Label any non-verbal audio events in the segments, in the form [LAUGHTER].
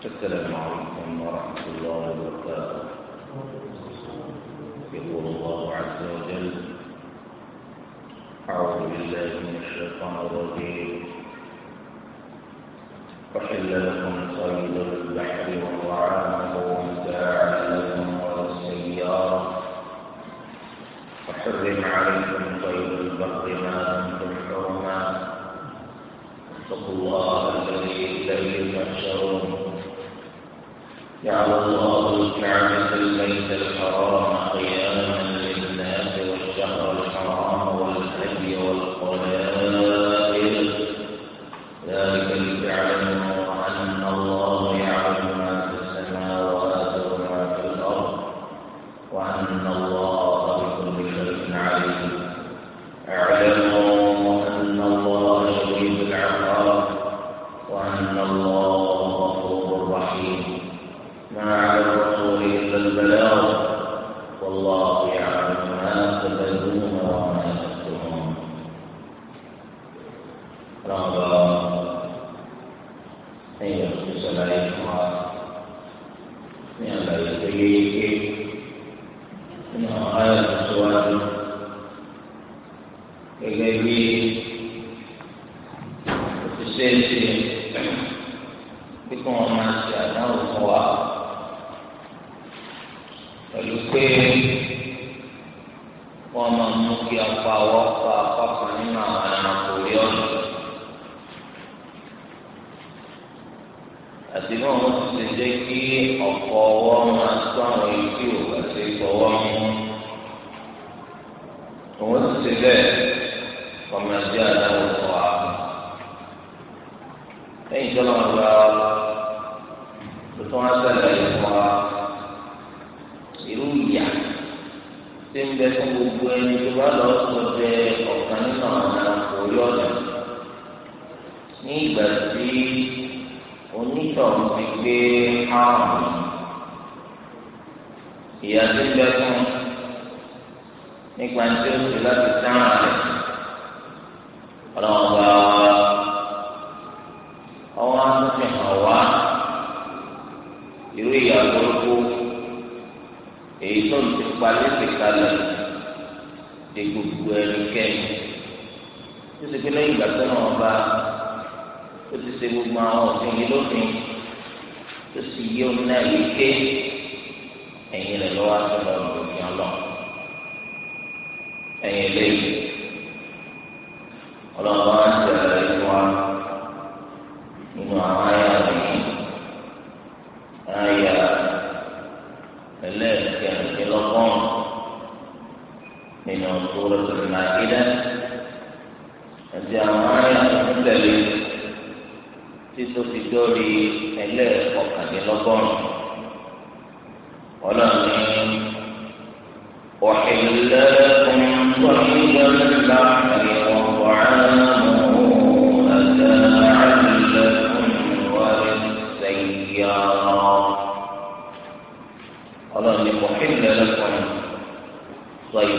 السلام عليكم ورحمة الله وبركاته يقول الله عز وجل أعوذ بالله من الشيطان الرجيم أحل لكم صيد البحر وطعامه ومتاعا لكم وللسيارة وحرم عليكم صيد البحر ما أنتم حرما اتقوا الله الذي إليه تحشرون يا الله الكعبة البيت الحرام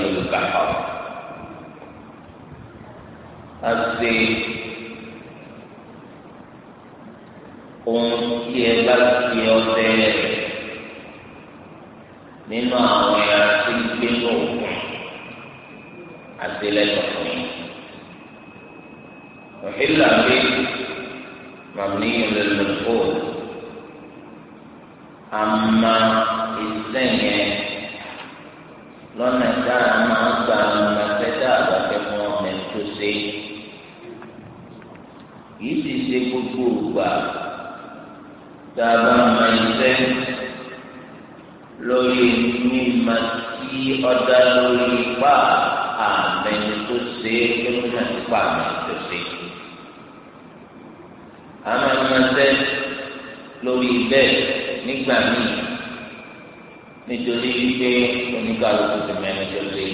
olùkàkọ àti ohun tí ẹ bá ti ọtẹ rẹ nínú àwọn ẹran tí ń gbé ní òkun àti lẹ́nu fún bí màmí ìrẹ̀lẹ̀ fún àmà ìsẹyìn lọ́nà tá a máa ń gba ọmọ ẹgbẹ́ta àbàkẹ́ fún ọmọ ẹni tó ṣe yìí ti ṣe gbogbo ògbà tá a bá máa ń fẹ́ lórí mímọ kí ọ̀dà lórí pa àmẹ́ni tó ṣe lónà pa àmẹ́ni tó ṣe. máa ń máa lórí bẹ́ẹ̀ nígbà míì nítorí wípé oníkàlùkù ti mẹ́rin tó lé.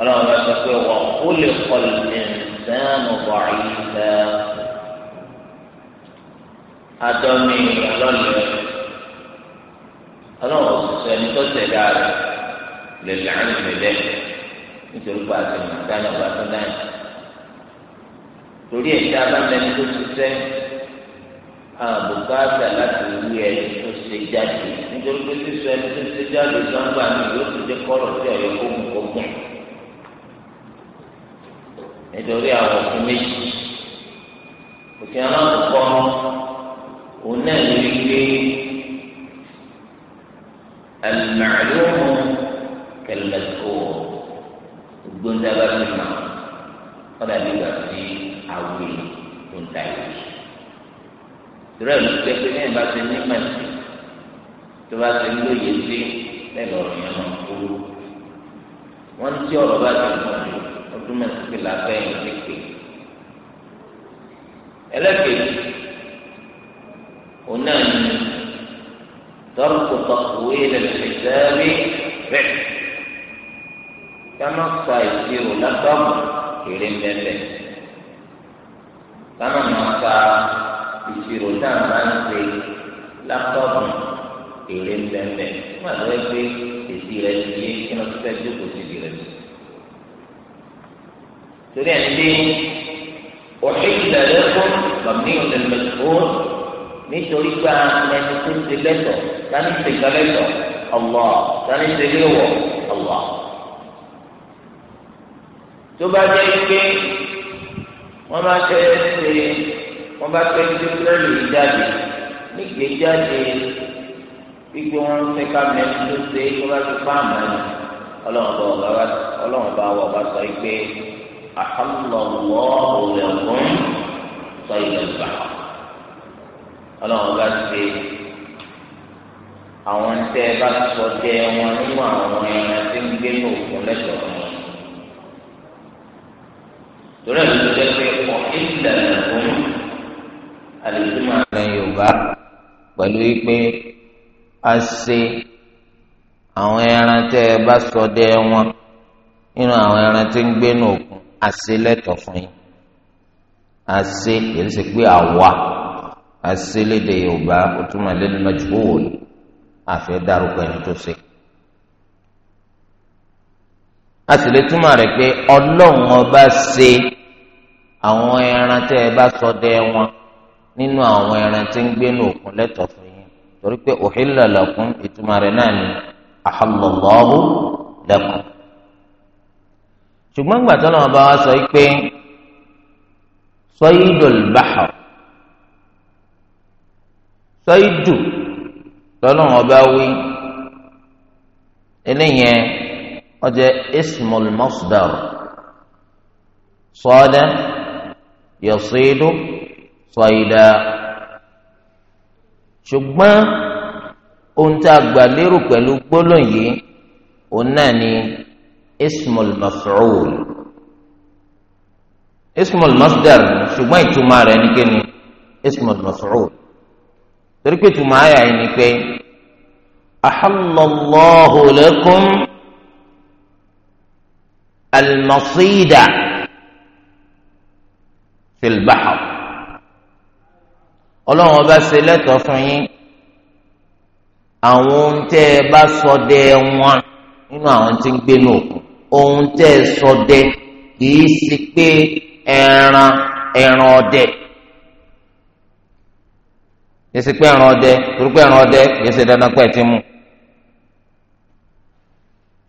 ọlọ́run bá sọ pé wọ́n ó lè kọ́ ìlẹ̀nsẹ́nu bọ̀ọ̀yì sẹ́ adọ́mi ọlọ́lẹ̀ ọlọ́run òṣìṣẹ́ ẹni tó tẹ̀ dáa lè lẹ́yìn lẹ́lẹ́ nítorí pé àti màdánù bá tó dáa torí ẹ̀dá abámẹ́ni tó ti sẹ́ àbùkátà láti wú ẹni tó ṣe jáde nítorí pé sísọ ẹni tó ṣe jáde sọ́ńgbà mi yóò ti dé kọ́rọ̀ sí ọ̀yọ́ kóhùn kókùn nítorí àwọn òfin méjì òfin alákòókò òun náà lè rí pé àlùmọ̀ọ́lùmọ̀ kẹlẹ́kọ̀ọ́ gbóńdàbà ti mọ̀ ọ́ dàbí gbàgbé awé tó ń ta ìwé ìrọ̀ ìlú jẹ́ pé bẹ́ẹ̀ bá ti ní màsí tó bá ti lóye sí bẹ́ẹ̀ lọ́rọ̀ yẹn máa ń kúrú wọ́n ti ọ̀rọ̀ bá ti mọ̀ ní ọdún mẹ́sì pé làbẹ́ yẹn ti pè ẹlẹ́kẹ̀ẹ́ òun náà ní tọ́lùkù tọ̀kùwé lẹ́lẹ́sẹ̀ sẹ́ẹ́rì rẹ̀ ká má fa ìṣirò lágbàmù kéré mẹ́lẹ́sẹ̀ káwọn máa ka ìṣirò tá a máa ń ṣe láptọ́ọ̀pù èrè ńlẹ́ńlẹ́ wọn àti wọ́n gbé èsì rẹ̀ ti yé kí wọ́n ti fẹ́ jókòó sí ibi rẹ̀. torí ẹ̀ ń dé أحل لكم مبني للمجهول nítorí pé ẹni tó ti lẹ́tọ̀ tani ti gba lẹ́tọ̀ ọ̀lọ́ tani ti léwọ̀ ọ̀lọ́. tó bá jẹ́ pé wọ́n máa fẹ́ ṣe wọ́n bá fẹ́ ṣe fúlẹ́lì jáde nígbè jáde gbígbé wọn fẹ́ ká mẹ́rin ló ṣe é kó bá ti pa àmọ́ ni ọlọ́run bá wọ̀ bá sọ pé àhámọ́wọ́ òlẹ̀kùn sọ ilẹ̀ gbà ọlọ́run bá ṣe àwọn tẹ́ bá sọ jẹ wọn nínú àwọn ẹran tí ń gbé ní òkun lẹ́sọ̀ọ́ wọn. torí ẹ̀ ló ti dẹ́kun àlùsùmọ̀ àlẹ́ yorùbá pẹ̀lú wípé a ṣe àwọn ẹran tẹ́ ẹ bá ṣọdẹ wọn nínú àwọn ẹran tí ń gbénu òkun a ṣe lẹ́tọ̀ fún yín a ṣe kì í ṣe pé àwa a ṣe léde yorùbá ó túmọ̀ lẹ́nu majhul àfẹ́ dárúkọ ẹni tó ṣe. a sì lè túmọ̀ rẹ̀ pé ọlọ́run ọba ṣe àwọn ẹran tẹ́ ẹ bá ṣọdẹ wọn nínú àwọn ẹran tí ń gbé ní òkun lẹ́tọ̀ fún yín torí pé uhilla lakum ìtumọ̀ rẹ̀ náà ni ahallallahu lakum. ṣùgbọ́n gbàtọ́ náà bá wa sọ pé saydul bahr saydu lọ́lọ́run ọba wí eléyẹn ọjọ́ ismul masdar sada yasidu fàyídà ṣùgbọ́n ohun tá a gbà lérò pẹ̀lú gbólóhùn yìí òun náà ni ismul maf'ul ismul masdar ṣùgbọ́n ìtumọ̀ rẹ̀ ní kí ni ismul maf'ul torí pé ìtumọ̀ ayà yìí ni pé ahallallahu lakum almasida fil ọlọ́run ọba ṣe lẹ́tọ̀ọ́ fún yín àwọn ohun tẹ́ ẹ bá ṣọdẹ wọn nínú àwọn tí ń gbé ní òkun ohun tẹ́ ẹ ṣọdẹ kìí ṣe pé ẹran ẹran ọdẹ kìí ṣe pé ẹran ọdẹ torí pé ẹran ọdẹ kìí ṣe dandan pẹ́ ti mú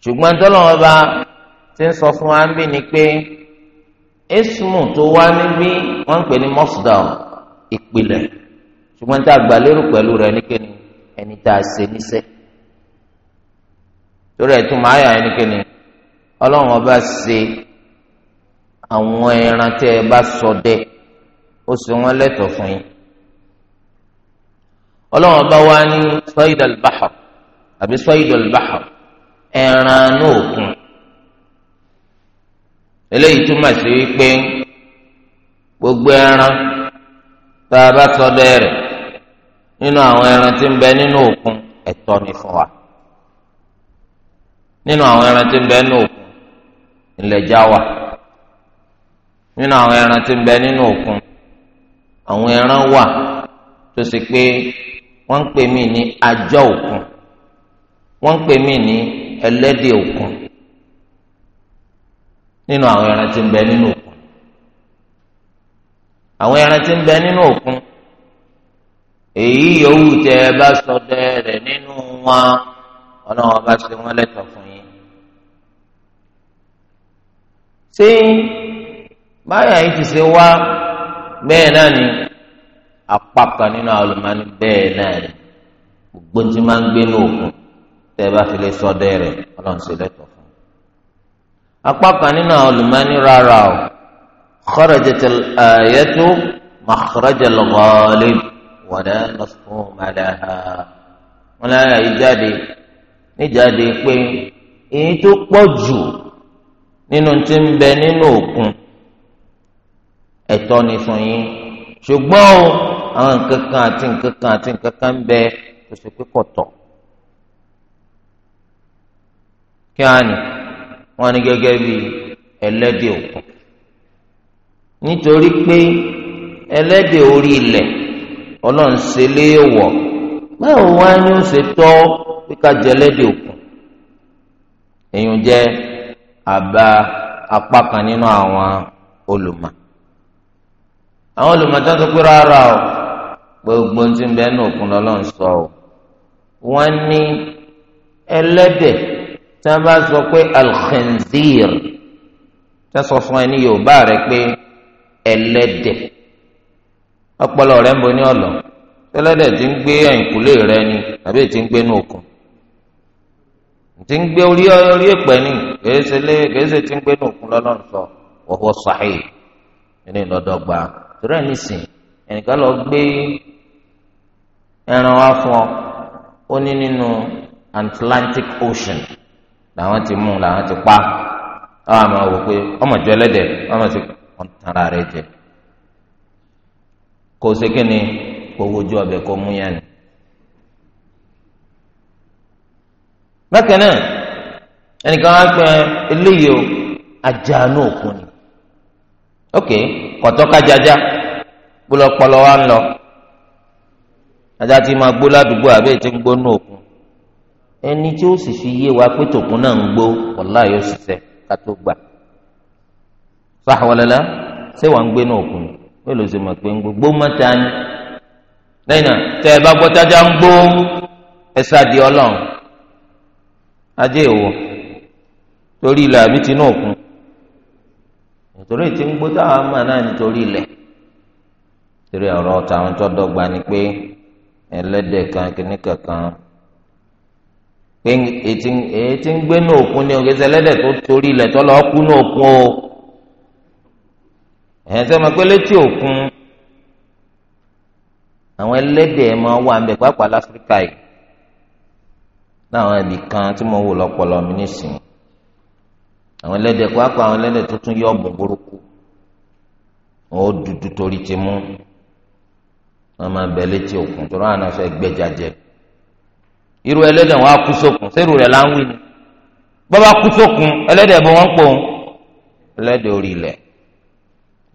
ṣùgbọ́n tọ́lọ́run ọba ti ń sọ fún wa ń bí ni pé ismu tó wá níbí wọ́n ń pè ní mọ́sídàá ìpìlẹ̀ ṣùgbọ́n tá a gbà lérò pẹ̀lú rẹ̀ nìkéni ẹni tá a ṣe níṣẹ́ torí ẹ̀ tún máa yà ẹnikẹ́ni ọlọ́run ọba ṣe àwọn ẹran tẹ́ ẹ bá ṣọdẹ ó sì wọ́n lẹ́tọ̀ fún yín ọlọ́run ọba wa ní sọ́yìdọ̀lù báhà àbí sọ́yìdọ̀lù báhà ẹran ní òkun eléyìí túmọ̀ sí wípé gbogbo ẹran tá a bá ṣọdẹ rẹ̀. nínú àwọn ẹran tí ń bẹ nínú òkun ẹ̀tọ́ ni fún wa nínú àwọn ẹran tí ń bẹ nínú òkun ńlẹjà wà nínú àwọn ẹran tí ń bẹ nínú òkun àwọn ẹran wà tó sì pé wọ́n ń pè mí ní ajá òkun wọ́n ń pè mí ní ẹlẹ́dẹ̀ òkun nínú àwọn ẹran tí ń bẹ nínú òkun àwọn ẹran tí ń bẹ nínú òkun. èyí yòówù tẹ ẹ bá ṣọdẹ rẹ̀ nínú wọn Ọlọ́run ọba ṣe wọn lẹ́tọ̀ọ́ fún yín. ṣé báyà yìí ti ṣe wá bẹ́ẹ̀ náà ni apá kan nínú àwọn olùmọ́ni bẹ́ẹ̀ náà ni gbogbo tí máa ń gbé ní òkun tẹ ẹ bá fi lè ṣọdẹ rẹ̀ Ọlọ́run ṣe lẹ́tọ̀ọ́ fún yín. apá nínú àwọn rárá o kharajat al-ayatu makhraj al ولا مفهوم لها ولا يجادي níjáde pé èyí tó pọ̀ jù nínú ti ń bẹ nínú òkun ẹ̀tọ́ ni fún yín ṣùgbọ́n o àwọn nǹkan àti nǹkan àti nǹkan ń bẹ tó ṣe pé kí á ọlọ́run ṣe léèwọ̀ báwo wá ni ó ṣe tọ́ pé ká jẹ òkun èèyàn jẹ́ àbá apá kan nínú àwọn olùmọ̀ àwọn olùmọ̀ tó ń sọ pé rárá o gbogbo ń bẹ ní òkun lọ́lọ́run sọ o wọ́n ní ẹlẹ́dẹ̀ tí wọ́n bá sọ pé tí wọ́n sọ ẹlẹ́dẹ̀. ọpọlọ rẹ ń bo ní ọlọ tẹlẹdẹ tí ń gbé ẹ̀yìnkùlé rẹ ni tàbí tí ń gbé ní ń gbé orí orí èpẹ ni kèése lé kèése tí ń gbé ní òkun lọ́lọ́run sọ wọ́wọ́ sàáyè nínú ìlọ́dọ̀gba ẹran wá fún Atlantic Ocean làwọn ti mú làwọn ti pa wò pé ọmọ ọmọ ti kò ṣe kí ni kò wojú ọbẹ̀ kò mú yẹn ni. bákan náà ẹnìkan á pẹ eléyìí o ajánu òkun ni ok kọtọkajaja kpọlọkpọlọ wa ń lọ ajá ti máa gbó ládùúgbò àbẹ́ tí ń gbó nù òkun ẹni tí ó sì fi yé wa pé tòkun náà ń gbó wàlá yóò ṣiṣẹ́ ká tó gbà sáà wọlé la ṣé wàá ń gbé nù òkun ni. pé lóṣù mọ̀ pé ń gbogbo mọ́ta ni lẹ́yìn náà tẹ́ ẹ bá gbọ́ tájà ń gbó ẹ sáàdì ọlọ́run ajé ìwọ̀ torí ilẹ̀ àbí tinú nítorí tí ń gbó táwọn àmà náà nítorí ilẹ̀ torí ọ̀rọ̀ táwọn tó dọ́gba ni pé ẹlẹ́dẹ̀ kan kìíní kankan pé ètí ń gbé ní òkun ni òkè tó torí ilẹ̀ ẹ̀yìn sẹ́mi pé létí òkun àwọn ẹlẹ́dẹ̀ máa wà ń pàápàá láfíríkà yìí láwọn kan tí mo wò lọ́pọ̀lọ́ mi nísìnyí wọn ó torí ti mú wọn máa bẹ létí òkun tó wọn á kú sókun sẹ́rù rẹ̀ láwìn ni bọ́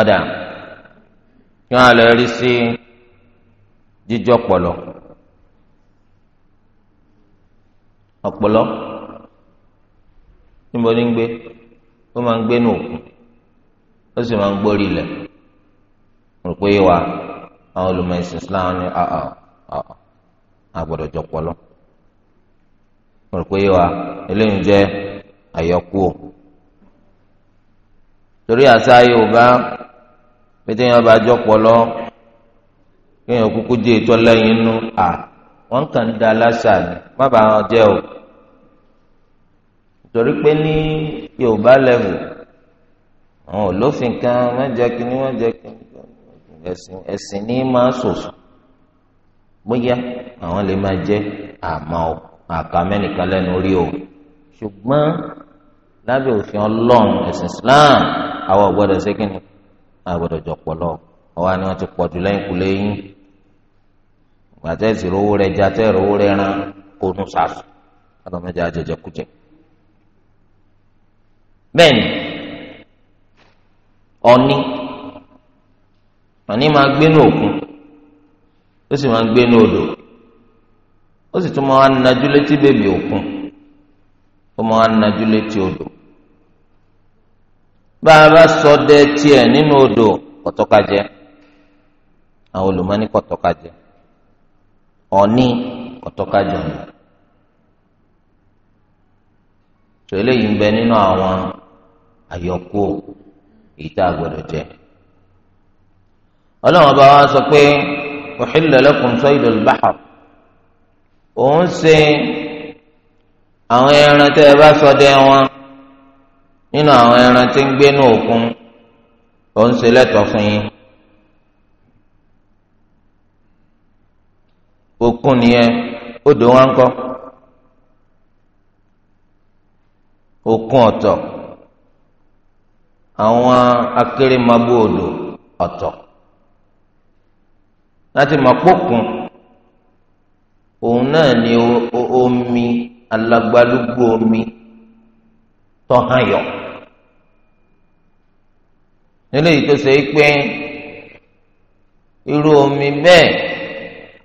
ọ̀dà kí wọ́n á lọ rí sí jíjọ́ pọ̀lọ́ ọ̀pọ̀lọ́ níbo ni ń gbé ó máa ń gbé ní òkun ó sì máa ń gbórí ilẹ̀ rò pé yé àwọn olùmọ̀ ẹ̀sìn Islam ní àà àgbọ̀dọ̀ pété yẹn bá jọ pọlọ kéèyàn kúkú dé ètò lẹ́yìn inú à wọn kàn ń da aláṣà ni má bàa wọn jẹ o torí pé ní Yorùbá lẹ́wù àwọn olófin kan wọn jẹ kí ni wọn jẹ kí ni ẹ̀sìn ẹ̀sìn ní máa sòsò bóyá àwọn lè máa jẹ àmọ́ àkàmẹ́nìkan lẹ́nu orí o ṣùgbọ́n lábẹ́ òfin ọlọ́run ẹ̀sìn Islam àwọn ò gbọ́dọ̀ ṣe kí ni. àgbọ̀dọ̀ jọ pọ̀lọ́ ọwọ́ ni wọn ti pọ̀ jù lẹ́yìn kù lẹ́yìn rówó rẹ̀ já rówó rẹ̀ rán kó sàásù ọ̀dọ̀ àjẹjẹ kújẹ. bẹ́ẹ̀ni ọ̀ní ọ̀ní máa gbénú òkun ó sì máa gbénú odò ó sì tún máa nájú létí bèbè òkun bá a bá sọ dẹ tiẹ̀ nínú odò kọ̀tọ́kajẹ́ àwọn olùmọ́ni kọ̀tọ́kajẹ́ ọ̀ní kọ̀tọ́kajẹ́ ọ̀nà tó eléyìí ń bẹ nínú àwọn àyọkú èyí tá jẹ ọlọ́run ọba wa sọ pé uhilla lakum saydul bahr òun ṣe àwọn ẹran tẹ́ ẹ bá sọ dẹ wọn. nínú àwọn ẹran tí ń gbé ní òkun ó ń ṣe lẹ́tọ̀ọ́ fún yín. òkun nìyẹn odò wọn kọ́ òkun ọ̀tọ̀ àwọn akérèmọ́bù odò ọ̀tọ̀ láti mọ̀ pókun òun náà ni omi alagbalúgbó omi tọ́hán yọ̀ eléyìí tó ṣe é pé irú omi bẹ́ẹ̀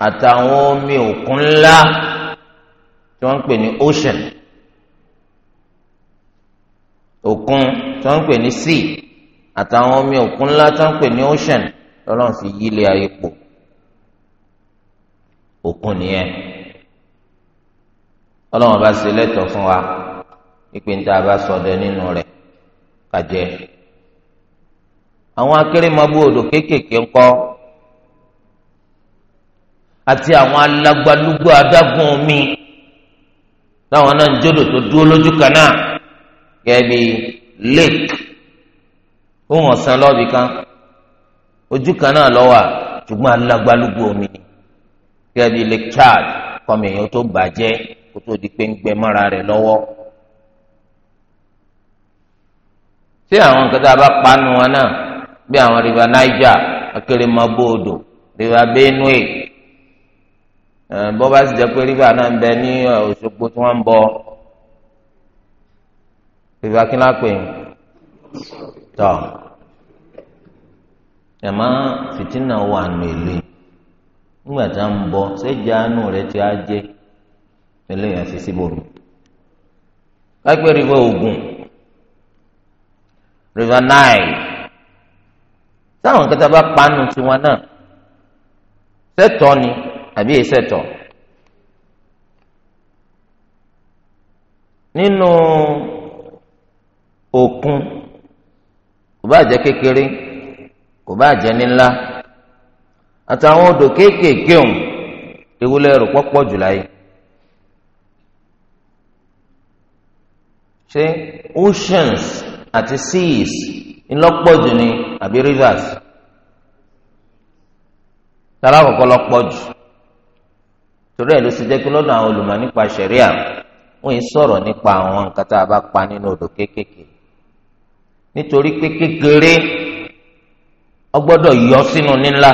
àtàwọn omi òkun ńlá tí wọ́n ń pè ní ocean òkun tí wọ́n ń pè ní sea àtàwọn omi òkun ńlá tí wọ́n ń pè ní ocean lọ́lọ́run fi yí ilé ayé pò òkun nìyẹn ọlọ́run bá ṣe lẹ́tọ̀ọ́ fún wa pípé ní bá sọdẹ nínú rẹ̀ ká àwọn akérèmọbú odò kéékèèké ńkọ́ àti àwọn alágbálúgbó adágún omi táwọn náà ń jódò tó dúró lójú kan náà gẹ́gẹ́ bí lake ohun ọ̀sán lọ́ọ̀bì kan ojú kan náà ló wà ṣùgbọ́n alágbálúgbó omi gẹ́gẹ́ bí lake Chad kọ́mi èèyàn tó bàjẹ́ kó tó di pé ń gbẹ mọ́ra rẹ̀ lọ́wọ́. ṣé àwọn nǹkan tá a bá wọn náà bí àwọn rìbá Niger akérèmọ́bó odò rìbá Benue bó bá sì jẹ́ pé rìbá náà ń bẹ ní Òṣogbo tí wọ́n ń bọ rìbá kí lápè ń tọ̀ yàmá fìtínà wà nù èlé nígbà tá à ń bọ sẹ́jà àánú rẹ̀ ti á jẹ́ eléyàn fi síbòmí lápẹ́ rìbá Ògùn rìbá Nile táwọn kẹta bá panu tiwọn náà sẹtọ ni àbí èyí sẹtọ nínú òkun kò bá jẹ kékeré kò bá jẹ nílá àtàwọn odò kéékèèké òun ewúlẹ̀ rò pọ́pọ́ jù láyé ṣé oceans àti seas ńlọpọ̀jù ni àbí rivers tàlákọ̀kọ́ lọ́pọ̀jù torí ẹ̀ ló ṣe jẹ́ pé lọ́dọ̀ àwọn nípa yìí nípa àwọn a bá pa nínú odò kéékèèké nítorí pé kékeré ọgbọ́dọ̀ yọ sínú nílá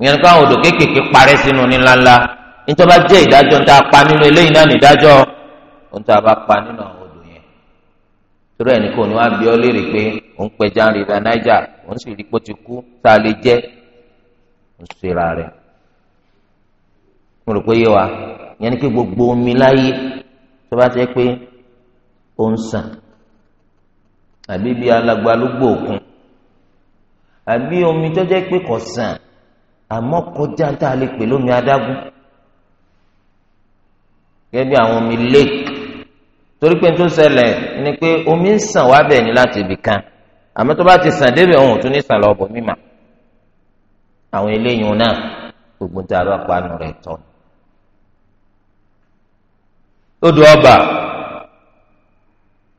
ìyẹn ní káwọn odò kéékèèké parẹ́ sínú nílá ńlá nítorí bá jẹ́ ìdájọ́ ń tá a pa nínú eléyìí náà ń tá a pa nínú torí ẹni kò ní wá bí ọ léèrè pé òun pẹja ń rira náíjà òun sì rí pé ti kú tá a lè jẹ ó ṣera rẹ mo rò pé yé wa yẹn ni pé gbogbo omi láyé tó bá ti pé ó ń sàn àbí bí alagbalúgbò òkun àbí omi tó jẹ́ pé kò sàn àmọ́ kọjá tá a lè pè lómi adágún gẹ́gẹ́ bí àwọn omi lake torí pé tó ṣẹlẹ̀ ni pé omi ń sàn wá bẹ̀ ni láti ibì kan àmọ́ tó bá ti sàn débẹ̀ òun ò tún ní sàn lọ bọ̀ mímà àwọn eléyìí náà gbogbo tí a bá panu rẹ̀ tọ́ odò ọba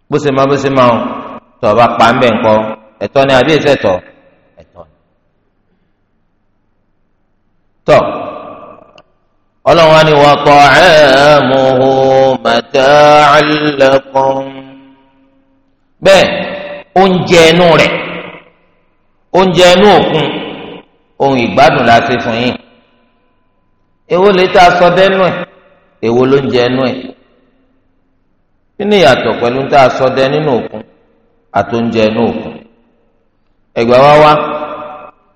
bó ṣe máa bó ṣe máa tọ ọba pa ń bẹ ńkọ́ ẹ̀tọ́ ni àbí ẹsẹ tọ ẹ̀tọ́ ni ọlọ́run á ní wa ta'amuhu mata'an lakum. bẹ́ẹ̀ oúnjẹ inú rẹ̀ oúnjẹ inú òkun ohun ìgbádùn la ṣe fún yín èwo lè ta a sọ dẹ́nu ẹ̀ èwo ló ń jẹ ẹnu ẹ̀ kí ni ìyàtọ̀ pẹ̀lú tá a sọ dẹ nínú òkun àtúnjẹ inú òkun ẹgbẹ́ wa wá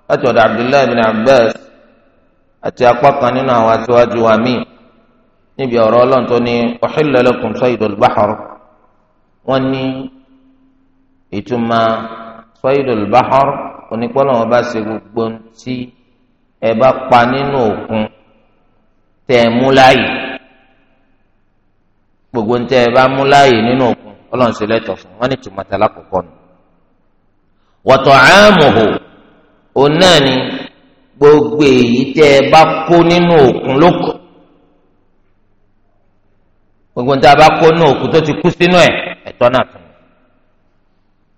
láti ọ̀dọ̀ Abdullahi bin Abbas. àti apá kan nínú àwọn àtiwájú wa míì níbi ọ̀rọ̀ ọlọ́run tó ní uhilla lakum saydul bahr wọ́n ní ìtumọ̀ saydul bahr onípọ́nà wọn bá ṣe gbogbo tí ẹ bá pa nínú òkun tẹ̀ mú láàyè gbogbo ntẹ ẹ bá mú láàyè nínú òkun ọlọ́run sì lẹ́tọ̀ fún wọn ní tùmọ̀tà lákòókò nù. wọ́tọ̀ ààmùhù òun ni gbogbo èyí tẹ́ ẹ bá kó nínú òkun lóko gbogbo nta bá kó nínú òkun tó ti kú sínú ẹ̀ ẹ̀tọ́ náà tó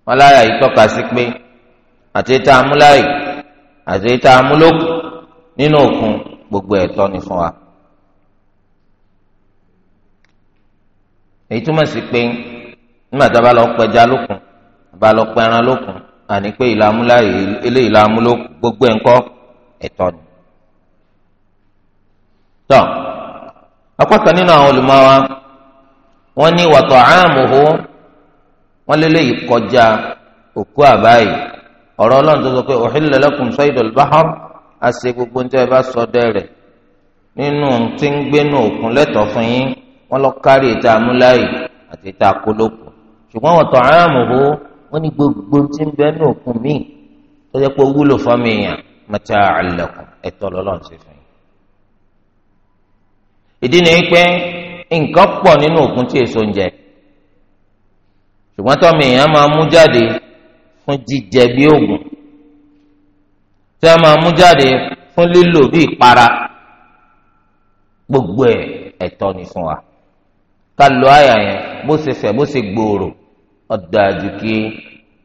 wọn láyà yìí tọ́ka sí pé àti tá a mú àti tá a mú lóko nínú òkun gbogbo ẹ̀tọ́ ni fún wa. èyí túmọ̀ sí pé nígbà tá a bá lọ pẹja lókun a bá lọ pẹran lókun àní pé ìlàmúláyè eléyìí làmúlò gbogbo ẹ̀ ń kọ́ ẹ̀tọ́ ni. tọ́ apá kan nínú àwọn olùmọ́wá wọ́n ní wàtọ̀ àmùhù wọ́n lé léyìí kọjá òkú àbáyé ọ̀rọ̀ ọlọ́run tó sọ pé uhilla lakum saydul bahr àṣẹ gbogbo ń tẹ́ ẹ bá sọ dẹ́rẹ̀ nínú tí ń gbénu òkun lẹ́tọ̀ọ́ fún yín wọ́n lọ kárí ìta amúláyè àti ìta kólókù ṣùgbọ́n wọ́n àmùhù wọ́n ní gbogbo tí ń bẹ́nu òkun míì tó pé wúlò fọ́mìyàn macha lakum ẹ̀tọ́ lọ́lọ́run ṣe fún yín. ìdí ni pé nǹkan okun nínú òkun tí èso ń jẹ èèyàn máa mú jáde fún jíjẹ bí oògùn tí a máa mú fún bí ìpara gbogbo ẹ̀ ẹ̀tọ́ ni fún wa ká lo àyà yẹn bó ṣe fẹ̀ bó ṣe gbòòrò àjùkí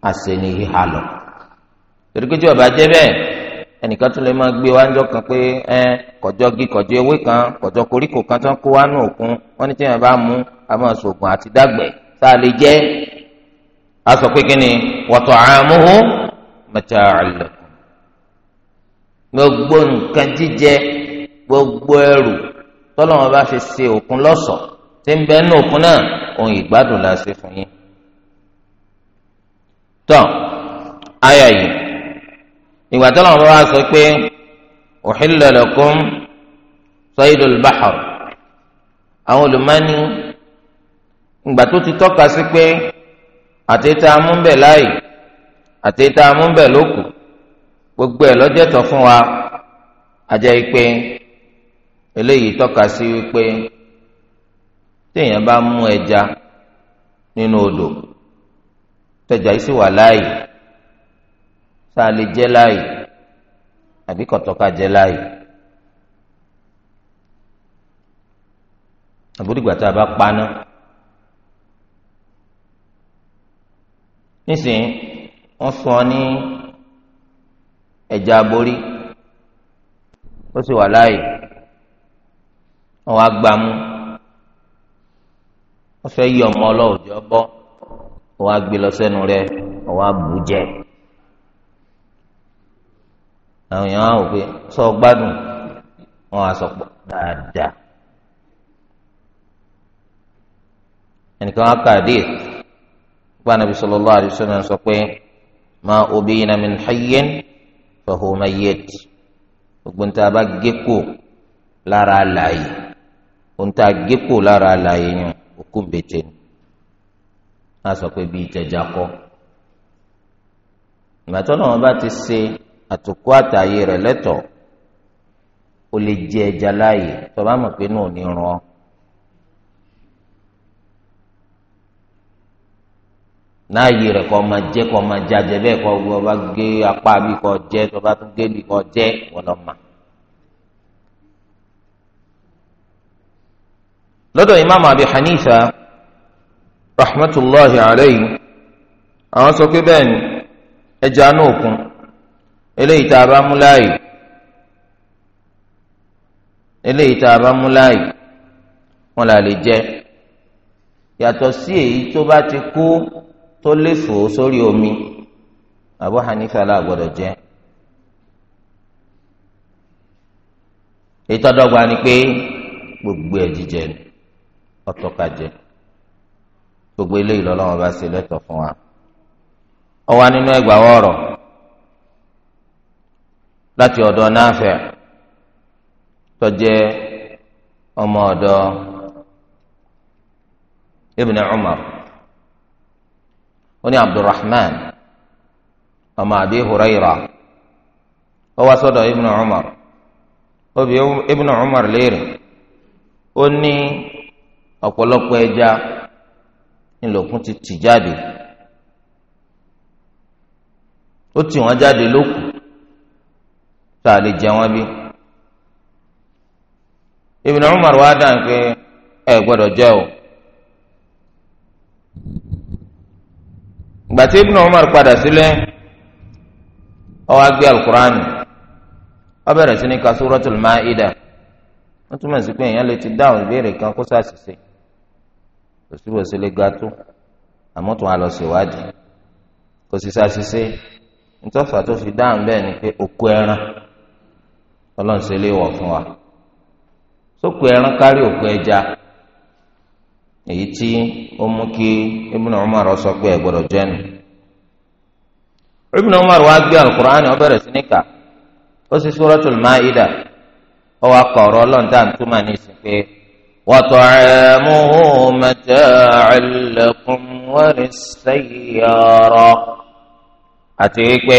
àṣẹ ni lọ torí pé tí ọba ẹnìkan tún lè máa gbé wá ńjọ kan pé ẹ kọjọ gí kọjọ ewé kan kọjọ koríko kan tán kó wá nù òkun wọn ní tí wọn bá mú a máa ṣògùn àti dàgbẹ tá a lè jẹ a sọ pé kí ni wọtọ àmúhù mẹ́ta àlẹ gbogbo nǹkan jíjẹ gbogbo ẹrù tọ́lọ́wọ́n bá fi ṣe òkun lọ́sọ̀ọ́ tí ń bẹ nínú òkun náà òun ìgbádùn la ṣe fún yín. tọ́ ayọ̀ yìí ìgbà tó lọ́wọ́ wá sọ pé uhilla lakum saydul bahr àwọn olùmọ́ni ìgbà tó ti tọ́ka sí pé àtẹ̀tà amúnbẹ̀ láàyè àtẹ̀tà amúnbẹ̀ lókù gbogbo ẹ̀ lọ́jọ́ fún wa ajẹ́ pé eléyìí tọ́ka sí wípé téèyàn bá mú ẹja nínú odò tẹja yìí wà láàyè tá a lè jẹ láàyè àbí kọtọka jẹ láàyè àbúrìgbà tá a bá paná nísìnyí wọ́n sọ ní ẹja aborí ó sì wà láàyè wọ́n wá gbàmú wọ́n yí ọmọ ọlọ́ọ̀jọ́ bọ́ wọ́n wá gbé lọ sẹ́nu rẹ̀ wọ́n wá àwọn èèyàn á wò pé sọ gbádùn wọn á sọ pọ dáadáa ẹnìkan á kà dé gba nàbí sallallahu alaihi wasallam sọ pé ma ubina min hayyin fa huwa mayyit gbogbo níta bá gé lára àlàyé níta gé lára àlàyé yẹn òkú bètè ni sọ pé bíi ìtẹ̀jà kọ́ ìgbà tó náà wọn bá ti ṣe. àtòkù àtàyè rẹ̀ leto o lè jẹ ẹja láàyè tó bá mọ̀ pé náà ní ràn ọ́. láàyè rẹ̀ ko máa jẹ́ ko máa jáde bẹ́ẹ̀ kọ́ gbọ́ bá gé apá bí kọ́ jẹ́ tó bá tún gé bí Abi Hanifa rahmatulahi alayhi àwọn sọ pé bẹ́ẹ̀ ni eléyìí tá a bá mú láàyè eléyìí tá a bá mú láàyè wọn là lè jẹ yàtọ̀ sí èyí tó bá ti kú tó lè fò sórí omi Abu Hanifa la gbọdọ jẹ. ni pé gbogbo ẹ̀ gbogbo eléyìí lọ́lọ́wọ́ bá ṣe lẹ́tọ̀ fún wa. nínú ẹgbà láti ọ̀dọ̀ náfẹ̀ tó jẹ́ ọmọ ọ̀dọ̀ ibn umar ó abdulrahman ọmọ abi huraira ó wá sọ́dọ̀ ibn umar ó bi ibn umar léèrè ó ní ọ̀pọ̀lọpọ̀ ẹja ńlọkùn ti tì jáde ó tì wọ́n jáde tá a lè jẹ wọn bí. Ibn Umar wá dáhùn pé ẹ gbọ́dọ̀ jẹ o. ìgbà tí Ibn Umar padà sílé ó wá gbé alukur'an ó bẹ̀rẹ̀ sí ní ka Suratul Maida wọ́n túmọ̀ sí pé èèyàn lè ti dáhùn ìbéèrè kan kó sàṣìṣe kò lè ga tó àmọ́ tó wà lọ ṣèwádìí kò sì sàṣìṣe nítòfà tó fi dáhùn bẹ́ẹ̀ ni pé òkú ẹran. ọlọ́run ṣe léwọ̀ fún wa sókò ẹran kárí òkú ẹja èyí tí ó mú kí Ibn Umar sọ pé ẹ gbọ́dọ̀ jẹnu Ibn Umar wá gbé alukur'ani sí ó sì Maida ó wá kọ ọ̀rọ̀ ọlọ́run dáhùn tó máa ní ìsìn pé وطعامه متاع لكم وللسيارة àti wípé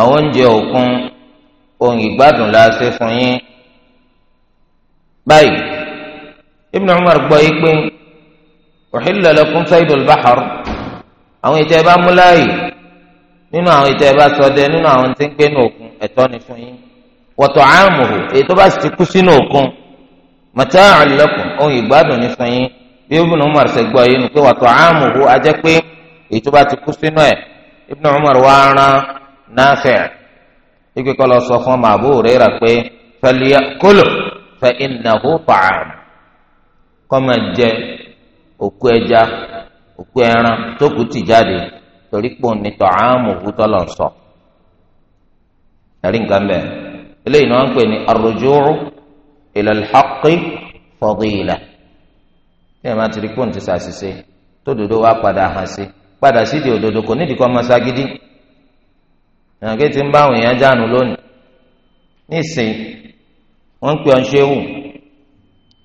àwọn oúnjẹ òkun ohun ìgbádùn la ṣe fún yín. báyìí Ibn Umar gbọ́ yí pé uhilla lakum saydul bahr àwọn ìtẹ́ bá mú láàyè nínú àwọn ìtẹ́ bá ṣọdẹ nínú àwọn tí ń gbé ní òkun ẹ̀tọ́ ni fún yín. wa ta'amuhu èyí tó bá sì ti kú sínú òkun mata'an lakum ohun ìgbádùn ni fún yín bí Ibn Umar ṣe gbọ́ yín ni pé wa ta'amuhu ajẹ́ pé èyí tó bá ti kú sínú ẹ̀ Ibn Umar wá rán Nafi' ikú kọ́ lọ sọ fún ọmọ Abu Huraira pé fẹlẹ́yà kólò fẹ ìnáwó pààmù kọ́ máa jẹ òkú ẹja òkú ẹran tó kù tì jáde torí pò ní tọ́hámù òkú tó lọ sọ. ẹ̀rí nǹkan bẹ́ẹ̀ eléyìí náà ń pè ní arrujuu ila al-haqqi máa ti rí pò ní ti sàṣìṣe tó dodo wá padà hàn sí padà sídìí òdodo kò nídìí kọ́ máa ságídí. ìyàn ti ń bá àwọn èèyàn jánu lónìí nísìnyí wọ́n ń pè ọ́n ṣéwù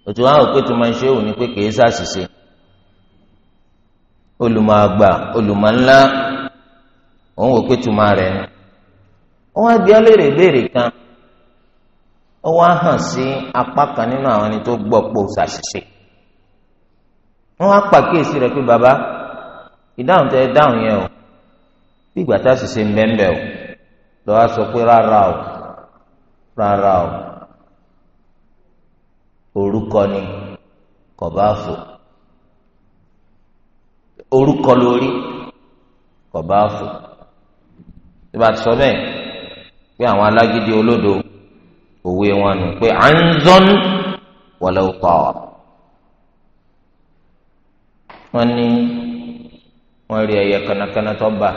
òtù wọn àwọn òpètò máa ń ṣéwù ní pé kìí ṣàṣìṣe olùmọ̀àgbà olùmọ̀ńlá òun wò pé tuma rẹ̀ ni wọ́n á bí ọlẹ́rẹ̀ béèrè kan ó wá hàn sí apá kan nínú àwọn ẹni tó gbọ́ pò á pàkíyèsí o bí ìgbà tá a o. lọ wá sọ pé rárá o rárá o orúkọ ni kò bá fò orúkọ lórí kò bá fò tí bá ti sọ bẹ́ẹ̀ pé àwọn alágídí olódo òwe wọn nù pé à ń zọ́n wọlé ọkọ̀ wọn ní wọn rí ẹyẹ kanakana tó bá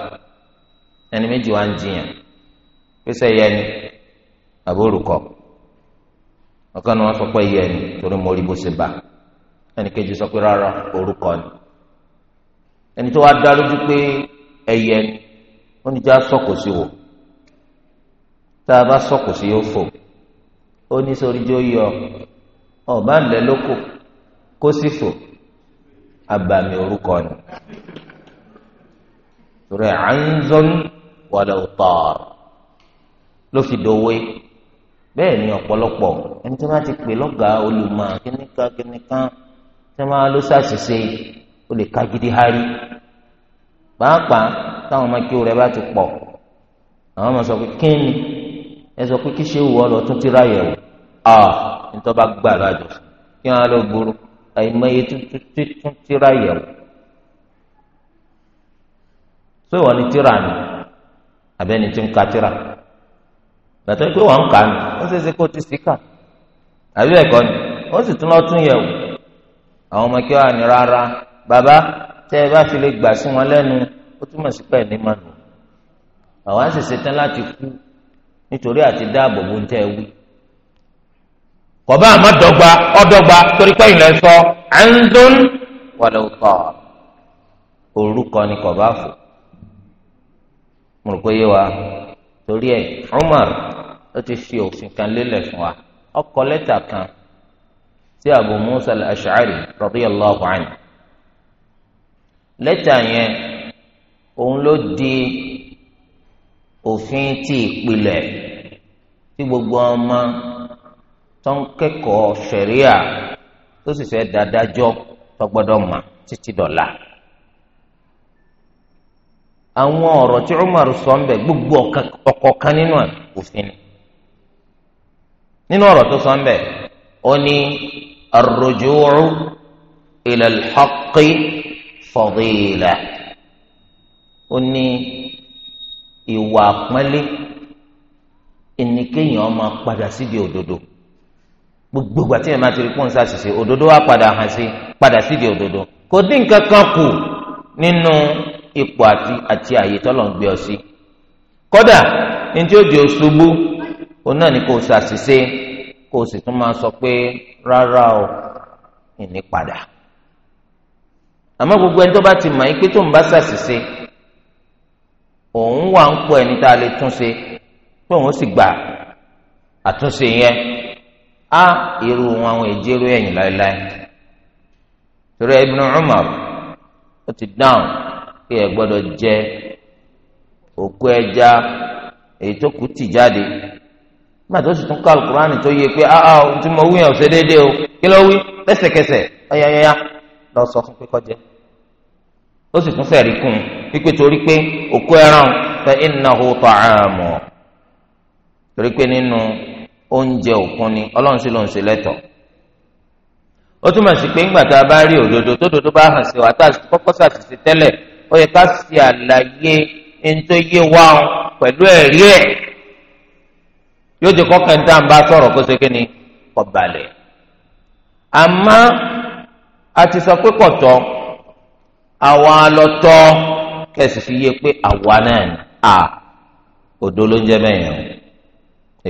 ẹni méjì wá ń jiyàn pèsè yẹni àbórúkọ ọ̀kan ni wọ́n sọ pé yẹni torí mo rí bó ṣe bá ẹnì kejì sọ pé rárá orúkọ ni ẹni tó wá dá pé ẹyẹ ni já sọkò sí wò tá a bá sọkò sí yóò fò ó ní sórí jó yọ ọba ńlẹ lóko kó sì fò abàmì orúkọ ni torí à wàlẹ̀ ọ̀tọ̀ọ̀rọ̀ ló fi dòwe bẹ́ẹ̀ ni ọ̀pọ̀lọpọ̀ ẹni tí wọ́n ti pè lọ́gàá olùmọ̀ kíníkan kíníkan tí wọ́n ló ṣàṣìṣe ó lè ka gidi hari pàápàá táwọn ọmọ kíw rẹ bá ti pọ̀ àwọn ọmọ sọ pé kíni ẹ sọ pé kí ṣe wù ọ lọ tún ti ráyẹ̀ wò á nítorí bá gbà lájọ kí wọ́n á lọ gbòòrò àìmọye tún ti ráyẹ̀ wò sọ ìwọ ni tíra ni àbẹ́ni tí ń ka tíra. gbàtọ́ pé wọ́n kà ní ó ṣeé ṣe kó ti àbí ni sì tún tún yẹ̀ wò àwọn ọmọ kí wọ́n ní rárá bàbá tẹ́ ẹ bá fi lè gbà sí wọn lẹ́nu ó túmọ̀ sí ní àwọn á sì láti kú nítorí àti dáàbò ni kọ̀bá fò mo rò torí ẹ̀ Umar ó ti fi òfin kan lélẹ̀ fún wa ó kọ lẹ́tà kan sí Abu Musa al-Ash'ari radiyallahu anhu lẹ́tà yẹn òun ló di òfin ti ìpìlẹ̀ tí gbogbo ọmọ tó ń kẹ́kọ̀ọ́ ṣẹ̀ríà tó sì fẹ́ dáadájọ́ tó gbọ́dọ̀ títí dọ̀la àwọn ọ̀rọ̀ tí Umar sọ ń bẹ̀ gbogbo ọ̀kọ̀ọ̀kan nínú òfin ni nínú ọ̀rọ̀ tó sọ ń bẹ̀ ó ní arruju'u ila al-haqqi fadila ó ní ìwà àpọ́nlé ẹnikẹ́yìn ọmọ padà síbi òdodo gbogbo ìgbà tí ẹ máa ti rí pọ́ńsá ṣiṣẹ́ òdodo wa padà hàn sí padà síbi òdodo kò dín kankan kù nínú ipò àti àti àyè tọ́lọ̀ ń gbé ọ sí kódà ní tí ó di òṣùbù òun náà ni kò ṣàṣìṣe kò sì tún máa sọ pé rárá o ìní padà àmọ́ gbogbo ẹni tó bá ti mọ̀ yín pé tó ń bá ṣàṣìṣe òun wà ń pọ̀ ẹni tá a lè túnṣe pé òun sì gbà àtúnṣe yẹn á irú àwọn ìjẹ́rú ẹ̀yìn láéláé torí Ibn Umar ó ti dáhùn pé ẹ gbọ́dọ̀ jẹ òkú ẹja èyí tó kù tì jáde. nígbà tó sì tún ká alukurani tó yẹ pé aa tí mo o kí ló wí lẹ́sẹ̀kẹsẹ̀ ọ̀yàyàyà lọ sọ fún pé kọjá ó sì tún fẹ̀rí kún un wípé torí pé òkú ẹran fa innahu ta'amu torí pé nínú oúnjẹ òkun ni ọlọ́run sì ló ń ṣe ó túmọ̀ sí pé dodo bá hàn sí wa tá a kọ́kọ́ tẹ́lẹ̀ ó yẹ ká àlàyé ẹni tó yé wa pẹ̀lú ẹ̀rí yóò kenta kọ́ kẹ́ńtà ń bá sọ̀rọ̀ kó ṣe ni a sọ pé kọ̀tọ́ àwa lọ́tọ́ fi yé pé àwa náà ni à òdo ló ń jẹ́ bẹ́ẹ̀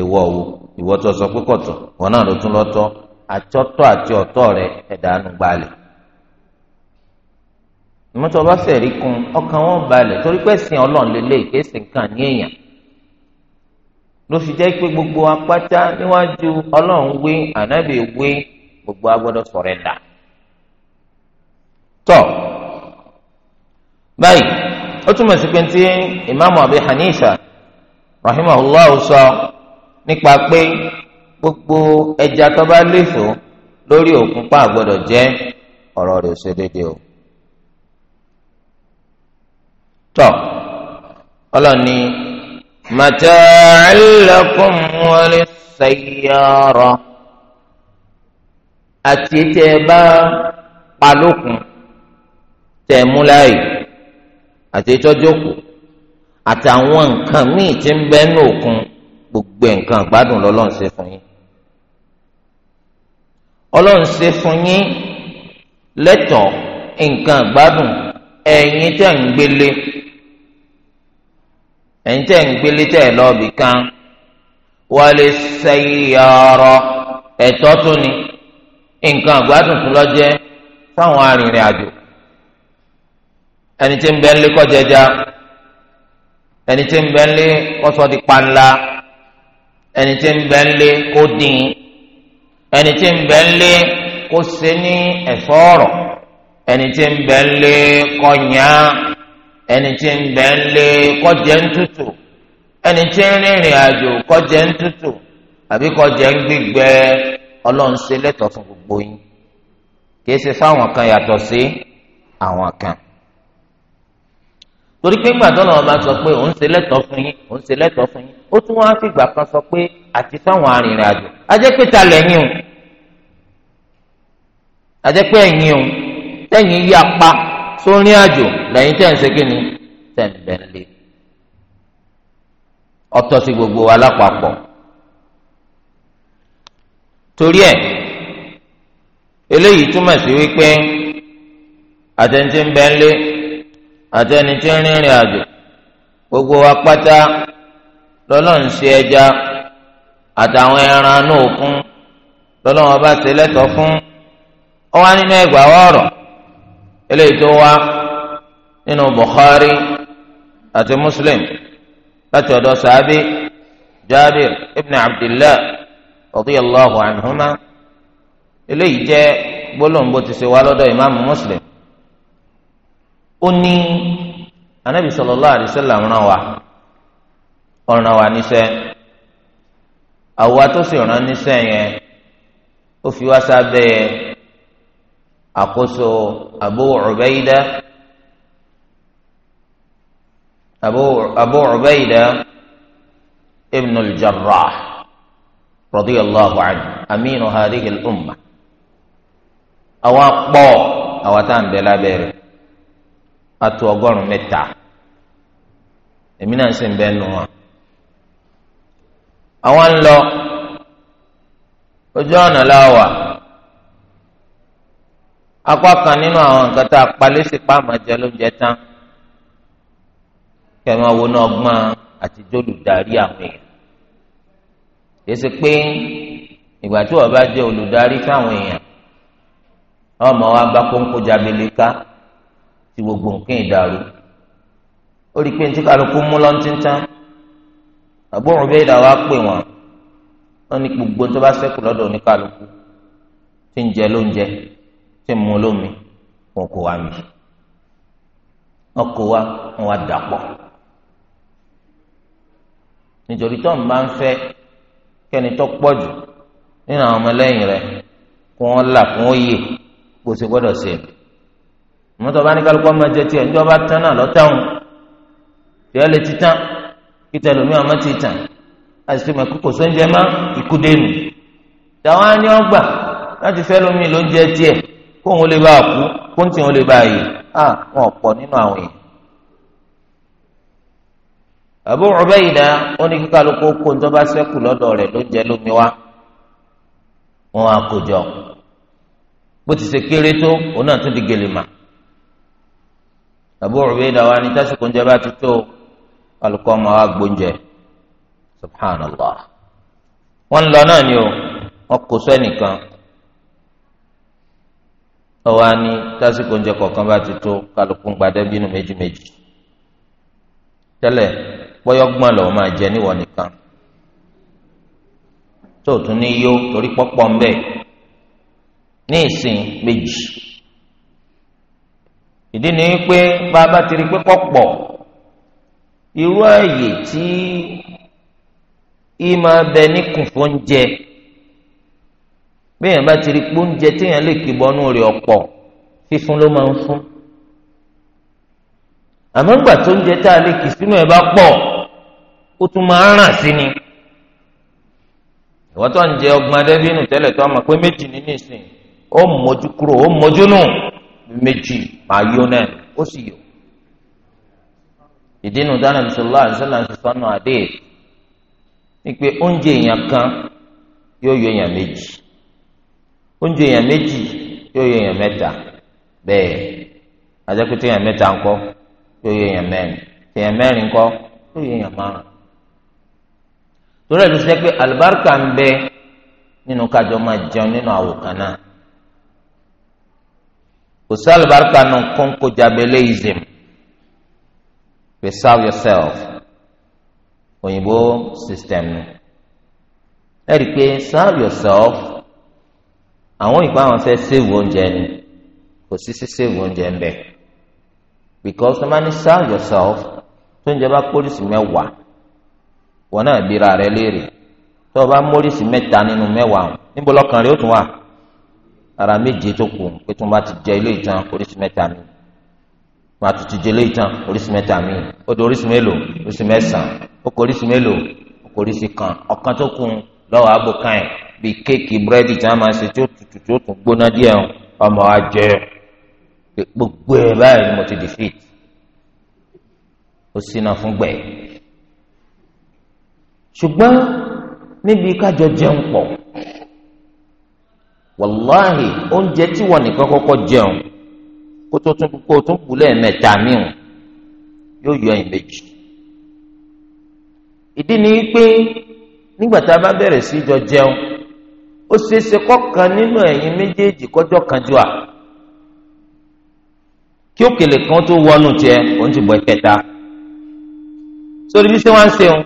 ìwọ ìwọ tó sọ pé kọ̀tọ́ wọn náà ló tún lọ́tọ́ rẹ ẹ̀dánù gbalẹ̀ ìmọ̀tọ́ bá fẹ̀rí kun ọkàn wọn balẹ̀ torí ọlọ́run lélẹ́yìí kí ló fi jẹ́ pé gbogbo apáta níwájú ọlọ́run wé ànábì wé gbogbo agbọ́dọ̀ sọ̀rẹ́ndà. tọ́ báyìí ó túmọ̀ sí pé tí ìmáàmù Abi Hanifa Allah sọ nípa pé gbogbo ẹja tó bá léfò lórí òkun pa àgbọ́dọ̀ jẹ́ ọ̀rọ̀ rẹ̀ ṣe déédéé o. tọ́ ọlọ́ni. متاعا لكم وللسيارة àti tẹ ẹ bá palókun tẹ mú láàyè àti ìtọ́jọ́kù àtàwọn nǹkan míì tí ń bẹ ní òkun gbogbo nǹkan gbádùn lọ́lọ́run ṣe fún yín ọlọ́run ṣe fún yín lẹ́tọ̀ọ́ nǹkan gbádùn ẹ̀yin tẹ̀ ń gbélé ẹ̀yin tẹ́ ń gbélé tẹ́ ẹ̀ lọ́ọ̀bì kan wọlé sẹ́yọ̀rọ̀ ẹ̀tọ́ tó ni nǹkan àgbàdùn tó lọ́jẹ́ fáwọn arìnrìn àjò ẹni tí ń bẹ ń lé kọjẹjà ẹni tí ń bẹ ń lé kọsọ di panla ẹni tí ń bẹ ń lé kó ẹni tí ń bẹ ń lé kó ṣe ní ẹ̀fọ́ ọ̀rọ̀ ẹni tí ń bẹ ń lé kọyàn ẹni tí ń gbẹ́ ń lé kọ́jẹ́ ń tutù ẹni tí ń rìnrìn àjò kọ́jẹ́ ń tutù àbí kọ́jẹ́ ń gbígbẹ ọlọ́run ṣe lẹ́tọ̀ọ́ fún gbogbo yín kìí ṣe fáwọn kan yàtọ̀ sí àwọn kan torí pé gbàdọ́ lọ́wọ́ bá sọ pé òun ṣe lẹ́tọ̀ọ́ fún yín òun ṣe lẹ́tọ̀ọ́ fún yín ó tún wá fìgbà kan sọ pé àti fáwọn arìnrìn àjò ajẹ́ pé ta lẹ́yìn o ajẹ́ pé ẹ̀yin o tẹ̀yìn yí apá tó rìn àjò lẹ́yìn tẹ̀ ń ṣe kí ni tẹ̀ ń bẹ̀ lé ọtọ́ sí gbogbo wa torí ẹ̀ eléyìí túmọ̀ sí wípé àtẹni tí ń bẹ̀ lé àtẹni ń rìnrìn àjò gbogbo wa lọ́nà lọ́lọ́run ṣe ẹja àtàwọn ẹran náà kún lọ́lọ́run ọba ṣe lẹ́tọ̀ọ́ fún ọ wá nínú ẹgbàá ọ̀rọ̀. eléyìí tó wá nínú Bukhari àti Muslim láti ọ̀dọ̀ sàábì Jabir ibn Abdillah radiyallahu anhuma eléyìí jẹ́ gbólóńgbò ti ṣe wá lọ́dọ̀ ìmáàmù Muslim ó ní anabi sallallahu alaihi wasallam rán wa ọ̀ràn wa níṣẹ́ àwa tó sì rán níṣẹ́ yẹn ó fi wá sábẹ́ yẹn àkóso Abu Ubaida Abu Abu Ubaida ibn al-Jarrah radiyallahu anhu aminu hadhihi al-umma àwọn pọ̀ àwọn tá à ń bẹ lábẹ́rẹ́ atu ọgọ́rùn mẹ́ta èmi náà sì ń bẹ nù ojú ọ̀nà láwàá apá kan nínú àwọn nǹkan tá a palẹ́sì pàmò jẹ lóúnjẹ tán kẹmọ wo náà gbọ́n àti jólùdarí àwọn èèyàn yẹsẹ pé ìgbà tí wọ́n bá jẹ olùdarí fáwọn èèyàn ọmọ wa bá kónkó jábìlì ká tí gbogbo nǹkan ìdàrú ó rí i pé ní tí kálukú mú lọ́ntìntàn àbúrò bẹ́ẹ̀ dà wá pè wọ́n wọ́n ní gbogbo tó bá ṣẹ́kù lọ́dọ̀ oníkálukú tí ń jẹ lóúnjẹ. tí ń lómi wọn kò mi ọkọ wa wọn wá nítorí tó ń bá ń tó jù nínú àwọn kó wọn là kó wọn yè kó o sì gbọ́dọ̀ ṣe mọ́tò bá ní kálukú ọmọ jẹ tiẹ̀ níjọba tán náà lọ́tàwọn lè ti tán kí tẹlómiọ́ ọmọ ti tàn kókò sóúnjẹ kó wọn lè bá a kú kó ń tì lè bá a yè á wọn nínú àwọn èèyàn. Abu Ubaida ó ní kí kálukú kó ń tọ́ba sẹ́kù lọ́dọ̀ rẹ̀ ló jẹ́ lómi wá wọn á kó jọ bó ti ṣe kéré tó òun náà tún di gèlè mà Abu Ubaida wa ni tásìkò oúnjẹ bá ti tó kálukú ọmọ wa gbóúnjẹ subhanallah wọn lọ náà ni o wọn kò sọ ẹnìkan ọwọ́ ni tásìkò oúnjẹ kọ̀ọ̀kan bá ti tó kálukú ń gbadẹ́ bínú méjì méjì tẹ́lẹ̀ pọ́yọ́gbọ́n lọ́wọ́ máa jẹ níwọ̀ nìkan tó o tún ní yó torí pọ́pọ́ ń bẹ̀ ní ìsìn méjì ìdí ni pé bàbá ti rí pé pọ́pọ́ irú ààyè tí ìmọ̀ abẹ níkùn fún oúnjẹ. béèyàn bá ti rí pé oúnjẹ téèyàn lè kí bọ́nú rẹ̀ ọ̀pọ̀ fífún ló máa ń fún àmọ́ tó tá a lè kí sínú ẹ̀ bá pọ̀ ó tún máa ń ràn sí ni ìwọ́n tó ń jẹ ọgbọ́n tẹ́lẹ̀ tó pé méjì ní nísìn ó kúrò ó nù méjì máa yó náà ó sì yọ. ìdínú dáná ni pé oúnjẹ oúnjẹ èèyàn méjì yóò yọ èèyàn mẹ́ta bẹ́ẹ̀ àjẹpẹtẹ èèyàn mẹ́ta ńkọ́ yóò yọ èèyàn mẹ́rin èèyàn mẹ́rin ńkọ́ yóò yọ èèyàn márùn torí ẹ̀ ló ṣe pé àlùbáríkà ń bẹ nínú kájọ máa jẹun nínú àwòkán náà kò sí àlùbáríkà nù kónkó ìzìm preserve yourself òyìnbó system nù ẹ rí i pé serve yourself àwọn ìpá àwọn fẹ́ sèwò oúnjẹ ni kò sí sí sèwò oúnjẹ ń bẹ because ọmọ ní serve yourself tó ń jẹ bá pólísì mẹ́wàá wọn náà bíra rẹ léèrè tó o bá mólísì mẹ́ta nínú mẹ́wàá níbo lọ́kàn rẹ ó tún wà ara méje tó kù pé tó ń bá ti jẹ ilé ìtàn oríṣi mẹ́ta mi wọn àtúntì jẹ ilé ìtàn oríṣi mẹ́ta mi ó di oríṣi mélòó oríṣi mẹ́sàn-án ó kọ oríṣi mélòó ó kọ oríṣi kan ọ̀kan tó kù lọ́wọ́ àbò kan bí kéèkì búrẹ́dì tí wọ́n máa ṣe tí ó tutù tí ó tún gbóná díẹ̀ ọmọ wa jẹ gbogbo ẹ̀ báyìí ni mo ti defeat ó sínà fún gbẹ̀. ṣùgbọ́n níbi kájọ jẹun pọ̀ wàláhì oúnjẹ tí wọn nìkan kọ́kọ́ jẹun kó tó tún kó tún kú lẹ́ẹ̀mẹ́ta míhùn yóò yọ ẹ̀yìn méjì. ìdí ni pé nígbà tá a bá bẹ̀rẹ̀ sí jọ jẹun ó ṣeéṣe kọ̀kan nínú ẹ̀yin méjèèjì kọjọ́ kan jù à kí òkèlè kan tó wọnú tiẹ̀ òun ti bọ ẹ̀kẹta sórí bí ṣé wọ́n ń ṣeun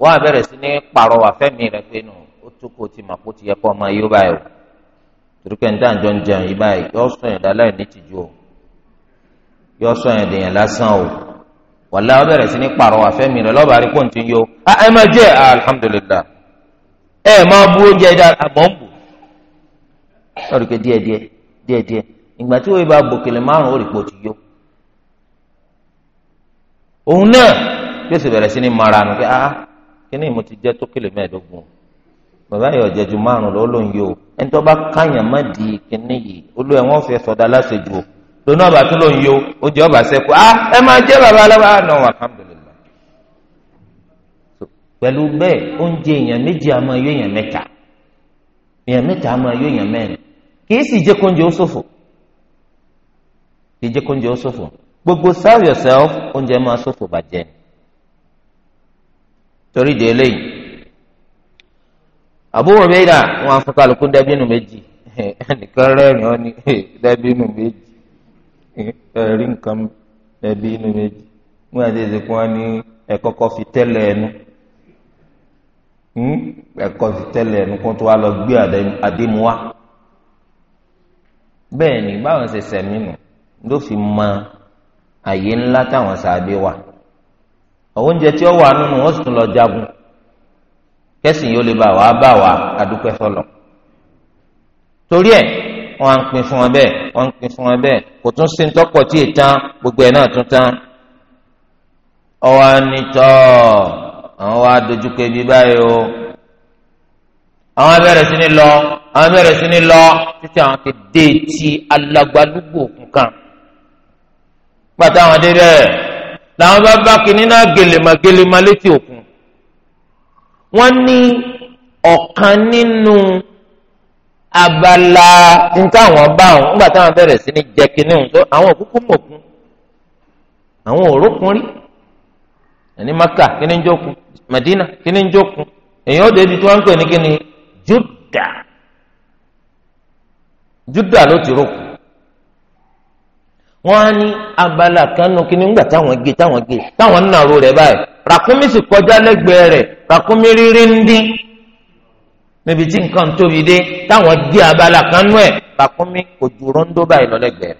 wọ́n á bẹ̀rẹ̀ sí ní pàrọwà fẹ́mi rẹ pé nù ó tó kó ti mà kó ti yẹ kó ọmọ yóò báyìí o torí pé níta àjọ ń jẹun yìí báyìí yọ sọ yẹn dá ní tìjú o yọ sọ yẹn dèèyàn lásán o wàlá ó bẹ̀rẹ̀ sí ní pàrọwà fẹ́mi rẹ lọ́ba àríkò ti ń yó ẹ má jẹ́ alhamdulillah. ẹ ma bú oúnjẹ dá àmọ́ ń bù lọ́dún pé díẹ̀díẹ̀ díẹ̀díẹ̀ ìgbà tí wọ́n bá bòkèlè márùn-ún òrìpò ti yó òun náà yóò sì bẹ̀rẹ̀ sí mara nù pé ah kíní mo ti jẹ tó kìlè mẹ́ẹ̀ẹ́dógún bàbá yóò jẹ́ ju márùn-ún lọ́ọ́ lóun ẹni tó bá káyàn má di kíní yìí olú o lónà ọba yó ọba ah ẹ máa bàbá pẹ̀lú bẹ́ẹ̀ oúnjẹ èèyàn méjì á máa yó èèyàn mẹ́ta èèyàn mẹ́ta á máa yó èèyàn mẹ́rin kìí sì jẹ́ kóúnjẹ ó ṣòfò kìí jẹ́ kóúnjẹ ó ṣòfò gbogbo serve yourself oúnjẹ máa ṣòfò bàjẹ́ torí de eléyìí Abu Ubaida wọn afọkàlùkù dàbínù méjì [LAUGHS] ẹnìkan rẹ́rìn ọ́ ní dàbínù méjì [LAUGHS] ẹ̀rí nǹkan dàbínù méjì wọn àti ẹ̀sìn kan ní ẹ̀kọ́kọ́ fi tẹ́lẹ̀ ẹnu Hmm? ẹ̀kọ́ ti tẹlẹ ẹnu kó tó wá lọ gbé àdému wá bẹ́ẹ̀ ni báwọn ṣe sẹ̀mí nù ló fi mọ àyè ńlá táwọn sáadé wà oúnjẹ tí ó wà nínú wọn sì tún lọ jagun kẹsìn yóò lè bá wa bá wa adúpẹ́ fọlọ́ torí ẹ̀ wọ́n ń pín fún wọn bẹ́ẹ̀ wọ́n ń pín fún wọn bẹ́ẹ̀ kò tún sí tọ́pọ̀ tí ì tán gbogbo ẹ̀ náà tún tán ọwọ́ nítọ́ọ̀. àwọn wá dojúkọ ibi báyìí o àwọn bẹ̀rẹ̀ sí ni lọ àwọn bẹ̀rẹ̀ sí ni lọ títí àwọn ti dé ti alágbálúgbò òkun kan pàtó àwọn dé bẹ́ẹ̀ làwọn bá bá kínní náà gèlèmà gèlèmà létí òkun wọ́n ní ọ̀kan nínú abala ntáwọn bá wọn nígbà táwọn bẹ̀rẹ̀ sí ni jẹ kínní òun tó àwọn òkúkú mọ̀kún àwọn òrókùnrin ẹni maka kínní jókòó. Madina kini ń jókun èyàn ó débi tí wọ́n ń pè ní kíní Júdà Júdà ló ti rókun wọ́n á ní abala kanu kíní ńgbà táwọn gé táwọn gé táwọn nàró rẹ̀ báyìí ràkúnmí sì kọjá lẹ́gbẹ̀ẹ́ rẹ̀ ràkúnmí rírí ń dín níbi tí nǹkan tóbi dé táwọn gé abala kanu ẹ̀ ràkúnmí kò ju rọ́ńdó báyìí lọ lẹ́gbẹ̀ẹ́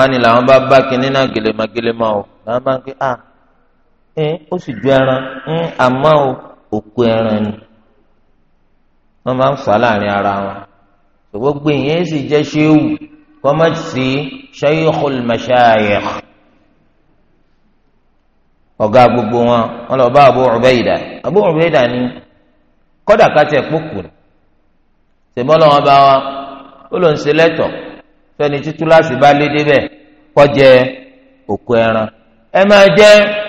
á ní làwọn bá bá kíní náà gèlèmọ́ gèlèmọ́ o làwọn bá ń pè ah ó sì ju ẹran àmọ́ òkú ẹran ni wọ́n máa ń fà á láàrin ara wọn gbogbo ìyẹn sì jẹ́ ṣéwù kọ́mọ̀tì shaykhul mashayikh ọ̀gá gbogbo wọn wọn lọ bá Abu Ubaida Abu Ubaida ni kọ́dà kátẹ́ kpókù tèmọ́ lọ́wọ́ bá wa ó lọ ṣe lẹ́tọ̀ fẹ́ni títúláṣì bá lé débẹ̀ kó jẹ òkú ẹran ẹ máa jẹ́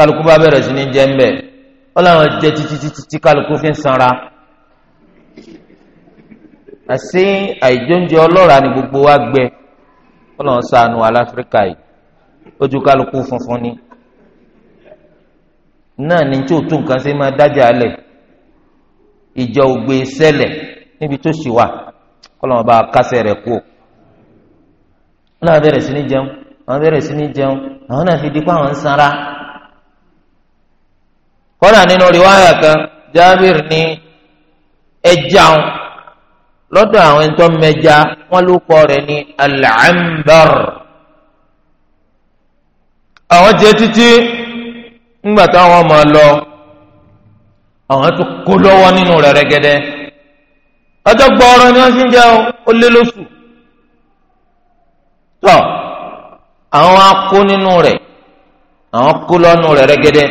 kálukú bá bẹ̀rẹ̀ sí ní jẹ́ ń bẹ̀ wọ́n làwọn jẹ́ títí títí tí kálukú fi ń sanra àti àìjóúnjẹ ọlọ́ra ni gbogbo wa gbẹ wọ́n làwọn sànù aláfíríkà yìí ojú kálukú funfun ni náà ní tí òtún nǹkan ṣe máa dájà lẹ̀ ìjọ ògbé sẹ́lẹ̀ níbi tó sì wà kọ́ làwọn bá kásẹ̀ rẹ̀ kú wọ́n làwọn bẹ̀rẹ̀ sí ní jẹun àwọn bẹ̀rẹ̀ sí ní jẹun àwọn náà fi di pé àwọn ń sanra. kọ́nà nínú riwaya kan Jábìr ní ẹjáun lọ́dọ̀ àwọn ẹni tó wọn ló kọ́ rẹ̀ ní al àwọn jẹ títí ńgbà táwọn máa lọ àwọn tó kó lọ́wọ́ nínú rẹ̀ rẹ́gẹ́dẹ́ ọjọ́ ni wọ́n ti ń jẹ́ ó lé nínú rẹ̀ rẹ̀ rẹ́gẹ́dẹ́.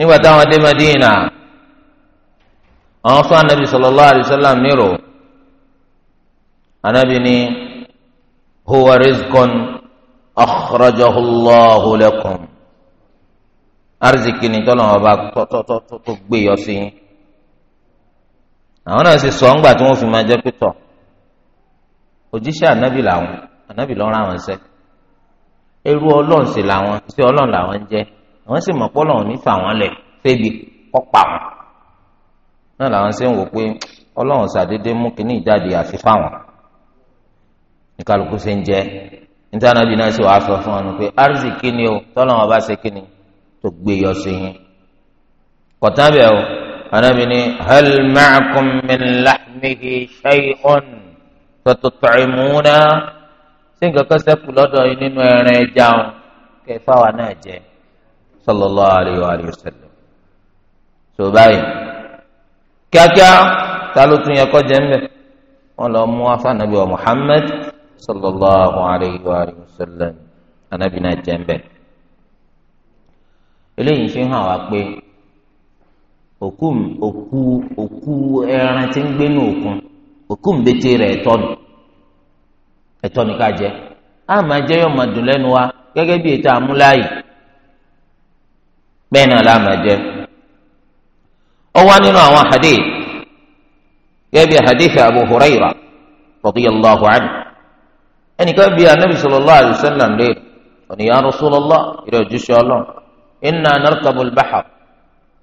nígbà táwọn dé Madina àwọn fún anabi sallallahu alayhi wa sallam nírò anabi ni huwa rizqun akhrajahu Allahu lakum arzikì ni tọ́lọ̀ ọba tó gbé yọ sí yín àwọn náà sì sọ ńgbà tí wọ́n fi máa jẹ́ pítọ̀ òjíṣẹ́ anabi làwọn anabi lọ́ọ́ àwọn ṣẹ́ ẹrú ọlọ́run sì làwọn sí ọlọ́run làwọn ń jẹ́ àwọn sì mọ̀ pọ́lọ̀ ní fà wọ́n lẹ̀ fébi kọ́pa wọn náà làwọn sì ń wò pé ọlọ́run ṣàdédé mú kínní ìjáde àfi fáwọn ìkàlùkù ṣe ń jẹ nítorí náà sì wàá sọ fún wọn pé arzi kíni o tọ́lọ́wọ́n bá ṣe kíni tó gbé yọ sí yín kọ̀tán o anabi ni hal ma'akum min lahmihi sí nǹkan kan ṣẹ́kù lọ́dọ̀ yìí nínú ẹran ẹja o kẹfà wa náà jẹ́ sallallahu alayhi wa alihi wa sallam tó báyìí kíákíá ta ló tún yẹ kọjá ń bẹ wọn lọ mú afáànàbí wa Muhammad sallallahu alayhi wa alihi wa sallam anabi náà jẹ ń bẹ eléyìí fi hàn wá pé òkú òkú òkú ẹran tí ń gbé ní òkun òkú mbete rẹ ẹ̀tọ́ nù ẹ̀tọ́ ní ká jẹ àmà jẹ yóò máa dùn lẹ́nu wa gẹ́gẹ́ bí ètò àmúláyìí bẹ́ẹ̀ náà la máa jẹ ó wá nínú àwọn hadith gẹ́gẹ́ bí hadith abu huraira radiyallahu anhu ẹnìkan bí anabi sallallahu alayhi wa sallam lé oníyà rasulallah ìrẹ ojúṣe Ọlọ́run inna narkabu al-bahr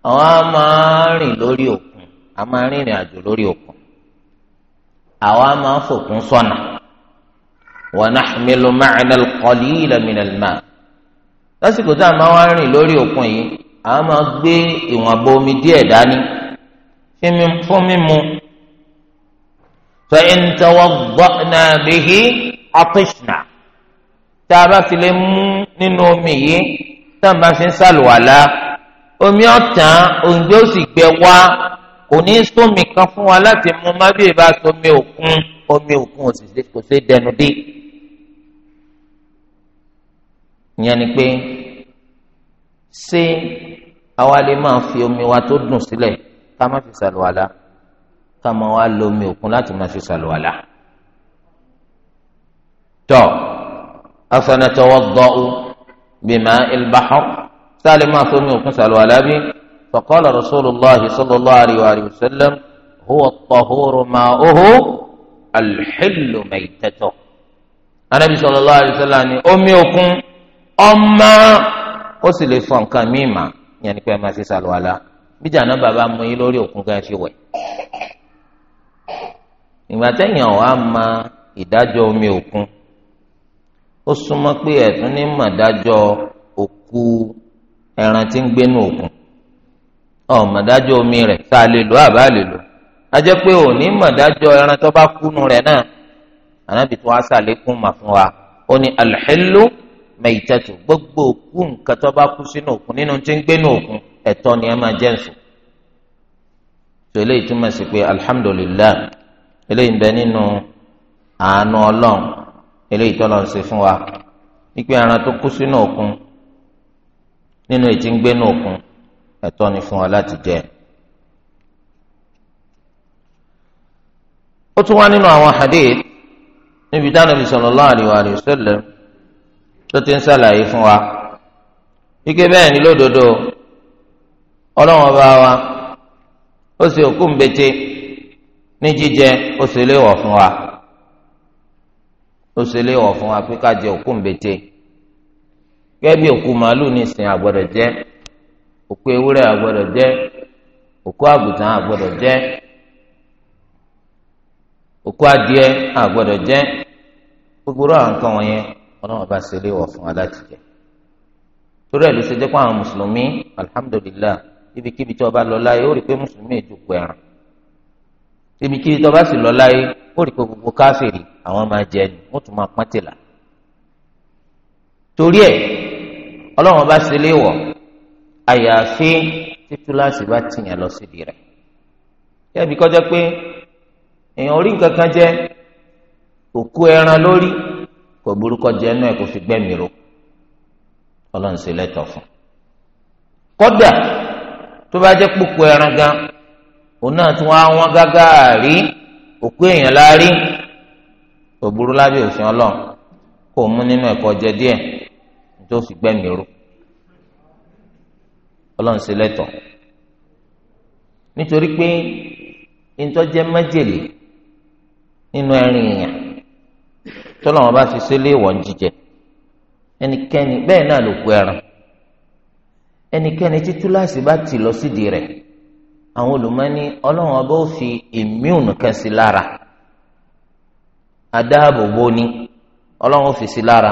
àwọn a máa rìn lórí òkun a máa àjò lórí òkun àwa máa fòkun sọ́nà wa nahmilu ma'ana al-qalila lásìkò tá a máa wá rìn lórí òkun yìí a máa gbé ìwọ̀n bo omi díẹ̀ dání fún mímu fẹ́yìn tọwọ́ gbọ́nà bíi ọtíṣnà tá a bá ti lè mú nínú omi yìí tá a bá fi ń sàlùwàlá omi ọ̀tàn òǹgbẹ ó sì gbẹ wá kò ní sómi kan fún wa láti mú má bí ìbá sómi òkun omi òkun kò sì dẹnu dé ìyẹn ni pé ṣé àwa lè máa fi omi wa tó dùn sílẹ̀ ká má fi ṣàlùwàlá ká máa wá lo omi òkun láti máa fi ṣàlùwàlá. tọ́ afanatawadda'u bima'il bahr sáà lè máa fi omi òkun ṣàlùwàlá bí faqala rasulullahi sallallahu alayhi wa sallam huwa at-tahuru ma'uhu al-hillu maytatuhu. sallallahu alayhi wa sallam ni omi òkun ọmọ ó sì lè fọ nǹkan míì mà yẹn ni pé ẹ máa ṣe ṣàlùwàlá bí jàǹdà bàbá mu yín lórí òkun gan fi wẹ̀. ìgbà tẹ́yìn ọ̀ á ma ìdájọ́ omi òkun ó súnmọ́ pé ẹ̀tún ní mà dájọ́ òkú ẹran tí ń gbénu òkun ọ̀ mà dájọ́ omi rẹ̀ tá a lè lò àbá lè lò a jẹ́ pé òní mà dájọ́ ẹran tó bá kúnu rẹ̀ náà ànábì tó wá sàlékún mà fún wa ó ní alḥílù mẹ̀yìtẹ́tù gbogbo òkú nǹkan tó bá kú sínú òkun nínú tí ń gbé nínú òkun ẹ̀tọ́ ni ẹ máa jẹ́ nsù. tó eléyìí túmọ̀ sí pé alihamudulilayi eléyìí ń bẹ nínú àánú ọlọ́run eléyìí tó lọ́n ṣe fún wa wípé ẹran tó kú sínú òkun nínú ètí ń gbé nínú òkun ẹ̀tọ́ ni fún wa láti jẹ. ó tún wá nínú àwọn hadith níbi dáná bí sallallahu alaihi wa tó ti ń ṣàlàyé fún wa ike bẹ́ẹ̀ ni lódodo ọlọ́run ọba wa ó sì òkú ńbete ní jíjẹ ó sì léwọ̀ fún wa ó sì léwọ̀ fún wa pé ká jẹ òkú ńbete gẹ́gẹ́ òkú màálù nísìn àgbọ̀dọ̀ jẹ́ òkú ewúrẹ́ àgbọ̀dọ̀ jẹ́ òkú àgùntàn àgbọ̀dọ̀ jẹ́ òkú adìẹ àgbọ̀dọ̀ jẹ́ gbogbo àwọn nǹkan wọ̀nyẹn ọlọ́run bá ṣe léwọ̀ fún wa láti jẹ torí ẹ̀ ló ṣe jẹ́ pé àwọn mùsùlùmí alihamudulilayi ibikíbi tí ọba lọ láyé ó rí i pé mùsùlùmí ìjòkó ẹran ibikíbi tí ọba sì lọ láyé ó rí i pé gbogbo káfíìrì àwọn máa jẹ ni wọ́n tún máa pọ́n tìlà torí ẹ̀ ọlọ́run ọba ṣe léwọ̀ àyàfi títúláàsì bá tìyàn lọ sídìí rẹ̀ kẹ́bi kọjá pé èèyàn orí nǹkan kan jẹ òkú ẹran lórí kò burúkọ jẹ inú ẹ kò fi gbẹmí ro Ọlọ́run sì lẹ́tọ̀ fún kódà tó bá jẹ kpókò ẹran gan òun náà tún wá wọn gágá rí òkú èèyàn lárí kò burú lábẹ́ òfin Ọlọ́run kò mú nínú ẹ̀kọ jẹ díẹ̀ tó fi gbẹmí ro Ọlọ́run sì lẹ́tọ̀ nítorí pé ntọ́jẹ́ májèlé nínú ẹrin èèyàn. tọ́lọ́ wọn bá fi sílé ìwọ̀n jíjẹ ẹnikẹ́ni bẹ́ẹ̀ náà ló kú ẹran ẹnikẹ́ni tí túláàsì bá ti lọ sídìí rẹ̀ àwọn olùmọ́ni ọlọ́run ọba ó fi ìmíùnù kan sí lára adáàbòbò ni ọlọ́run fi sí lára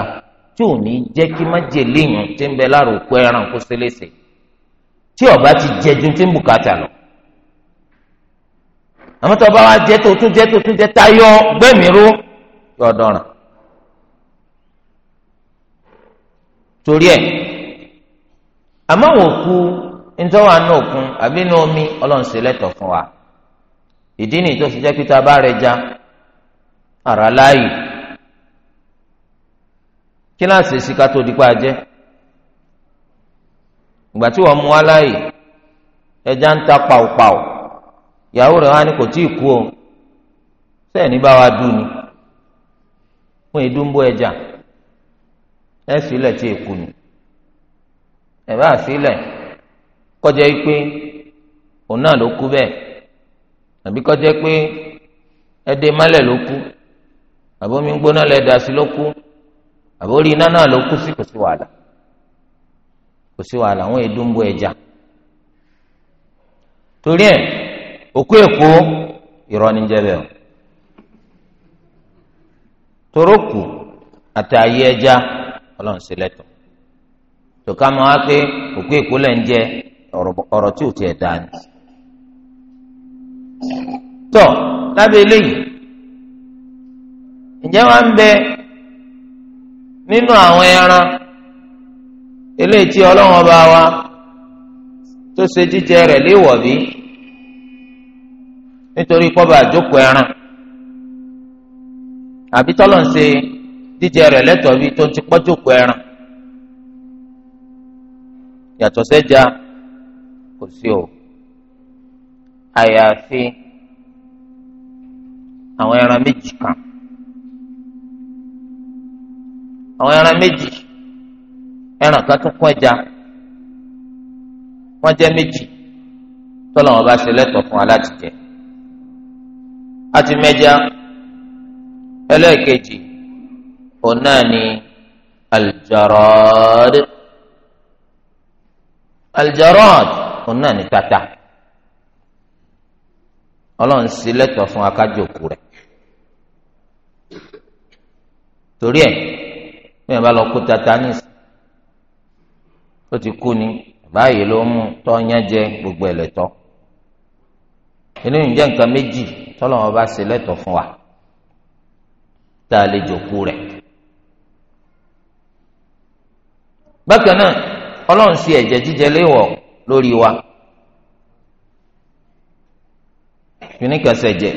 tí ò ní jẹ́ kí májèlé tí ń bẹ lára òkú ẹran kó ọba ti jẹ ju tí ń bùkátà torí ẹ̀ àmọ́ wò kú ntọ́wà náà kún àbí inú omi ọlọ́run lẹ́tọ̀ fún wa ìdí nìyí tó fi jẹ́ pété abá já ara láàyè kí náà ṣèṣì ká tó dípa jẹ́ ìgbà tí wọ́n mú wa láàyè ẹja ń ta pàwùpàwù ìyàwó rẹ̀ wá ní kò tíì kú o sẹ́ẹ̀ ní bá wa dùn ni fún ìdúnbó ẹja. E ẹ filẹ̀ tí èkó ni ẹ kọjá yìí pé ló kú bẹ́ẹ̀ àbí kọjá pé ẹ dé ló kú àbómi gbóná lẹ̀ dà sí ló kú àbórí iná ló kú sí kò sí wàhálà kò ẹja torí ẹ òkú èkó ìrọ̀nìjẹbẹ o torókù àtàyè ẹja. ọlọ́run ṣe lẹ́tọ̀ tòká máa wá pé òkú èkó ń jẹ ọ̀rọ̀ tí ò tiẹ̀ dá ni. tọ́ lábẹ́ eléyìí ǹjẹ́ bẹ nínú àwọn ẹran eléyìí tí ọlọ́run ọba wa tó ṣe jíjẹ rẹ̀ léèwọ̀ bí nítorí kọ́ba àjókòó ẹran jíjẹ rẹ̀ lẹ́tọ̀ọ́ bíi tó ń ti pọ́jòkó ẹran yàtọ̀ sẹ́jà kò sí o àyàfi àwọn ẹran méjì kan àwọn ẹran méjì ẹran kan tún kún ẹja wọ́n jẹ́ méjì tọ́lọ̀ wọn bá ṣe lẹ́tọ̀ fún wa láti jẹ àti mẹ́ja ẹlẹ́ẹ̀kejì. òun náà ni aljarad aljarad òun náà ni tata ọlọ́run sì lẹ́tọ̀ọ́ fún akájòkú rẹ̀ torí ẹ̀ bí wọ́n bá lọ kó tata ní ìsìn ó ti kú ni báyìí ló mú tọ́yán jẹ gbogbo ẹ̀lẹ́tọ́ inú yìí jẹ́ nǹkan méjì tọ́lọ́wọ́n bá ṣe fún wa tá a lè jòkú rẹ̀. bákan náà ọlọ́run ṣe ẹ̀jẹ̀ jíjẹ léèwọ̀ lórí wa fíníkàsẹ̀jẹ̀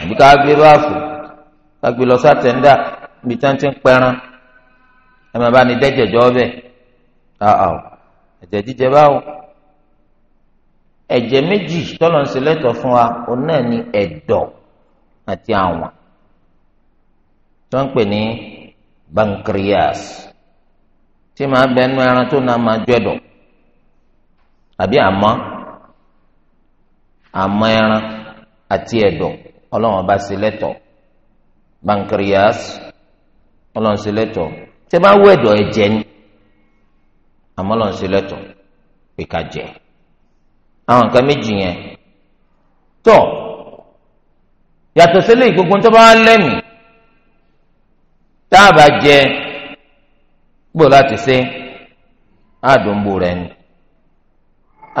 àbí ká gbé báàfù ká gbé lọ sátẹ̀ńdà ibi tí wọ́n ti ń pẹran ẹ máa bá ní dẹ́jẹ̀jọ́ ọbẹ̀ àà ẹ̀jẹ̀ jíjẹ báwo ẹ̀jẹ̀ méjì tọ́lọ̀ ṣe lẹ́tọ̀ fún wa òun náà ni ẹ̀dọ̀ àti àwọn tó ń pè ní pancreas tí màá bẹ nú ẹran tó náà máa jọ ẹ̀dọ̀ àbí àmọ́ àmọ́ ẹran àti ẹ̀dọ̀ Ọlọ́run bá ṣe lẹ́tọ̀ pancreas Ọlọ́run ṣe lẹ́tọ̀ tí bá wọ ẹ̀dọ̀ ẹ̀jẹ̀ ni àmọ́ Ọlọ́run ṣe lẹ́tọ̀ pé àwọn nǹkan méjì yẹn tọ yàtọ̀ sílẹ̀ gbogbo tó bá lẹ́mìí tá a bá jẹ gbò láti ṣe àdùnbò rẹ̀ ni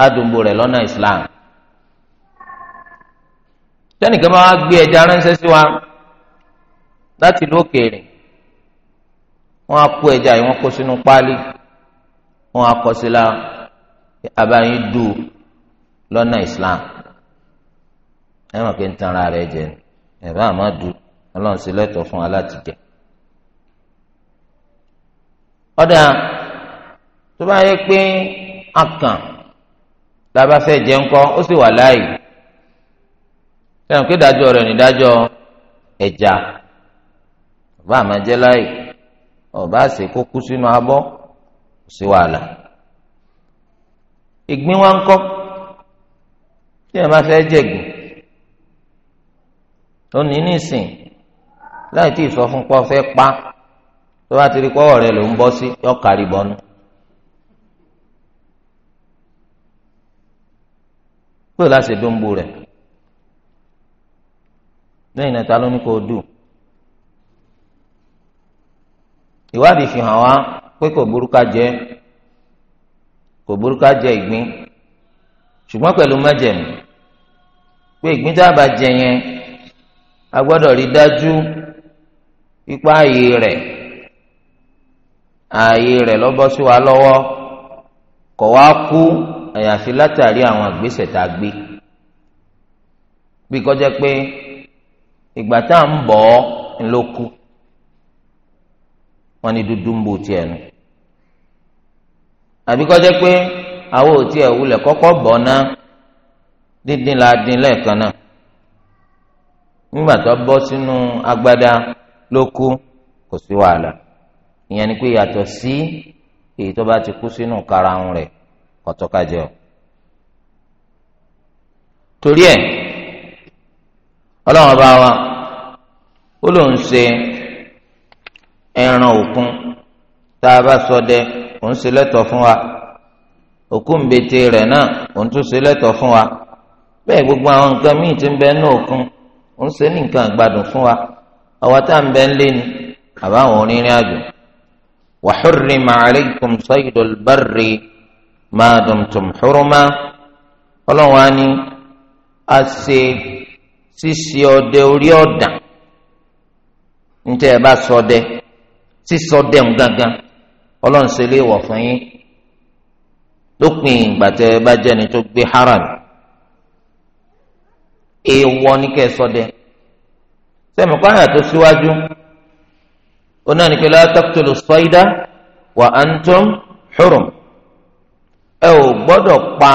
àdùnbò rẹ̀ lọ́nà Islam tẹnìkan máa gbé ẹja ránṣẹ́ sí wa láti ìlú òkèèrè wọ́n á kó ẹja yìí wọ́n kó sínú páálí wọ́n á kọ sí la abayin dù lọ́nà Islam ẹ mọ̀ pé ń tan ara rẹ̀ jẹ ẹ bá àmọ́ dù Ọlọ́run sì lẹ́tọ̀ọ́ fún wa láti jẹ ọ̀dà tó bá yẹ pé akàn làbá fẹ́ jẹ ńkọ́ ó sì wà láàyè fẹ́ràn pé dájọ́ rẹ̀ ní dájọ́ ẹja ọba àmọ́ jẹ́ láàyè ọba àṣẹ kó kú sínú abọ́ kò sí wàhálà ìgbín wa ńkọ́ tí ẹ bá fẹ́ jẹ̀gbìn ó ní nísìn láì tí ì sọ fún pọ́ fẹ́ pa tó bá ti rí pọ́wọ́ rẹ ló ń bọ́ sí yọ kárí bọ́nú. pé láti dóńbò rẹ̀ lẹ́yìn náà ta ló ní kó o dùn. ìwádìí fi hàn wá pé kò burúkú jẹ kò burúkú jẹ ìgbín ṣùgbọ́n pẹ̀lú májẹ̀mú pé ìgbín tá a bá jẹ yẹn a gbọ́dọ̀ rí dájú ipa ààyè rẹ̀. ààyè rẹ̀ lọ́bọ́ sí wa lọ́wọ́ kọ̀ wá kú àyàfi látàrí àwọn àgbésẹ̀ tá a gbé bí kọjá pé ìgbà tá à ń bọ̀ ọ́ ló kú wọn ni dúdú ń bo tiẹ̀ nu àbí kọjá pé àwọn ò tiẹ̀ wulẹ̀ kọ́kọ́ bọ̀ náà dídín la dín lẹ́ẹ̀kan náà nígbà tó bọ́ sínú agbádá ló kú kò sí wàhálà. ìyẹn ni pé yàtọ̀ sí èyí tó bá ti kú sínú karahun rẹ̀ ọ̀tọ́kajẹ́ o. torí ẹ̀ ọlọ́run bá wa ó ń ṣe ẹran òkun tá a bá ṣọdẹ òun ṣe lẹ́tọ̀ fún wa òkun bètè rẹ̀ náà òun tún ṣe lẹ́tọ̀ fún wa bẹ́ẹ̀ gbogbo àwọn nǹkan míì ti ń bẹ ní òkun ṣe ní fún wa àwa وحرم عليكم صيد البر ما دمتم حرما ọlọ́run á ní a ṣe ṣíṣe ọdẹ orí ọ̀dàn níta ẹ bá ṣọdẹ ṣíṣọdẹ ń gangan ọlọ́run ṣe lè wọ̀ fún yín lópin ìgbà tẹ ẹ bá jẹ́ni tó gbé haram èèwọ̀ ní kẹ́ ẹ ṣọdẹ sẹ́mi kwana tó síwájú. Si onáà ní pé la taqtulu sayda wa antum hurum ẹ ò gbọ́dọ̀ pa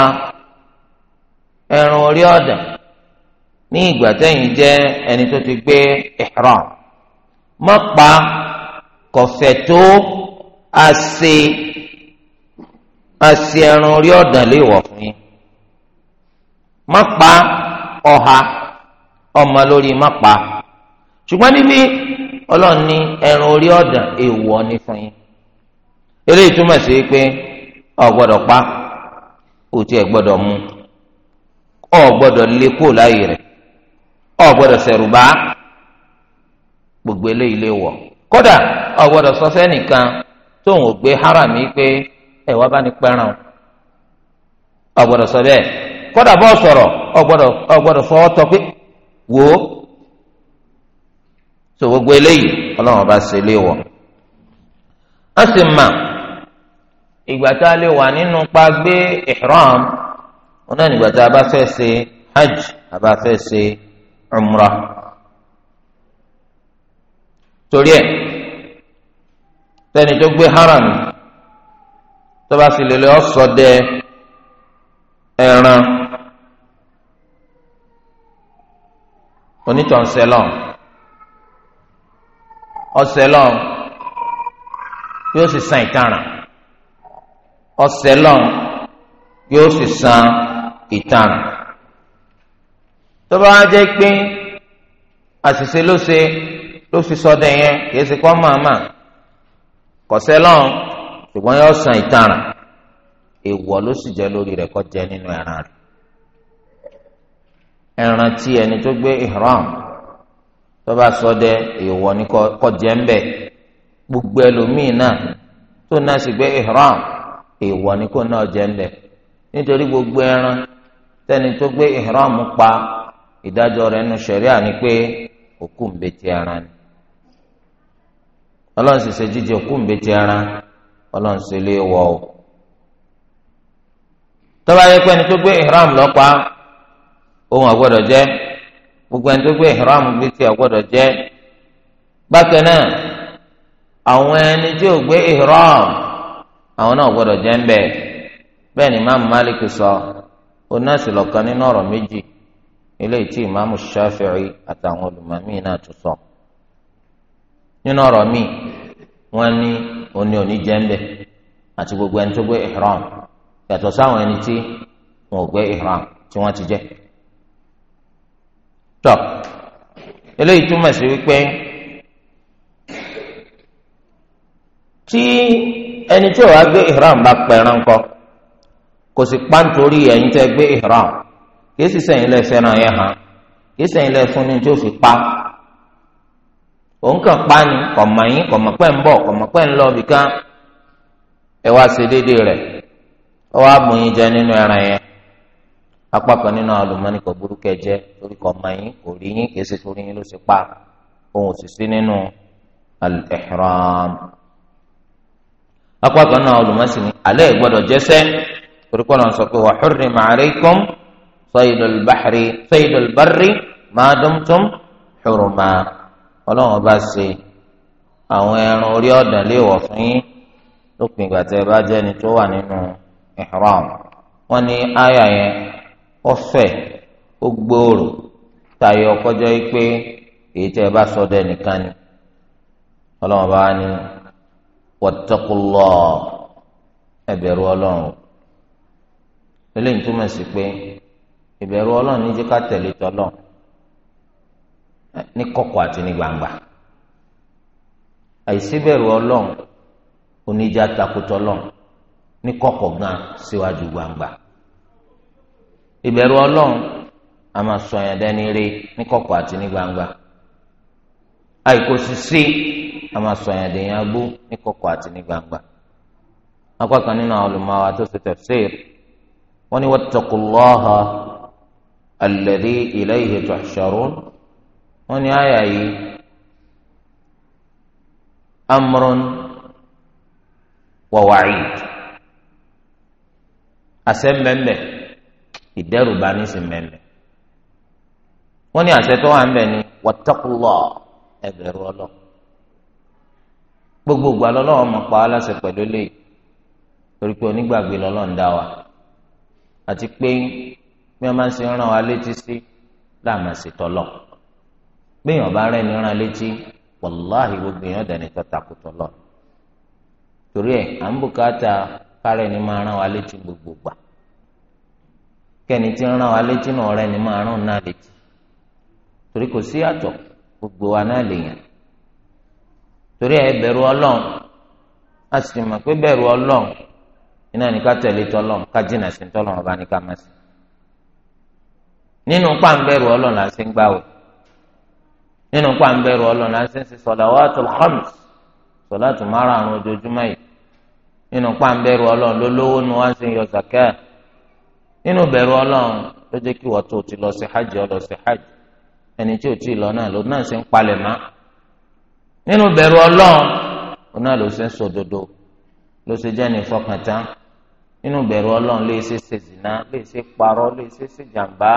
ẹran orí ọ̀dàn ní ìgbà tẹ́yìn jẹ́ ẹni tó ti gbé ihram má pa kọ̀fẹ́ tó a ṣe a ṣe ẹran orí ọ̀dàn léèwọ̀ fún yín má pa ọ̀ha ọmọ lórí má pa ṣùgbọ́n níbi. ọlọ́run ní ẹran orí ọ̀dàn èèwọ̀ ni fún yín eléyìí túmọ̀ sí pé ọ̀ gbọ́dọ̀ pa otu tiẹ̀ gbọ́dọ̀ mu ọ̀ gbọ́dọ̀ lé kó láyè rẹ̀ ọ̀ gbọ́dọ̀ gbogbo eléyìí lè wọ̀ kódà ọ̀ gbọ́dọ̀ sọ sẹ́nìkan tóun ò gbé haram yìí pé ẹ̀ wá bá ní pẹ́ràn ọ̀ gbọ́dọ̀ sọ bẹ́ẹ̀ kódà bọ́ sọ̀rọ̀ ọ̀ gbọ́dọ̀ sọ ọ́ tọ́ pé wò ó. so gbogbo eléyìí ọlọ́run ọba ṣe lé wọ. a sì mà ìgbà tá a lè wà nínú pa gbé ihram wọn náà nígbà tá a bá fẹ́ ṣe hajj a bá fẹ́ ṣe umra. torí ẹ sẹ́ni tó gbé haram tó bá sì lè lọ ṣọdẹ ẹran onítọ̀ọ́sẹ̀ lọ́wọ́. ọsẹ lọ yóò sì san ìtanràn ọsẹ yóò sì san ìtanràn tó bá wá jẹ́ pé àṣìṣe ló ṣe ló fi sọdẹ yẹn kì í ṣe kọ́ màmá kọ̀sẹ́ lọ́run ṣùgbọ́n yóò san ìtanràn èèwọ̀ ló jẹ nínú ẹran rẹ̀ ẹni tó gbé tọ́ba sọdẹ èèwọ̀ ni kọjẹ́ ń gbogbo ẹlòmíì náà tó náà sì gbé ihram èèwọ̀ ni kò náà jẹ́ ń gbogbo ẹran tẹ́ni tó gbé ihram pa ìdájọ́ rẹ̀ nu ni pé òkú ń bẹ ti ara ni ọlọ́run sì ṣe jíjẹ òkú ń bẹ ti ara ọlọ́run sì lè tọ́ba yẹ pé gbogbo ẹni tó gbé ìhìrámù gbé tí ọgbọ́dọ̀ jẹ́ bákan náà àwọn ẹni tí ò gbé ìhìrámù àwọn náà gbọ́dọ̀ jẹ́ ń bẹ̀ bẹ́ẹ̀ ni Imam Malik sọ onáàsì lọ́kàn nínú ọ̀rọ̀ méjì eléyìí tí Imam Shafi'i àtàwọn olùmọ̀mí náà tún sọ nínú ọ̀rọ̀ wọ́n ní oní òní gbogbo ẹni tó gbé yàtọ̀ sáwọn ẹni tí wọn gbé tí wọ́n ti tọ eléyìí túmọ̀ sí wípé tí ẹni tí wàá gbé ihram bá pẹran kọ kò sì pa nítorí ẹ̀yin tẹ́ gbé ihram kìí sì sẹ́yìn lẹ fẹ́ràn yẹn hàn kìí sẹ́yìn lẹ ni tí ó fi pa òun kàn pa ni kọ̀mọ̀ yín kọ̀mọ̀ pẹ́ ń bọ̀ kọ̀mọ̀ lọ bìkan ẹ wá rẹ̀ ọ wá bùn yín jẹ nínú ẹran apá kan nínú àlùmọ́nì kò burúkú ẹ̀jẹ̀ torí kò mọ yín kò rí yín kì í ṣe torí yín ló ṣe pa òun ò sì sí nínú al-ihram apá kan náà olùmọ̀sí ni alẹ́ gbọ́dọ̀ jẹ́sẹ́ torí kọ́ ló ń sọ pé wa hurrima alaykum saydul bahri saydul dumtum huruma ọlọ́run bá ṣe àwọn ẹran orí ọ̀dàn léèwọ̀ fún yín lópin ìgbà tẹ́ ẹ bá jẹ́ ẹni tó wà nínú ihram wọ́n ní áyà yẹn. ọfẹ ó gbòòrò tayọ kọjọ yìí pé èyí tẹ ẹ bá sọ dẹ nìkan ni ọlọ́run bá ní wọtọkùlọ ẹbẹ̀rù ọlọ́run eléyìí túmọ̀ sí pé ìbẹ̀rù ọlọ́run ní tẹ̀lé tọ́lọ̀ ní kọ̀kọ̀ àti ní gbangba àìsíbẹ̀rù ọlọ́run oníjà takùtọ̀ ní ìbẹ̀rù ọlọ́run a máa sọ yẹn dání rí ní kọ̀kọ̀ àti ní gbangba a máa sọ yẹn dèèyàn gbó ní kọ̀kọ̀ àti ní gbangba apá kan nínú àwọn olùmọ̀wá tó ṣe tafsir wọ́n ní wattaqullaha alladhi ilayhi wọ́n ní ìdẹ́rùbà ní sí mẹ́mẹ́ wọ́n ní àṣẹ tó wà ń bẹ̀ ni wọ́tọ́kùlọ̀ ẹ̀bẹ̀rù ọlọ́ gbogbogbò alọ́lọ́wọ́ mọ̀ pa á láṣẹ pẹ̀lú lè torí pé onígbàgbé lọ́lọ́ ń dá wa àti pé bí wọ́n máa ń létí sí láàmà bí èèyàn gbogbo èèyàn torí ẹ̀ à ń bùkátà máa kẹ́ni tí ń rán wa létí náà ọ̀rẹ́ ni máa rán náà létí torí kò sí atọ gbogbo wa náà lèèyàn torí ẹ bẹrù ọlọ́run a sì mọ̀ pé bẹ̀rù ọlọ́run iná ní ká tẹ̀lé tọ́lọ́run ká jìnnà sí tọ́lọ́run ọba ní ká má sí nínú ń nínú ń yìí nínú lólówó ni nínú bẹ̀rù ọlọ́run ló jẹ́ kí wọ́n tó ti lọ sí hajj ọ lọ sí hajj ẹni tí ò tí ì lọ náà ló náà ṣe ń palẹ̀ mọ́ nínú bẹ̀rù ọlọ́run ó náà ló ṣe ń sòdodo ló ṣe jẹ́ ní fọkàntán nínú bẹ̀rù ọlọ́run lè ṣe ṣe zìnà lè ṣe parọ́ lè ṣe ṣe jàǹbá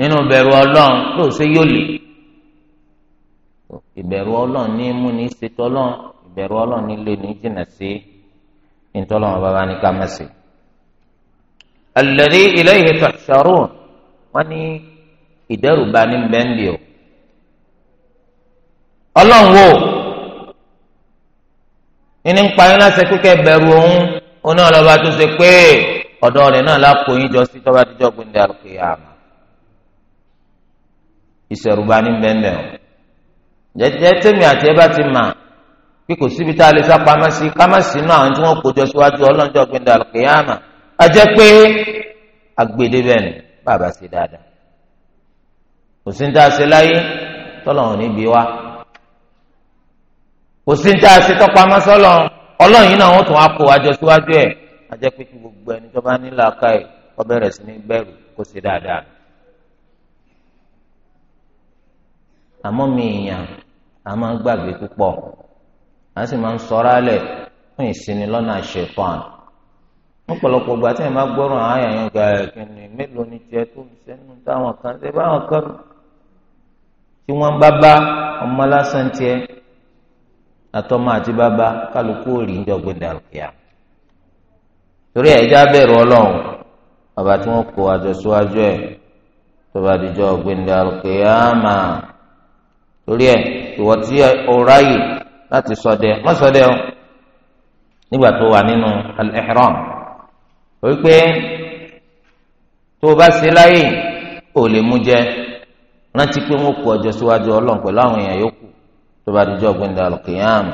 nínú bẹ̀rù ọlọ́run ló ṣe yólè ìbẹ̀rù ọlọ́run ní mú ní ṣètò ọlọ́run ìbẹ̀rù ọlọ́run ní lè ní jìnnà sí ìtọ́lọ́run bàbá ní ká mẹ́sì. alladhi ilayhi tuhsharun wọ́n ní ìdẹ́rùbà ní bẹ́ńbì o ọlọ́run wo ní ń parí láti kíkẹ́ bẹ̀rù òun oní ọlọ́ba tó ṣe pé ọ̀dọ́ rẹ̀ náà lápò jọ sí tọ́ba gbẹ̀ndẹ̀ ní o jẹjẹ àti ẹ ti mà bí kò síbi tá a lè sá pamọ́ sí àwọn tí wọ́n kó jọ ajẹ́ pé agbede ni bàbá sí dáadáa kò sí ní tá a ṣe láyé tọ́lọ́run níbi wá kò sí ní tá a ṣe tọ́pamọ́ sọ́lọ́ ọlọ́run yìí náà wọ́n tún á kó àjọ síwájú ẹ̀ pé kí gbogbo ẹni tó bá a máa ń gbàgbé fún ìsinmi ọ̀pọ̀lọpọ̀ ìgbà tí ẹ máa gbọ́ràn àyà yẹn gba ẹ̀kìnì mélòó ni tiẹ̀ tó fi sẹ́nu táwọn kan ṣe báwọn kan tí wọ́n bá bá ọmọ lásán tiẹ̀ àtọmọ àti bàbá kálukú ò rí ń jọ gbẹdẹ àlùkìyà torí ẹ̀já bẹ̀rù ọlọ́run bàbá tí wọ́n kó àjọ síwájú ẹ̀ tó bá dìjọ gbẹdẹ àlùkìyà máa torí ẹ̀ ìwọ tí o láti ṣọdẹ má ṣọdẹ o nígbà tó wà nínú al-ihram. wípé tó o bá ṣe láyè ò lè mú jẹ rántí pé wọn kú ọjọ́ síwájú Ọlọ́run pẹ̀lú àwọn èèyàn yòókù tó bá dijọ́ gbẹndé alùkìyàmù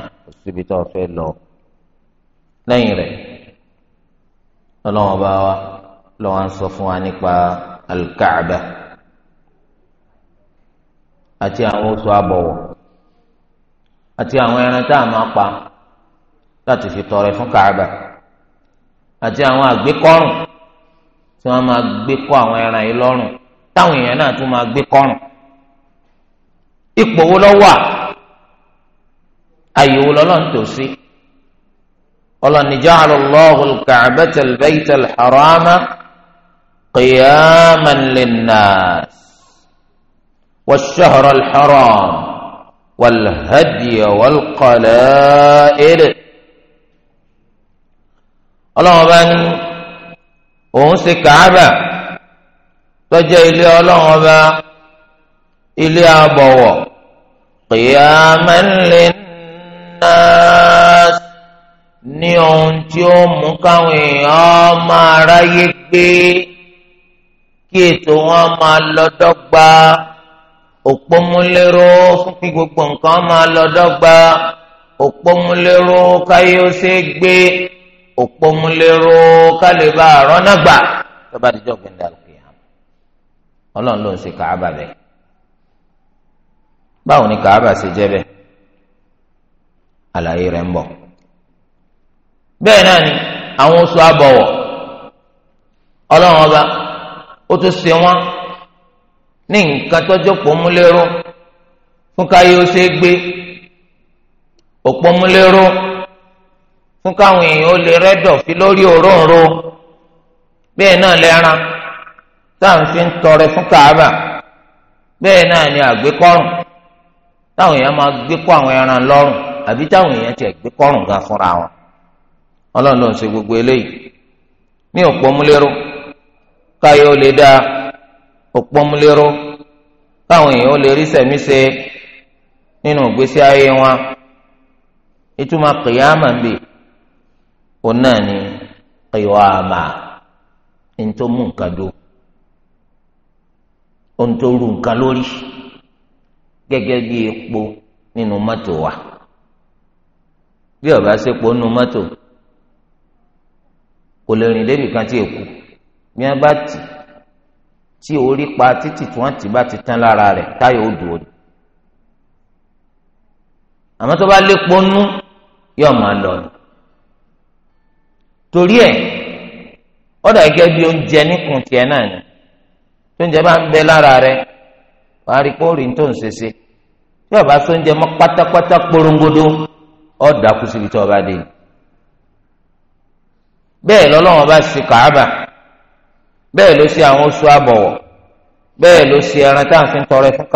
kò tó o fẹ́ lọ wa lọwọ ń sọ fún wa nípa àti àwọn oṣù àti àwọn a máa pa láti fi tọrẹ fún àti àwọn àgbékọ́rùn tí wọ́n máa gbé kọ́ àwọn ẹran yìí lọ́rùn táwọn èèyàn náà tún máa gbé kọ́rùn ipò wo ló wà àyè wo lọ́lọ́run tò sí ọlọ́ni ja'ala Allahu al-Ka'bata al-Bayta al-Harama qiyaman lin ọlọ́run bá ní òun ṣe kàábà tọ́jẹ́ ilé ọlọ́run bá ilé àbọ̀wọ̀ qiyaman linnas ní ohun tí ó mú káwọn èèyàn máa ráyé gbé kí ètò wọn máa lọ òpómúlérò fún kí gbogbo nǹkan máa lọ òpómúlérò káyọ̀ gbé. òpómúlérò kálíbà rọ́nàgbà tó bá dijọ́ gbẹ̀ndẹ̀ àlùkìyàm ọlọ́run ló ń ṣe kaaba bẹ́ẹ̀ báwo ni kaaba ṣe jẹ́ bẹ́ẹ̀ àlàyé rẹ ń bọ̀ bẹ́ẹ̀ náà àwọn oṣù àbọ̀wọ̀ ọlọrun ọba ó tún ṣe ní nǹkan fún káwọn èèyàn ó lè rẹ́dọ̀ fi lórí òróǹro bẹ́ẹ̀ náà lẹ́ran táwọn fi ń tọrẹ fún kàábà bẹ́ẹ̀ náà ni àgbékọ́rùn táwọn èèyàn máa gbé kó àwọn ẹran lọ́rùn àbí táwọn èèyàn ti gbé kọ́rùn gan fúnra wọn ọlọ́run ló ń ṣe gbogbo eléyìí ní òpómúlérò káyọ̀ ó lè dá òpómúlérò káwọn èèyàn ó lè rí sẹ̀mí ṣe nínú ìgbésí ayé wọn ìtumọ̀ kìyàmà ń bèè. òun náà ni qiwama ntó o nǹkan dó ru nǹkan lórí gẹ́gẹ́ bí epo nínú mọ́tò wa bí ọba kò lè rìn débi kan tí èkó bí bá tì tí orí pa títì tí tì bá ti tán lára táyà ó dùn tó bá torí ẹ̀ ọ̀dà gẹ́gẹ́ bí oúnjẹ níkùn tiẹ̀ náà ni tó oúnjẹ bá ń bẹ lára rẹ wàá rí pọ́ọ̀rì tó ń ṣeṣe tí ọba sọ oúnjẹ mọ pátápátá porongodo ọ̀dà kù ọba dé bẹ́ẹ̀ lọ́lọ́wọ́n bá ṣe kàábà bẹ́ẹ̀ ló ṣe àwọn oṣù àbọ̀wọ̀ bẹ́ẹ̀ ló ṣe ẹran tá à ń fi tọrẹ fún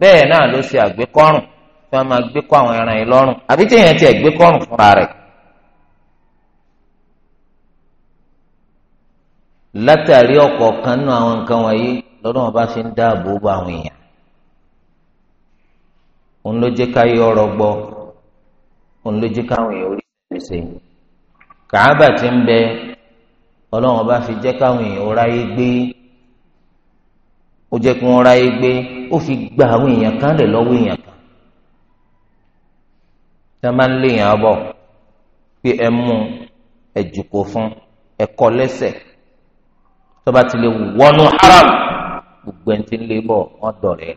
bẹ́ẹ̀ náà ló ṣe àgbékọ́rùn látàrí ọ̀kọ̀ọ̀kan nínú àwọn nǹkan wọ̀nyí lọ́dún ọba fi ń dáàbò bo àwọn èèyàn òun ló jẹ́ káyé ọ̀rọ̀ gbọ́ òun ló jẹ́ káwọn èèyàn orí ṣèṣe kàábà ti ń bẹ ọlọ́run ọba fi jẹ́ káwọn èèyàn ráyé gbé ó jẹ́ kí wọ́n ráyé gbé ó fi gba àwọn èèyàn kan lẹ̀ lọ́wọ́ èèyàn kan tí wọ́n ń lé èèyàn pé ẹ mú ẹ jùkò fún ẹ kọ́ lẹ́sẹ̀ tọba ti lè wọnú haram gbogbo ẹni tí ń lé bọ̀ wọ́n dọ̀rẹ́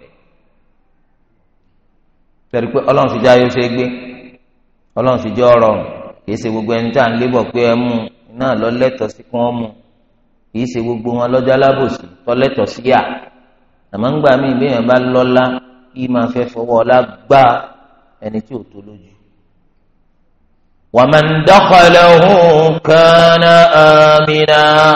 rẹ̀ pé ọlọ́run sì jẹ́ ayé ṣe gbé ọlọ́run sì jẹ́ ọ̀rọ̀ kì ṣe gbogbo ẹni tí à ń lé pé ẹ mú náà lọ lẹ́tọ̀ọ́ sí kí wọ́n mú kì ṣe gbogbo wọn lọ́jọ́ alábòsí tọ́ lẹ́tọ̀ọ́ sí yà àmọ́ ńgbà míì béèyàn bá lọ́lá kí máa fẹ́ fọwọ́ ọlá gbá ẹni tí ò tó lójú. wàmẹ̀ńdọ́kọ̀lẹ́hùn kan náà mìíràn.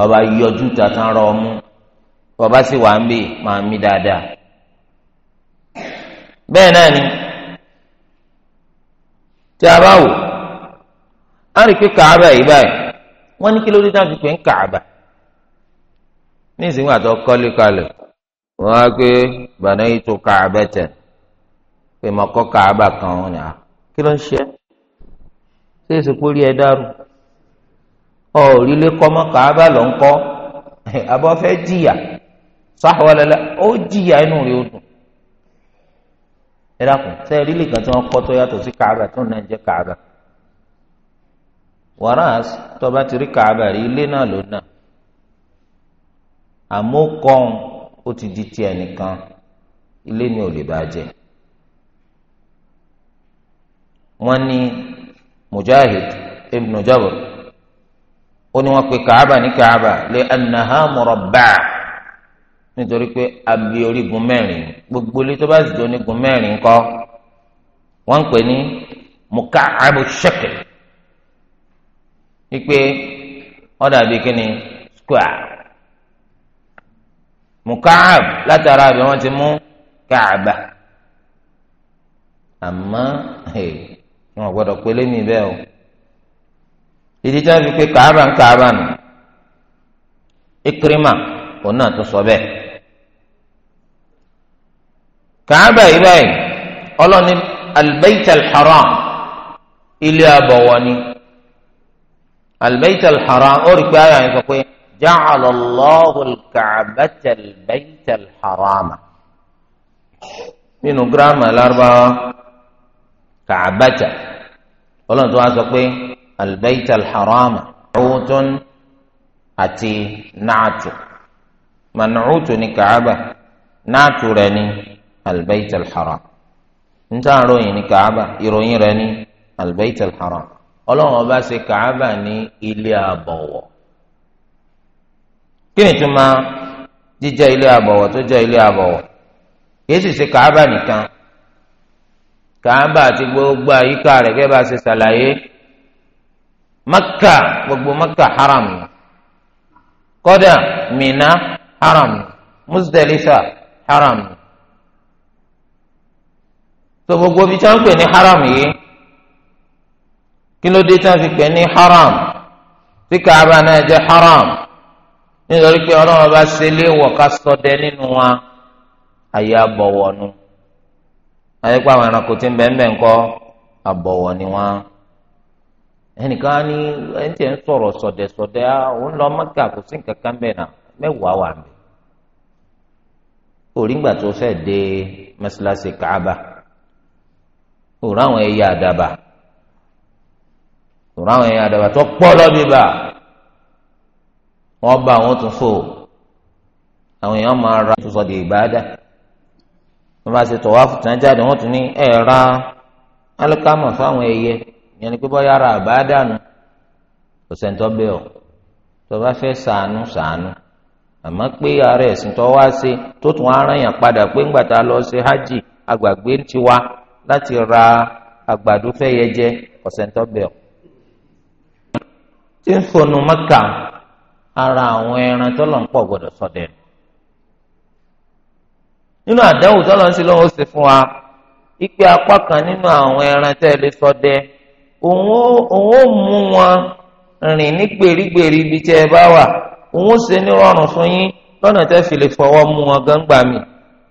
ọba yọjú tàtàn rọ ọmú bọba sì wà ń bè máa mí dáadáa bẹ́ẹ̀ náà ni tí a bá wò á rí pé kàába yìí báyìí wọ́n ní kí ló dé tá a fi pè ń kàába ní ìsìnkú àti ọkọ́lé kalẹ̀ wọ́n á pé bàdá yìí tó kàába tẹ̀ pé mo kọ́ kàába kan wọn ni à ah, kí ló ń ṣe é ṣé èsì pórí ẹ dárò. ọ̀rílé kọ́mọ́ kaaba lọ ń kọ́ abọ́ [LAUGHS] fẹ́ jìyà sáwọ́lẹ́lẹ́ ó jìyà inú rẹ̀ ó dùn. ẹ dákun kan tí wọ́n kọ́ tó yàtọ̀ sí kàábà tó náà jẹ́ kàábà. wàràs tọba ti rí kàábà rí ilé náà ló náà ti di tiẹ̀ nìkan ilé ni ò lè ní Mujahid ibn ó ní wọ́n pe kàába ní kàába lè anaha mọ̀rọ̀bà nítorí pé àbí orígun mẹ́rin gbogbo ilé tó bá sì di onígun mẹ́rin kọ́ wọ́n ń pè ní mukaabu shekel wípé wọ́n dàbí kí ni square mukaab látara àbí wọ́n ti mú kàába àmọ́ ẹ̀ wọ́n gbọ́dọ̀ pélé mi bẹ́ẹ̀ o ìdí tí wọ́n fi pé kàába ń kàába nù Ikrima òun náà tún sọ bẹ́ẹ̀ kàába yìí báyìí ọlọ́ni albayt alḥaram ilé abọ̀wọ̀ ni albayt alḥaram ó rí pé ara yẹn sọ pé jacala allahu alkacbata albayt nínú gírámà lárúbáwá kàábàtà ọlọ́run tó wá sọ pé. albayt alharama ọ̀tún àti nàátù mànàútù ní kàába nàátù rẹ̀ ní albayt alharam níta ròyìn ní kàába ìròyìn rẹ̀ ní albayt alharam ọlọ́run ọba ṣe kàába ní ilé àbọ̀wọ̀ kí ni tó máa jíjẹ́ ilé àbọ̀wọ̀ tó jẹ́ ilé àbọ̀wọ̀ kìí sì ṣe gbogbo maka gbogbo maka haram kódà mina haram ni haram tó gbogbo bí tí wọn pè ní haram yìí kí ló dé tí wọn fi pè ní haram tí kaaba náà jẹ haram nítorí pé ọlọ́run bá ṣe léèwọ̀ ká ṣọdẹ nínú wa àyè abọ̀wọ̀ nu àyè pé ẹranko tí ń bẹ́ẹ̀ ń bẹ́ẹ̀ ń kọ́ ẹnìkan á ní ẹni tí ẹ ń sọ̀rọ̀ sọ̀dẹ̀sọ̀dẹ̀ á òun lọ mọ́kà kò sí nǹkan kan bẹ́ẹ̀ náà mẹ́wàá wà mí. òrìǹgbà tó fẹ́ dé mọ́ṣáláṣí káàbà òrò àwọn ẹyẹ àdàbà òrò àwọn ẹyẹ àdàbà tó pọ̀ lọ́bí bá wọ́n bá àwọn tún fò àwọn èèyàn máa ra tó sọ di ìbáadá wọ́n bá ṣe tọ̀wá fún jáde wọ́n tún ní ẹ̀ ra alikama fáwọn ẹyẹ. ìyẹn ni pé bọ́ yàrá àbádànù kò sẹ́ńtọ́ bẹ́ẹ̀ o tó bá fẹ́ sàánú sàánú àmọ́ pé ara ẹ̀sìn tó wá ṣe tó tún aráyàn padà pé ńgbà tá a lọ ṣe hajj àgbàgbé ti wá láti ra àgbàdo yẹ jẹ kò sẹ́ńtọ́ bẹ́ẹ̀ o. tí ń fonu mọ́kà ara àwọn ẹran tó lọ ń pọ̀ gbọ́dọ̀ sọdẹ̀ nínú àdánwò tó lọ ń ṣe lọ́wọ́ ṣe fún wa ipe apá kan nínú àwọn ẹran tẹ́ ẹ lè sọdẹ̀ òun ó mú wọn rìn ní gbèrígbèrí ibi tí ẹ bá wà òun ó ṣe ní rọrùn fún yín lọ́nà tẹ́ fi lè fọwọ́ mú wọn gángbà mí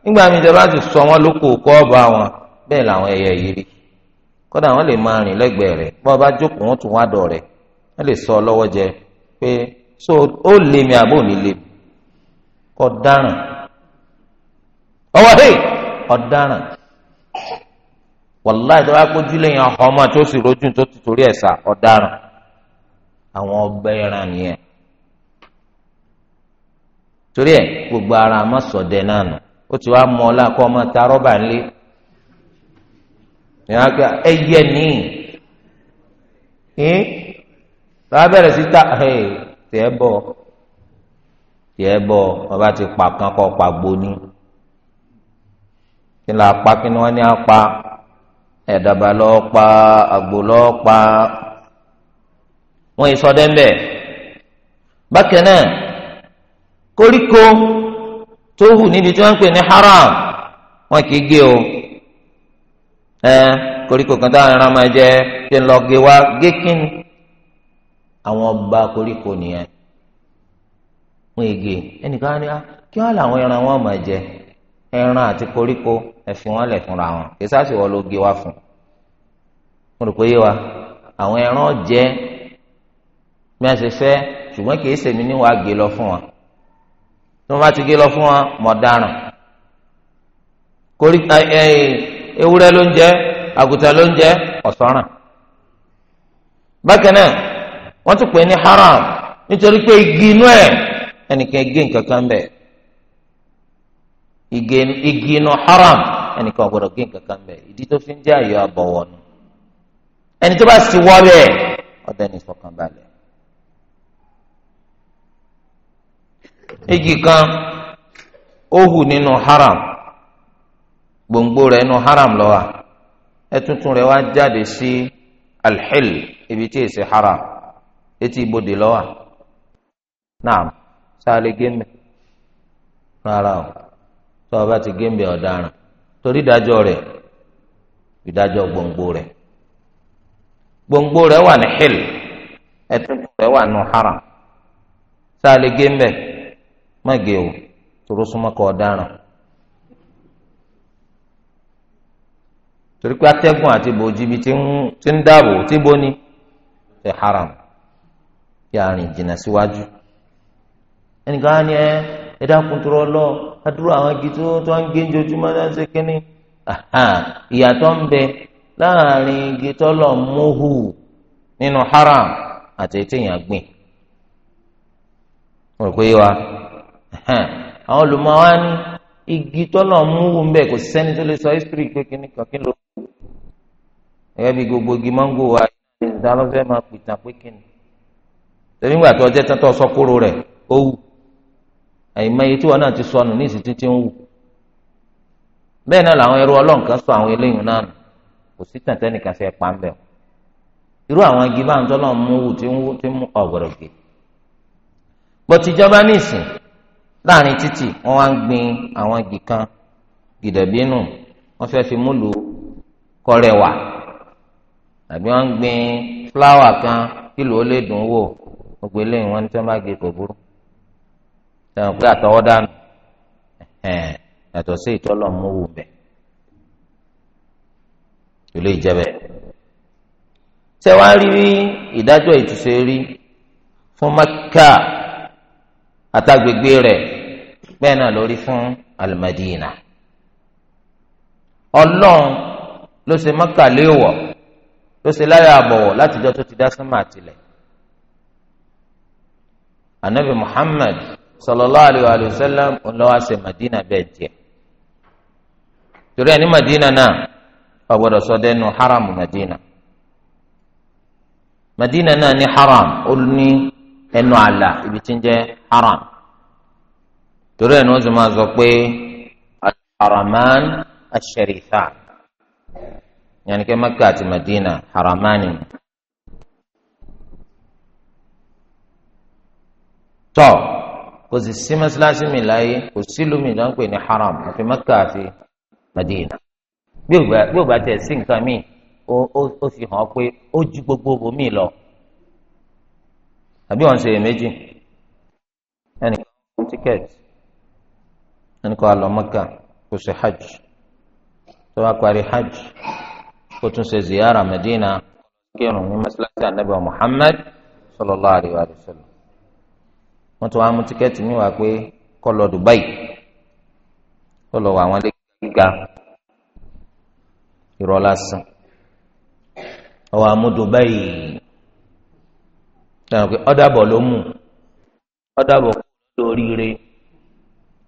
nígbà mí ìjọba ti sọ wọn lóko kọ́ ọba wọn bẹ́ẹ̀ làwọn ẹyẹ yìí rí kódà wọn lè máa rìn lẹ́gbẹ̀ẹ́ rẹ̀ bọ́ ọba jókòó wọn tún wá dọ̀ rẹ̀ wọn lè sọ ọ jẹ pé so ó lé mi àbò ní lé mi kọ́ dáràn ọwọ́ hey ọ̀daràn wàláì tó bá kójú lẹ́yìn ọkọ̀ ọmọ tó sì rojú tó ti torí ẹ̀sà ọ̀daràn àwọn ọbẹ̀ ẹran nìyẹn torí ẹ̀ gbogbo ara má sọ̀dẹ̀ náà nù ó ti wá mọ ọlá kọ́ ọmọ ta rọ́bà ńlẹ̀ ìyá pé ẹyẹ nìyí lọ́wọ́ bẹ̀rẹ̀ sí ta tiẹ̀ bọ̀ tiẹ̀ bọ̀ ọba ti pa kan pa gbóni kí ni apá kí ni wọ́n ní apá. ẹ̀dàbà lọ́ọ́ pa àgbò lọ́ọ́ pa wọ́n ìsọdẹ́ ń bẹ̀. bákan náà koríko tó hù níbi tí wọ́n pè ní haram wọ́n kì í o ẹ koríko kan táwọn ẹran máa jẹ lọ gé wá gé àwọn ọba koríko nìyẹn wọ́n ẹnìkan á ní ah, kí wọ́n làwọn ẹran àti koríko. ẹ wọn lẹ̀ fúnra wọn ló gé wá fún mo wa àwọn ẹran jẹ bí wọn ṣe ṣùgbọ́n kìí ṣèmi lọ fún wọn tí wọn bá ti gé lọ fún wọn dáràn kórí ló ń jẹ àgùtàn ló ń jẹ ọ̀sọ́ràn bákan haram nítorí igi inú ẹnìkan gé nǹkan kan igi inú haram ẹnìkan gbọ́dọ̀ gé nǹkan kan bẹ́ẹ̀ ìdí tó fi ń jẹ àyọ àbọ̀wọ̀ ni ẹni tó bá sì wọ bẹ́ẹ̀ ọdẹ ní ìfọkànbalẹ̀. igi kan ó hù nínú haram gbòǹgbò rẹ̀ nínú haram ló wà ẹtuntun rẹ̀ wá jáde sí alḥil ibi tí èsì haram etí ibodè ló wà náà sáà lè gé mẹ rárá o. tó ti gé ọ̀daràn torí ìdájọ́ rẹ̀ ìdájọ́ gbòǹgbò rẹ̀ gbòǹgbò rẹ̀ wà ní hill ẹ̀tẹ́kùn rẹ̀ wà ní haram tá a lè gé má gé o ọ̀daràn torí pé atẹ́gùn àti bòjì ti ń dáàbò tí ni ṣe haram kí a rìn jìnnà síwájú ẹnìkan adúrò àwọn igi tó tó ń gé njojúmọ́ náà ṣe kínní ìyàtọ̀ ń bẹ láàrin igi haram àti igi mọ́hù ń bẹ kò sẹ́ni tó lè sọ history pé kínní igi wa ìdálọ́fẹ́ máa pìtàn pé sọ rẹ̀ ó wù. àyìnmáyé tí wọn náà ti sọnù ní ìsìn títí ń wù bẹ́ẹ̀ náà làwọn ẹrú ọlọ́nkan sọ àwọn eléyìí náà nù kò sí tàǹtẹ́ nìkan ṣe pa ń bẹ̀ ọ́ irú àwọn igi bá ń tọ́lọ̀ mú wù tí ń wù tí ń mú ọ̀gbọ̀rọ̀ gé bọ́tí ìjọba ní ìsìn láàrin títì wọ́n wá ń gbin àwọn igi kan gìdẹ̀bínú wọ́n fẹ́ fi múlò kọrẹwà àbí wọ́n ń gbin fúláwà kan kí ló lè dùn wò gbogbo eléyìí wọ́n ní tí wọ́n bá gé kò burú sẹ́wọ̀n pé àtọwọ́dánù yàtọ̀ sí ìtọ́lọ̀ mọ́wù bẹ̀ ìlú ìjẹ́bẹ̀. sẹ́wọ́n rí ìdájọ́ ìtúsọ rí fún Mẹ́kà àtàgbègbè rẹ̀ bẹ́ẹ̀ náà lórí fún Al-Madina ọlọ́run ló ṣe Mẹ́kà léèwọ̀ ló ṣe láyà àbọ̀wọ̀ látijọ́ tó ti dá sánmà àtìlẹ̀ anabi Muhammad sallallahu alayhi wa sallam ńlọ́wọ́ àṣẹ madina bẹ́ẹ̀ tiẹ̀ torí ẹni madina náà ọ̀gbọ́dọ̀ sọdẹ́nu haram madina madina náà ní haram ó ní ẹnu àlà ibi tí ń jẹ́ haram torí ẹni wọ́n sì máa sọ pé haraman aṣẹ̀rìfà yẹn ni maka àti madina haramani. tọ́ kò sì sí mọ́sálásí mi láyé kò sílùú mi náà ń pè ní haram àfi mẹ́kà àfi madina bí ò bá tẹ̀ sí nǹkan míì ó fi hàn pé ó ju gbogbo bòmíì lọ àbí wọ́n ṣe èméjì ẹnìkan fún tíkẹ́ẹ̀tì ẹnìkan àlọ́ mẹ́kà kò ṣe hajj tó bá parí hajj kó tún ṣe ziyara madina kírun ní mọ́sálásí ànábì Muhammad sallallahu alayhi wa sallam. wọn tún wá mú tíkẹ́ẹ̀tì mi wá pé Dubai kó lọ wọ àwọn ilé gíga irọ́ lásán ọwọ́ àmú Dubai tẹ̀wọ̀n pé ọ̀dàbọ̀ ló mú ọ̀dàbọ̀ lóríire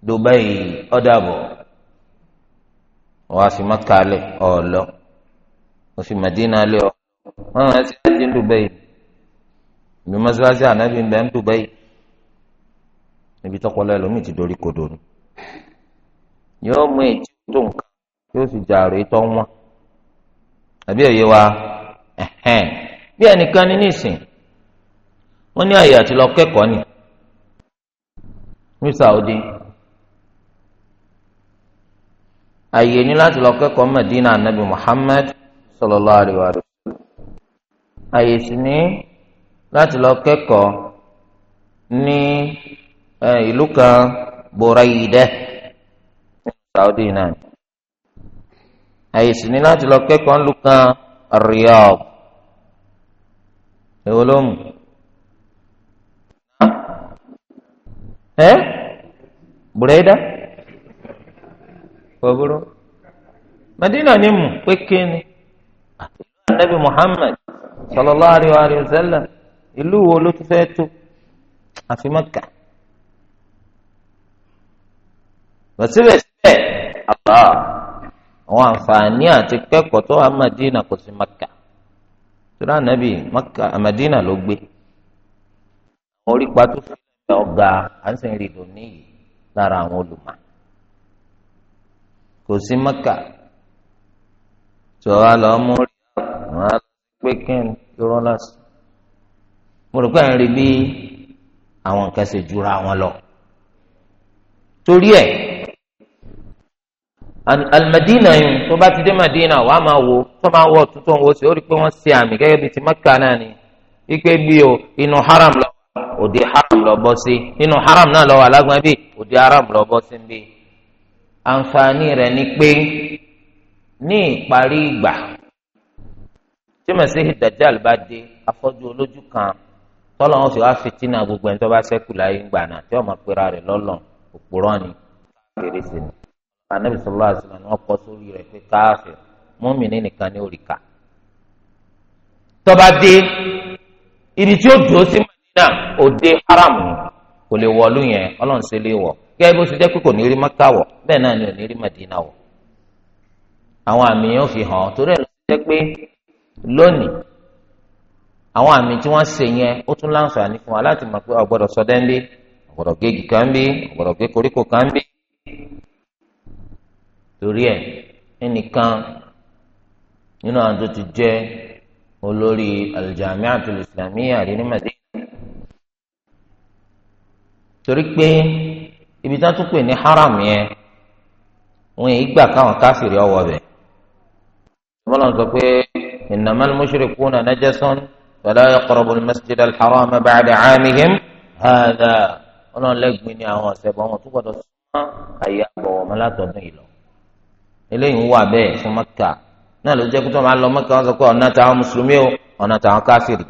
Dubai ọ̀dàbọ̀ ọwọ́ àfi Mẹ́kà lẹ̀ òfin Madina lẹ̀ wọ́n rẹ̀ ti Dubai ìlú mọ́sálásí ànábì ń bẹ ń Dubai. níbi tọpọlọ ẹlòmíì ti dorí kodò ni yóò mú ètí tó nǹkan yóò sì jàrò ìtọ́ wọn àbí òye wa bí ẹnìkan ní nísìn wọn ní àyè àti lọ kẹ́kọ̀ọ́ ni ní Saudi àyè ní láti lọ kẹ́kọ̀ọ́ Madina anabi Muhammad sallallahu alaihi wa sallam àyè sì ní láti lọ kẹ́kọ̀ọ́ ní. Eh, ìlú kan Burayda Saudi náà àyè sì ní láti lọ kẹ́kọ̀ọ́ ńlú kan Riyadh èwo ló mú ẹ Burayda kọ̀ọ̀bùrọ̀ Madina ni mu pé kíni anabi Muhammad sallallahu alayhi wa sallam ìlú wo ló ti fẹ́ tó àfi Mẹ́kà. wọ́n síbẹ̀síbẹ̀ àbá àwọn àǹfààní àti kẹ́kọ̀ọ́ tó wà Madina kò sí Maka tura anabi Maka Madina ló gbé orí pa tó fi ọ̀gá à ń sìn rí ìdò níyì lára àwọn olùmọ̀ kò sí Maka tó wà lọ́ mú rí àwọn àpè kẹ́ni irọ́ lásán mo rò pé à ń rí bí àwọn nǹkan ṣe jura wọn lọ torí ẹ̀ alimadina yìí tó bá ti dé madina wàá máa wò tó máa wọ tuntun wò sí ó rí i pé wọ́n ṣe àmì gẹ́gẹ́ bíi ti maka náà ni wípé bí o inú haram lọ òde haram lọ bọ́ sí inú haram náà lọ wà lágbọn bí òde haram lọ bọ́ sí bí. àǹfààní rẹ̀ ni pé ní ìparí ìgbà tí mẹsìlẹ dajal bá dé afọ́jú olójú kan tọ́lọ́ wọn fi wá fìtínà gbogbo ẹni tó bá ṣẹ́kù láyé ńgbà náà tí wọ́n máa pera rẹ̀ lọ́lọ́ òpùrọ́ ni. anabi sallallahu alaihi wasallam ni wọ́n kọ sórí rẹ̀ pé káfíìn mùmínì nìkan ni ó rí tọba dé ibi tí ó dúró sí Madina òde haram kò lè wọlú yẹn Ọlọ́run ṣe lè wọ gẹ́gẹ́ bó ṣe jẹ́ pé kò ní rí Mẹ́kà wọ̀ bẹ́ẹ̀ náà ni ò ní rí Madina àwọn àmì yẹn fi hàn torí ẹ̀ ló jẹ́ pé lónìí àwọn àmì tí wọ́n ṣe torí ẹ ẹnìkan nínú àwọn tó ti jẹ olórí aljamiatul islamiyya ní Madina torí pé ibi tá a tún pè ní haram yẹn wọn yìí gbà káwọn káfíìrì ọwọ bẹ bọlọ sọ pé innamal mushrikuna najasun fala yaqrabul masjidal haram ba'da 'amihim hadha ọlọ́run lẹ́gbìn ní àwọn ọ̀sẹ̀ bọ́ wọn tó gbọdọ̀ sọ́n àyè àbọ̀wọ̀mọ́lá tọdún yìí lọ eléyìí wà bẹ́ẹ̀ fún mẹ́kà náà ló jẹ́ pé tó máa lọ mẹ́kà wọ́n sọ pé ọ̀nà táwọn mùsùlùmí o ọ̀nà táwọn káfíìrì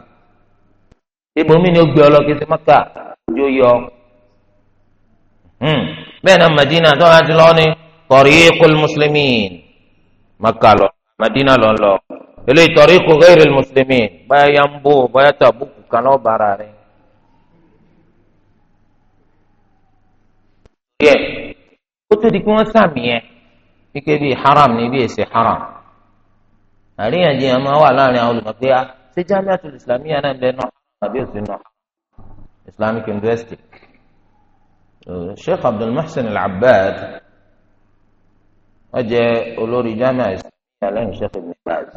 ibòmí ni ó gbé ọlọ́kí sí mẹ́kà ojú yọ hmm. bẹ́ẹ̀ náà Madina tó wá ti lọ ní tariqul muslimin mẹ́kà lọ Madina lọ lọ eléyìí tariqu ghairil muslimin báyà Yambo báyà Tabuku kan lọ́ọ́ bára rẹ̀ ó tó di pé wọ́n sàmì yẹn kíkẹ́ bíi haram ní bíi èsì haram àríyànjiyàn máa wà láàrin àwọn olùmọ̀gbé a ah, ṣé jamiatul islamiyya náà ń bẹ náà àbí òsì náà islamic university sheikh abdul muhsin al-abbad wọ́n jẹ́ olórí jami'a islamiyya lẹ́yìn sheikh ibn baz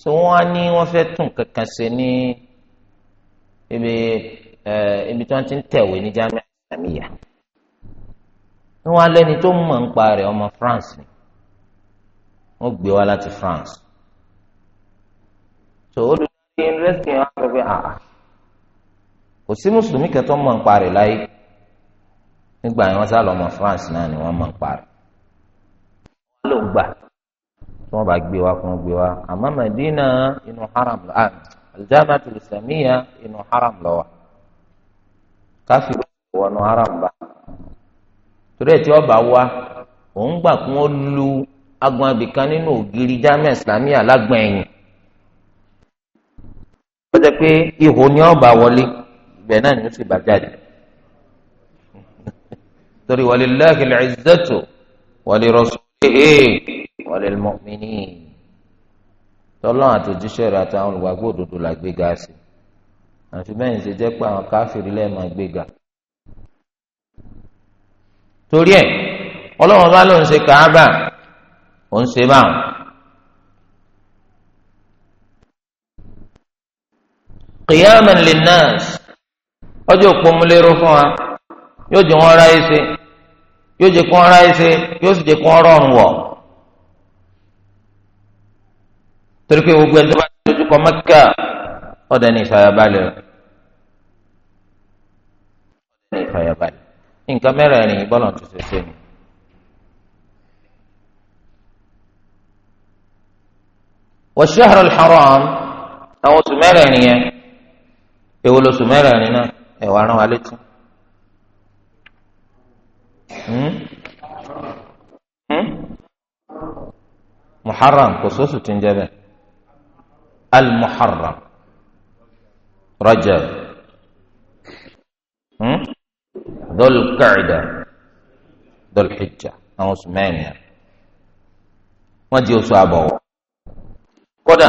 so wọ́n á ní wọ́n fẹ́ tún kankan ṣe ní ibi eh, ibi tí wọ́n ti ń tẹ̀wé ní jami'a islamiyya wọn á lẹ́ni tó mọ̀ nípa rẹ̀ ọmọ France ni wọ́n gbé wá láti France tó olùdarí yunifásitì yẹn wá sọ pé àà ah, ah. kò sí mùsùlùmí kẹtọ́ mọ̀ nípa rẹ̀ láyé nígbà yẹn wọ́n sá lọ ọmọ France náà ni wọ́n mọ̀ nípa rẹ̀ wọ́n ló gbà tí wọ́n bá gbé wá kún gbé wá àmọ́ Medina inú haram lọ ah, aljamaatu islamiyya inú haram lọ wa káfíńsì wọnú haram bá torí ẹ̀ tí ọba wa òun gbà kí wọ́n lu agbọn abìkan nínú ògiri jamiu islami alágbọn ẹ̀yìn wọ́n jẹ́ pé ihò ni ọba wọlé ibẹ̀ náà ni ó sì bàjáde [LAUGHS] torí walillahi al-izzatu wa li rasulihi wa lil mu'minin tọ́lọ́run àtòjíṣẹ́ rẹ̀ àtàwọn olùwàgbọ́ òdodo la gbéga sí àfi bẹ́ẹ̀ ni ṣe jẹ́ pé àwọn káfíìrì lẹ́ẹ̀ máa gbéga torí ẹ ọlọ́run bá lóun ṣe kàábà òun ṣe báwọn. qiyaman linnas ọjọ́ òpómúlérò fún wa yóò jẹ́ wọn ráyé ṣe yóò jẹ́ kó ráyé ṣe yóò sì jẹ́ kó rọrùn wọ̀. torí pé gbogbo ẹni tó bá dojú kọ Mẹ́kà ọ̀dẹ̀ ní ìfàyàbalẹ̀ ọ̀dẹ̀ ní ìfàyàbalẹ̀ nǹkan mẹ́rẹ̀ẹ̀rin bọ́lọ̀ tó ṣe ṣe ni. wàṣíhàrá alḥaram àwọn oṣù mẹ́rẹ̀ẹ̀rin yẹn èwo lóṣù mẹ́rẹ̀ẹ̀rin náà ẹ̀wà rán wa létí. Hmm? Hmm? muharram kò sóṣù tí ń jẹ bẹ́ẹ̀ almuharram rajab. Hmm? dọ́lùkàdà dọ́lùhìjà àwọn oṣù mẹ́rin yẹn wọ́n di oṣù àbọ̀wọ̀ kódà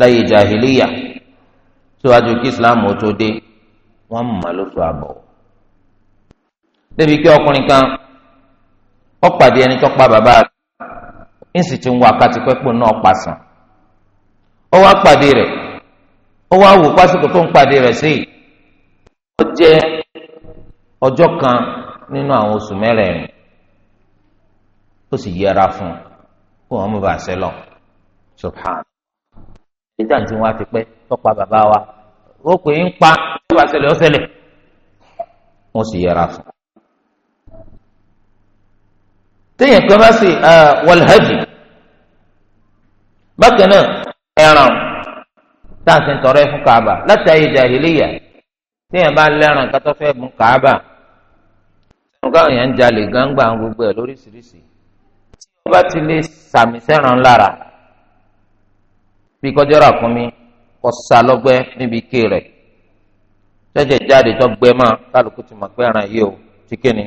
láyé jahiliya síwájú kí islam ó tó dé wọ́n mọ̀ lóṣù àbọ̀wọ̀ débi kí ọkùnrin kan ó pàdé ẹni tó pa bàbá rẹ̀ ń sì ti ń wá katikẹ́pọ̀ náà pàṣán ó wá pàdé rẹ̀ ó wá wò pásítọ̀ tó ń pàdé sí i ó ọjọ́ kan nínú àwọn oṣù mẹ́rẹ̀ẹ̀rin ó sì yẹra fún kó wọn mú bàa sẹ́lọ̀ subhan. ìjà tí wọn ti pẹ́ bàbá wa ó pè ń pa ó bàa sẹlẹ̀ ó sẹlẹ̀ wọn sì yẹra fún un. téèyàn kan bá sì wọlẹ́hẹ́dì bákan náà ẹran táà sì ń tọrọ ẹ fún kaaba láti ayé jàhìlíyà téèyàn bá lẹ́ràn kátó fẹ́ kaaba. nǹkan àwọn èèyàn ń jalè gángbà gbogbo ẹ̀ lóríṣiríṣi tí wọ́n bá ti lè sàmì sẹ́ràn lára bí mi sa lọ́gbẹ́ níbi ike rẹ̀ jẹ́jẹ́ jáde tó gbẹ́ mọ́ kálukú ti mọ̀ pé ẹran yìí o ti kíni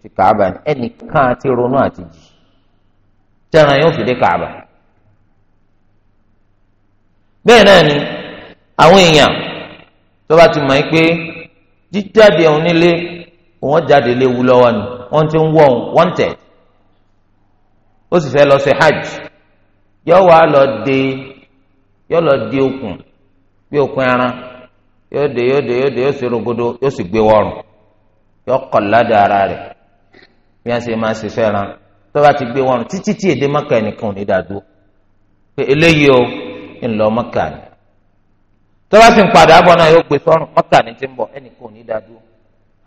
ti kàába ni ẹnìkan àti ronú àti jì tẹ́ran yóò fi dé kàába. bẹ́ẹ̀ náà ni àwọn èèyàn wọ́n jáde léwu lọ́wọ́ ni wọ́n ti ń wọ̀ wanted ó sì fẹ́ lọ sí hajj yóò wá lọ de yóò lọ de okùn bí okùn ẹran yóò de yóò de yóò de yóò sì rogodo yóò sì gbé wọrùn yóò ládàá ara bí máa tó bá ti gbé wọrùn títí tí èdè mọ́kà ẹnìkan ò ní dàdúró pé eléyìí o ńlọ mọ́kà ni tó bá sì ń padà bọ̀ náà yóò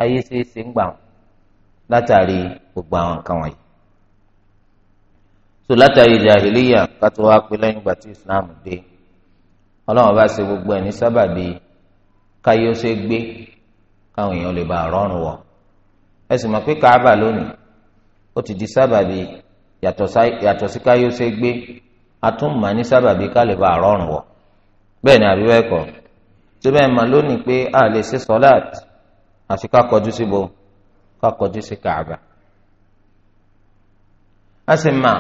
ayé ṣe é ṣe ń gbà wọn látàrí gbogbo àwọn nǹkan wọ̀nyí. so látàrí jàhìlíyà kátó wá pé lẹ́yìn ìgbà tí islam dé ọlọ́run bá ṣe gbogbo ẹ̀ ní sábàbí káyé ó ṣe gbé káwọn èèyàn lè bá rọrùn wọ̀ ẹ sì mọ̀ pé káábà lónìí ó ti di sábàbí yàtọ̀ sí káyé ó ṣe gbé atúmọ̀ ní sábàbí ká lè bá rọrùn wọ̀ bẹ́ẹ̀ ni àbí bẹ́ẹ̀ kọ́ síbẹ̀ mà lónìí pé a lè ṣe sọ́láàtì àfi ká síbo sí kaaba a sì mà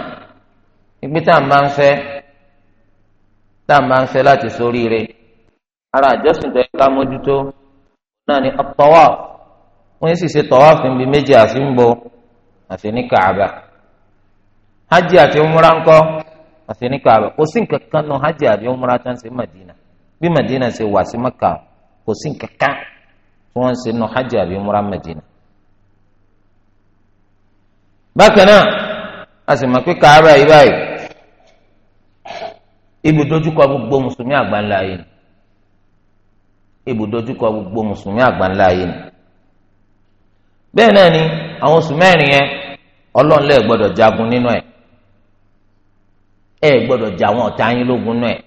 ìgbé tá à ń ń fẹ́ tá à ń láti ara àjọsìn tó yẹ ká mójútó náà ni ọ̀tọ̀wọ̀ wọ́n yẹn sì ṣe tọ̀wọ̀ fún mi méjì àfi ń bo àfi ní Káàbà hajj àti umra ńkọ́ àfi ní Káàbà kò sí nǹkan kan nù hajj àti umra Madina bí Madina ṣe wà sí kò tí wọ́n ń ṣe nù hajj àbí múra Madina. bákan náà a sì mọ̀ pé Kaaba yìí báyìí ibùdójúkọ gbogbo mùsùlùmí àgbáńlá yìí ni ibùdójúkọ gbogbo mùsùlùmí àgbáńlá yìí ni bẹ́ẹ̀ náà ni àwọn oṣù mẹ́rin yẹn Ọlọ́run gbọ́dọ̀ jagun nínú ẹ̀ ẹ̀ gbọ́dọ̀ jà àwọn ọ̀tá yín lógun nínú ẹ̀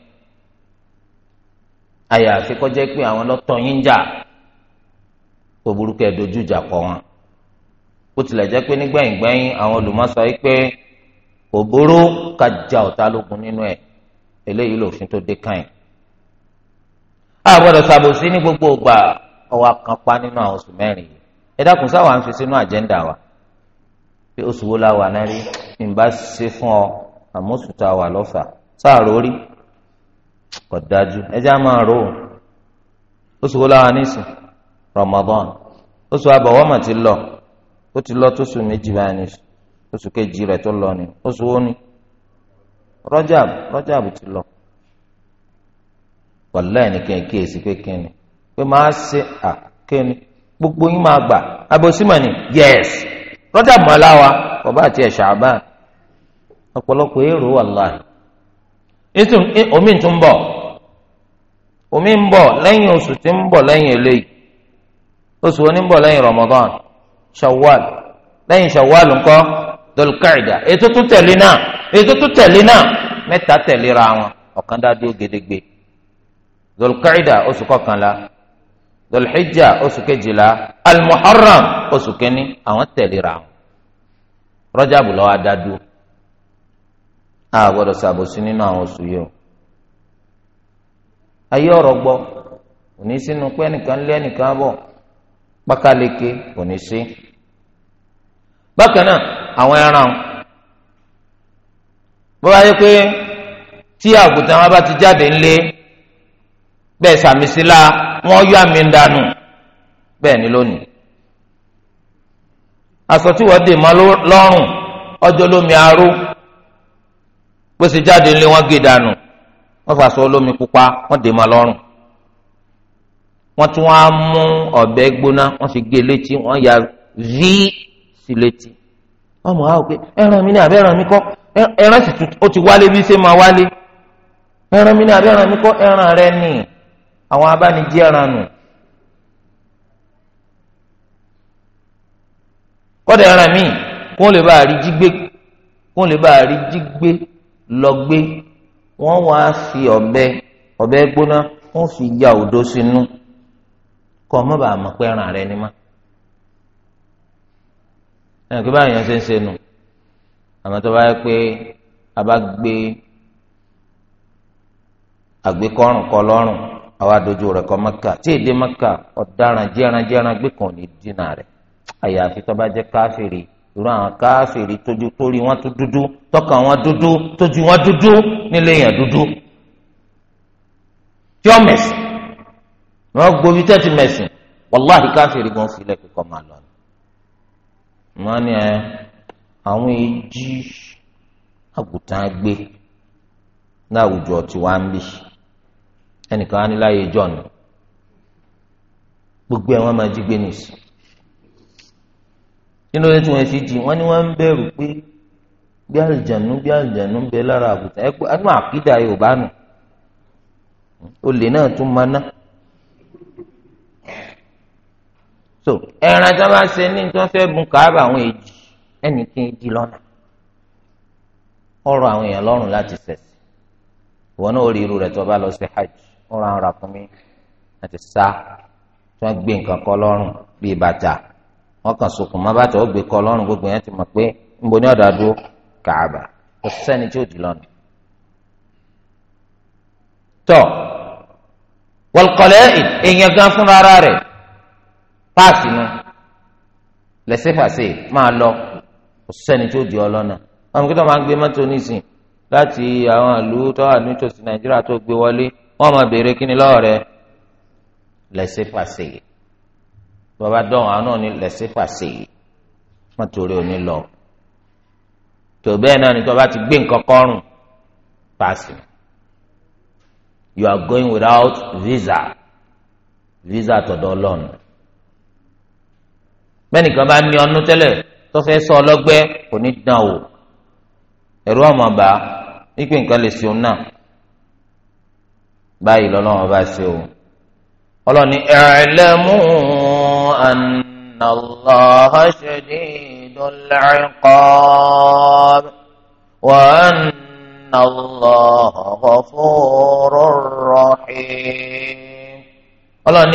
àyàfi kó pé àwọn lọ́tọ̀ yín jà kò burúkú ẹ dojú ìjà kọ wọn bó tilẹ̀ jẹ́ pé nígbẹ̀yìngbẹ̀yìn àwọn olùmọ̀sọ yìí pé kò burú ká ja ọ̀tá lógun nínú ẹ̀ eléyìí lòfin tó dé káyìn. a gbọ́dọ̀ ṣàbòsí ní gbogbo ìgbà ọwọ́ akápá nínú àwọn oṣù mẹ́rin yìí ẹ dákun sáwà ń fi sínú àjẹ́ńdà wa pé oṣù wo la wà náà rí ìbá ṣe fún ọ àmọ́ oṣù tá a wà lọ́fà sáà rórí kò dájú ẹ já máa rò ó oṣù wo la wà nísìnyí. Ramadan oṣù àbọ̀wọ́mọ̀ ti lọ ó ti lọ tóṣù méjì báyìí ní oṣù kejì rẹ̀ tó lọ ni oṣù wo ni Rajab ti lọ wàlá ẹnìkan kíyèsí pé kíni pé máa ṣe àkíni gbogbo yín máa gbà abosímọ̀ ni yẹ́s bàbá àti ẹ̀ ọ̀pọ̀lọpọ̀ èrò omi tún bọ̀ omi ń bọ̀ lẹ́yìn oṣù tí ń bọ̀ lẹ́yìn eléyìí. oṣù oníbọ̀ lẹ́yìn Ramadan Shawwal lẹ́yìn Shawwal ńkọ́ dolkaida ètò tún tẹ̀lé náà ètò tún tẹ̀lé náà mẹ́ta tẹ̀léra wọn ọ̀kan dá dúró gedegbe dolkaida oṣù kọkànlá dolhijja oṣù kejìlá almuharram oṣù kẹni àwọn tẹ̀léra wọn Rọ́jàbù ló wá dá dúró a gbọ́dọ̀ ṣàbòsí nínú àwọn oṣù yìí o ayé ọ̀rọ̀ gbọ́ òní sínú pé ẹnìkan lé ẹnìkan bọ̀ pákáleke kò ní sí bákan náà àwọn ẹran bó bá yẹ pé tí àgùntàn wọn bá ti jáde ńlé bẹ́ẹ̀ sàmìsílà wọn yọ àmì ńdánù bẹ́ẹ̀ ni lónìí aṣọ tí wọ́n dè mọ́ lọ́rùn ọjọ́ lómi aró bó jáde ńlé wọn gé dànù wọ́n fàṣọ olómi pupa wọ́n dè mọ́ lọ́rùn wọ́n tún wá mú ọ̀bẹ gbóná wọ́n sì gé e létí wọ́n ya rí sí létí ọmọ wa ò pé ẹran mi ní àbẹ ẹran mi kọ́ ẹran sì tún ó ti wálé bí ṣe máa wálé ẹran mi ní àbẹ ẹran mi kọ́ ẹran rẹ nì àwọn abánijẹ ẹran nù. kọ́dà ẹran mi kó lè bá a rí jí gbé lè bá a rí jí gbé wọ́n wá fi ọ̀bẹ ọ̀bẹ gbóná wọ́n fi ya òdo sínú kọ́ ọmọ bàá mọ̀ pé ẹran rẹ ni má. ẹ̀ kí báyìí yẹn ṣe ń ṣe nù àmọ́ tó bá yẹ pé a bá gbé àgbékọ́rùn kọ́ lọ́rùn àwa dojú rẹ̀ kọ́ mẹ́kà tí èdè mẹ́kà ọ̀daràn jẹ́ran jẹ́ran gbé kàn ní dínà rẹ̀ àyàfi tó bá jẹ́ káfíìrì irú àwọn káfíìrì tójú torí wọn tó dúdú tọkàn wọn dúdú tójú wọn dúdú nílé yẹn dúdú tí ni wọ́n gbomi tẹ́tí mẹ́sìn wàláhì káfíìrì gan filẹ̀ kíkọ́ máa lọ ni wọ́n ní ẹ àwọn èjì àgùntàn gbé láwùjọ tí wàá ń bì ẹnìkan á ní láyé john gbogbo ẹ wọ́n máa jí gbé nìsí nínú ẹ tí wọ́n ti jí wọ́n ní wọ́n ń bẹ̀rù pé bí àlùjànnú bí àlùjànnú bẹ lára àgùntàn ẹ pé so ẹran tí wọn bá ṣe ní tí wọn fẹ́ bùn káàbà àwọn èjì ẹnìkan èjì lọ́nà ọ̀rọ̀ àwọn èèyàn láti ìwọ náà rí irú tí wọn bá lọ sí hajj ọ̀rọ̀ àwọn ràkúnmí àti sá tí wọn gbé nǹkan kọ lọ́rùn bíi bàtà wọn kàn sokùn má bàtà ó gbogbo yẹn ti mọ̀ pé nbo kaaba. ọ̀dà dúró káàbà kò tí ò páàsì nu lẹ́sẹ̀fàṣẹ máa lọ kò sẹ́ni tó di ọlọ́nà àwọn kí tó máa ń gbé mọ́tò nísìn láti àwọn ìlú tó wà nítòsí nàìjíríà tó gbé wọlé wọ́n máa béèrè kí ni lọ́wọ́ rẹ lẹ́sẹ̀fàṣẹ bàbá dọ̀hún àwọn náà ní lẹ́sẹ̀fàṣẹ mọ́tò rẹ ò ní lọ tó bẹ́ẹ̀ náà ni tó bá ti gbé nǹkan kọ́rùn páàsì nu you are going without visa visa tọ̀dọ̀ ọlọ́run. mẹ́nìkan bá ní ọnú tẹ́lẹ̀ tó fẹ́ sọ ọlọ́gbẹ́ kò ní dán o ẹ̀rú ọmọọba wípé nǹkan lè ṣeun náà báyìí lọ́lọ́wọ́ bá ṣe o wa ẹ̀yìn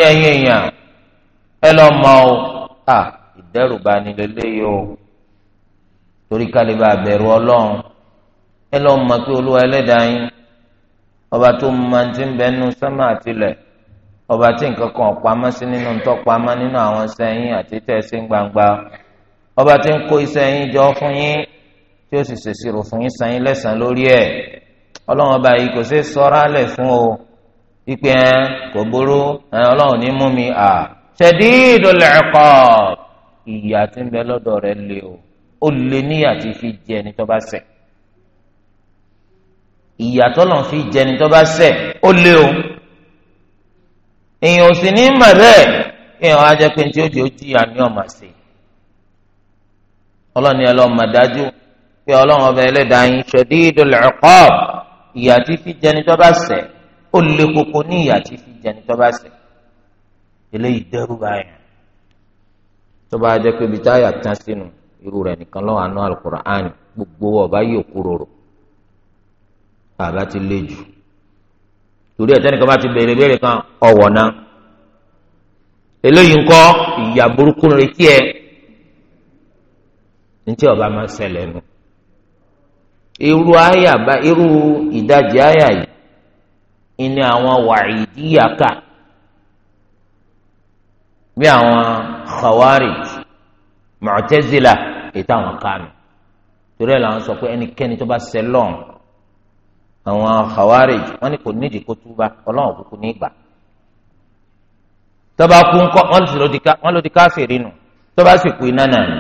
èèyàn ẹ àdẹ́rùbà ni lélẹ́yìí o torí kálíbà àbẹ̀rù ọlọ́run ẹ mọ̀ pé olúwa ẹlẹ́dàá yín ọba tó máa ti ń bẹnu sánmà àtìlẹ̀ ọba tí nǹkan kan sí nínú tó pamọ́ nínú àwọn sẹ́yìn àti tẹ̀sí gbangba ọba tí ń kó iṣẹ́ yín jọ fún yín tí ó sì ṣèṣirò fún yín san lórí yìí kò fún o kò burú ní mú mi à ìyá tí ń bẹ lọ́dọ̀ rẹ̀ lé o ó lé níyà tí fi jẹ ẹni tó bá ṣẹ̀ ìyà tọ́lọ̀ fi jẹ ẹni tó bá ṣẹ̀ ó lé o èèyàn ò sì ní mọ̀ rẹ̀ èèyàn á jẹ́ pé tí ó di ojú ìyá ni ọ̀mà sí ọlọ́ni ẹ dájú pé ọlọ́run ọba ẹlẹ́dàá yín shadidul iqab ìyà tí fi jẹ ẹni tó bá ṣẹ̀ ó lé koko ní ìyà tí fi jẹ ẹni tó bá ṣẹ̀ eléyìí dẹ́rù báyìí tó bá jẹ́ pé ibi táyà tán sínú irú rẹ̀ nìkan lọ́wọ́ àánú alukur'an gbogbo ọba yóò kúròrò bàbá ti lé jù torí ẹ̀tẹ́ni kan bá ti béèrè béèrè kan ọ̀wọ̀ náà eléyìí ńkọ́ ìyà burúkú retí ẹ ní tí ọba máa ń ṣẹlẹ̀ nu irú àyà bá irú ìdajì àyà yìí ìní àwọn wàyídíyàká bí àwọn khawarij mu'tazila ètò àwọn kánú torí ẹ làwọn sọ pé ẹnikẹ́ni tó bá ṣẹ lọ́n àwọn khawarij wọn ni kò nídìí kó túbà ọlọ́run kúkú ní ìgbà tọ́ba kú ńkọ́ wọn ló di káfíìrì nù tọ́ba sì kú iná nàní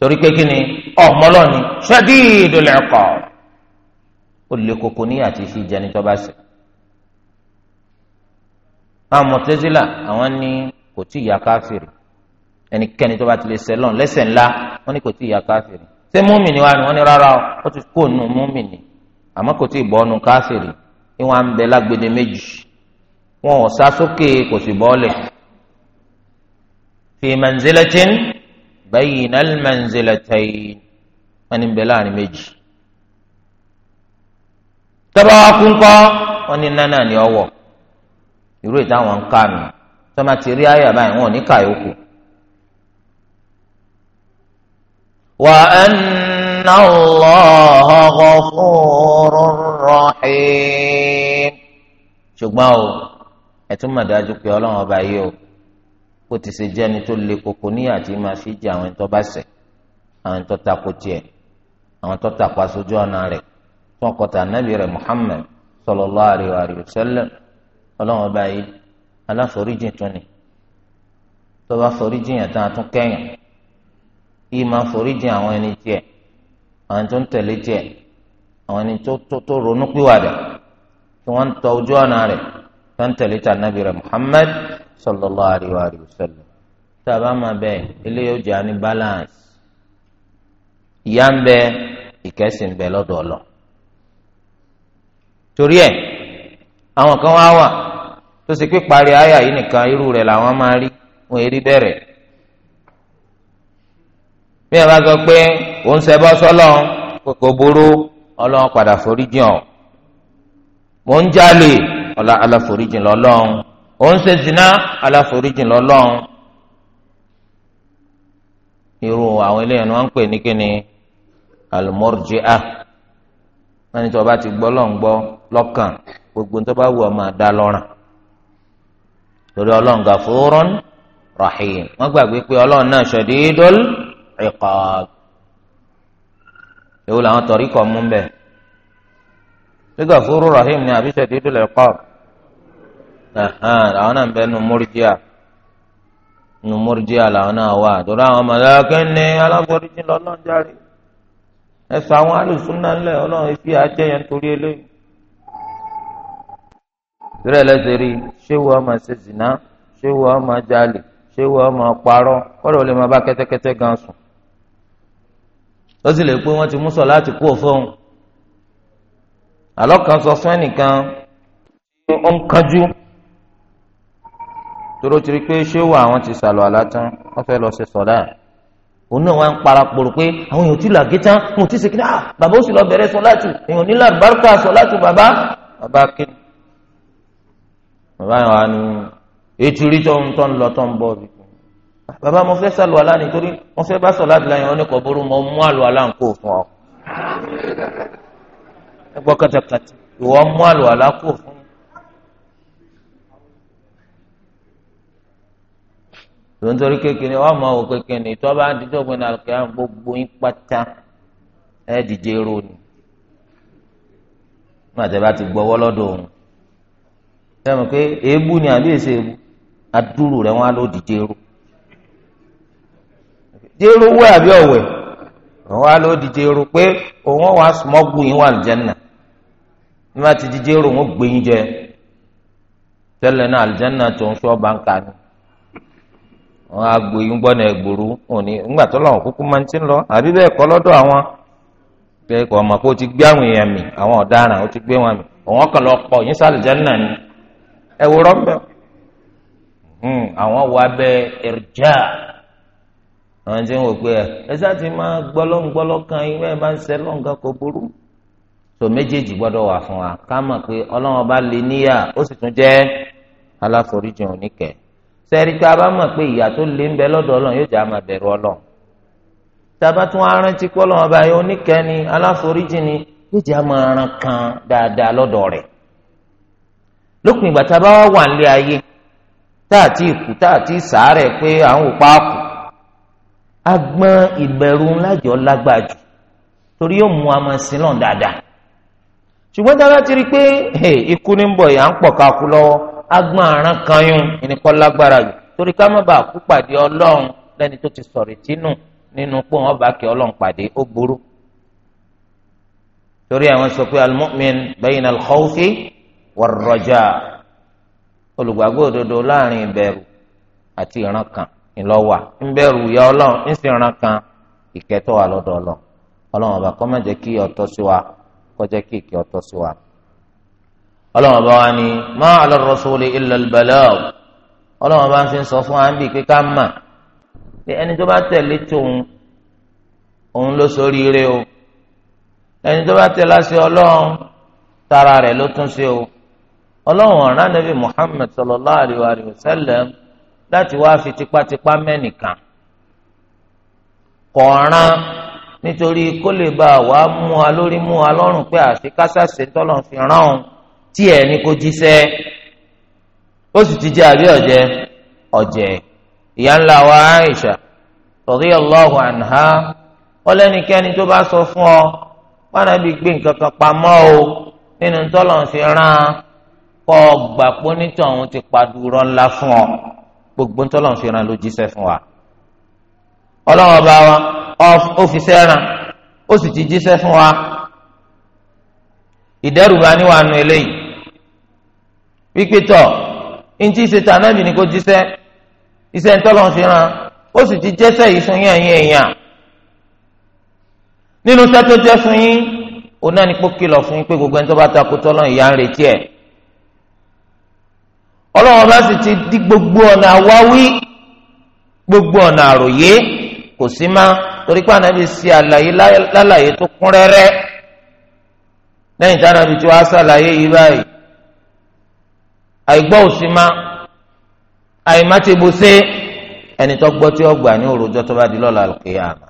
torí pé kí ni ọ̀mọ́lọ́ni shadidul iqab ó lè koko níyà tí fi jẹni tọ́ba sí. àwọn mọ̀tẹ́sílà àwọn ní kò tí ì ya káfìrì ẹnikẹ́ni tó bá ti lè sẹ́lọ̀n lẹ́sẹ̀ ńlá wọ́n ní kò tí ì ya káfìrì ṣé múmìnì wa ni wọ́n ní rárá ó ti kó nu múmìnì àmọ́ kò tí ì bọ́nu káfìrì ni wọ́n á ń bẹ lágbede méjì wọn ò sá sókè kò sì bọ́ọ̀lẹ̀ fi manzilatin baynal manzilatayn wọ́n ní bẹ láàrin méjì tọ́ba wa kú ńkọ́ nánà ní ọwọ́ ìró ìtàwọn ń ká mi tọ́mà ti rí àyà báyìí wọn ò ní kà yòókù. wà á nà lọ́ọ́ ọ̀gọ́fóró rọ̀hìn. ṣùgbọ́n o ẹ tún mà dájú pé ọlọ́run ọba yìí o kó ti ṣe jẹ́ni tó le koko níyà tí máa fi jẹ àwọn ẹ̀tọ́ bá ṣẹ̀ àwọn ẹ̀tọ́ tako tiẹ̀ àwọn ẹ̀tọ́ tako aṣojú ọ̀nà rẹ̀ fún ọkọ̀tà nàbì rẹ̀ Muhammad sallallahu alaihi wa sallam ọlọ́run ọba yìí aláforíjì tún ni tó bá foríjì yẹn tán tún kẹ́yìn yìí máa foríjì àwọn ẹni tiẹ̀ àwọn tó ń tẹ̀lé tiẹ̀ àwọn ẹni tó tó tó ronú pìwàdà tí wọ́n ń tọ ojú ọ̀nà rẹ̀ tó ń tẹ̀lé tà nàbì rẹ̀ Muhammad sallallahu alayhi wa sallam tá a bá máa bẹ ilé yóò jẹ́ àní balance ìyá ń bẹ ìkẹ́sì ń bẹ lọ́dọ̀ ọ̀lọ́ torí ẹ̀ àwọn kan wá wà tó sì pé parí àyà yìí nìkan irú rẹ̀ làwọn máa rí wọn èrí bẹ̀rẹ̀ bí ẹ bá sọ pé òun ṣẹbọ sọ́lọ́run kò burú Ọlọ́run padà foríjì ọ mò ń jalè ọlọ aláforíjì lọ́lọ́run òun ṣe zina aláforíjì lọ́lọ́run irú àwọn eléyàn ni wọn ń pè ní kíni almorjia wọn ni tí wọn bá ti gbọ́ lọ́n gbọ́ lọ́kàn gbogbo ní tó bá wù ọ́ máa dá lọ́ràn torí ọlọ́run gàfúrún rahim wọ́n gbàgbé pé ọlọ́run náà ṣadidul iqab èwo làwọn tọ̀rí kọ̀ mú bẹ́ẹ̀ ṣé gàfúrún rahim ni àbí ṣadidul iqab àwọn náà ń bẹ nu múrjíà nu múrjíà làwọn náà wà torí àwọn mọ̀lẹ́kẹ́ ní aláforíjì lọ́lọ́run járe ẹ̀sọ́ àwọn alùsùn náà lẹ̀ ọlọ́run ìfìyà jẹ́yẹn torí eléyìí torí ẹlẹ́sẹ̀ rí ṣé wọ́n máa ṣe zìnà ṣé wọ́n máa jalè ṣé wọ́n máa parọ́ kọ́dọ̀ ó lè máa bá kẹ́tẹ́kẹ́tẹ́ gan sùn ó sì lè pé wọ́n ti mú sọ láti kú òfóun àlọ́ kan sọ fún ẹnìkan pé ó ń kánjú tóró ti rí pé ṣé wọ́n àwọn ti sàlọ̀ àlátán wọ́n fẹ́ lọ ṣe sọ̀dá òun náà wá ń parapòrò pé àwọn èèyàn ti làgé tán wọn ò ti ṣe kí ah, bàbá ó sì lọ bẹ̀rẹ̀ sọ láti èèyàn nílò àbárúkọ àṣọ láti bàbá bàbá kí bàbá yẹn wà ní ètò orí tó ń tọ́ ń lọ tó ń bọ̀ bí. bàbá mo fẹ́ sàlù àlá nítorí mo fẹ́ bá sọ̀lá àdìlá yẹn oníkọ̀ burú mo mú àlù àlá nǹkó fún ọ. ẹ gbọ́ kàtàkàtà ìwọ mú àlù àlá kó fún. tontori kékeré wọn máa wò kékeré ní tọ́ba àdìjọ́gbìn náà kí gbogbo yín pátá ẹ̀ dìje ro ni. nígbà tí a bá sẹ́mi pé èébú ni àbí èsè èébú adúrú rẹ̀ wọ́n á lò dìde ru dèrò wẹ́ àbí ọ̀wẹ́ wọ́n á lò dìde ru pé òun wà sùmọ́gù yín wà lùjẹ́nà na wọ́n ti dìde ru wọ́n gbé yín jẹ tẹ́lẹ̀ náà àlùjẹ́nà tó ń sọ́ báńkà ni wọ́n á gbé yín gbọ́nà ẹ̀gbòrú òní ńgbà tó lọ́wọ́ kúkú máa ẹwùrọ mbẹ hmm, àwọn wà bẹ ẹrìjà àwọn tí ń wò pé ẹ ṣáà ti máa gbọlọ́ngbọlọ́ kan irú ẹ máa ń ṣe lọ́ǹgà kò burú tó méjèèjì gbọ́dọ̀ wà fún wa ká mọ̀ pé ọlọ́run bá lè níyà ó sì tún jẹ́ aláforíjì oníkẹ́ sẹ́rí ká bá mọ̀ pé ìyà tó lé ń bẹ lọ́dọ̀ ọlọ́run yóò jẹ́ àmà bẹ̀rù ọlọ́run tábà tún arántí pé ọlọ́run bá yẹ ni aláforíjì ni yóò jẹ́ àmà aràn kan dáadáa lọ́dọ̀ rẹ̀ lópin ìgbà tá a bá wà nílé ayé tá a ti kú tá a ti sàárẹ̀ pé à ń wò torí yóò mú amọ̀ sí náà dáadáa ṣùgbọ́n tá a bá ti rí i pé ikú ní bọ̀ yà ń pọ̀ ká kú lọ́wọ́ kan yún ìnìkan lágbára jù torí ká má bàa kú pàdé ọlọ́run lẹ́ni ti sọ̀rọ̀ tínú nínú pé wọ́n bá kí ọlọ́run pàdé ó burú torí àwọn sọ pé wọ̀rọ̀jà olùgbàgbọ́ òdodo láàrin ìbẹ̀rù àti ìran kan ńlọ́wà ńbẹ̀rù ìyà ọlọ́run ńsì ìran kan ìkẹ́tọ́ wà lọ́dọ̀ ọlọ́run ọlọ́run ọba kọ́ má jẹ́ kí ọ̀tọ́ sí wa kọ́ jẹ́ kí ìkẹ́ ọ̀tọ́ sí wa. ọlọ́run ọba wa ni má ala rasuli illa al-balagh ọlọ́run ọba fi ń sọ fún àǹbì pé mà pé ẹni tó bá tẹ̀lé tòun òun ló soríire o ẹni tó bá tẹ̀lé àṣẹ ọlọ́run tara rẹ̀ ló tún ṣe o ọlọ́run ọ̀ràn nàbì muhammed sallallahu alayhi wa sallam láti wá fi tipátipá mẹ́nìkan kọ̀ọ̀ràn nítorí kó lè bá wa mú wa lórí mú wa lọ́rùn pé àfi kásásè tọ́lọ̀ fi rán òun tí ẹ̀ ní kó jíṣẹ́ ó sì ti jẹ́ àbí ọ̀jẹ́ ọ̀jẹ́ ìyá ńlá wa aisha radiyallahu anha ọlẹ́nikẹ́ni tó bá sọ fún ọ wọn àbí gbé nǹkan kan pamọ́ o nínú tọ́lọ̀ fi rán kọ́ ọgbà pọ́nítọ̀ ọ̀hún ti padùrọ̀ ńlá fún ọ gbogbo ńtọ́lọ̀ ń fi ràn ló jíṣẹ́ fún wa ọlọ́wọ́ bá wa ó fi sẹ́ràn ó sì ti jíṣẹ́ fún wa ìdẹ́rùbá níwàánu eléyìí wípé tọ̀ ntí ṣe tà náà bì ní kó jíṣẹ́ iṣẹ́ ńtọ́lọ̀ ń fi ràn ó sì ti jẹ́sẹ̀ yìí fún yín ẹ̀yin èèyàn nínú sẹ́tọ́ jẹ́ fún yín òun náà ní pé kìlọ̀ fún yín pé gbogbo ẹni tó bá takò tọ́lọ́ ìyá ń retí ẹ̀ ọlọ́wọ́n bá sì ti di gbogbo ọ̀nà àwáwí gbogbo ọ̀nà àròyé kò sí má torí pé ànábi ṣe àlàyé lálàyé tó kún rẹ́rẹ́ lẹ́yìn tí ànábi tí wàá ṣàlàyé yìí báyìí àìgbọ́ òsì má àìmátebùsẹ́ ẹni tó gbọ́ tí ó gbà ní òròjọ́ tó bá di lọ́la àlùkìyàmà.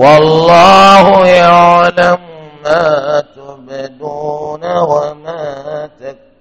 wallahu ya'lamu ma tubduna wa ma tẹ̀kọ́.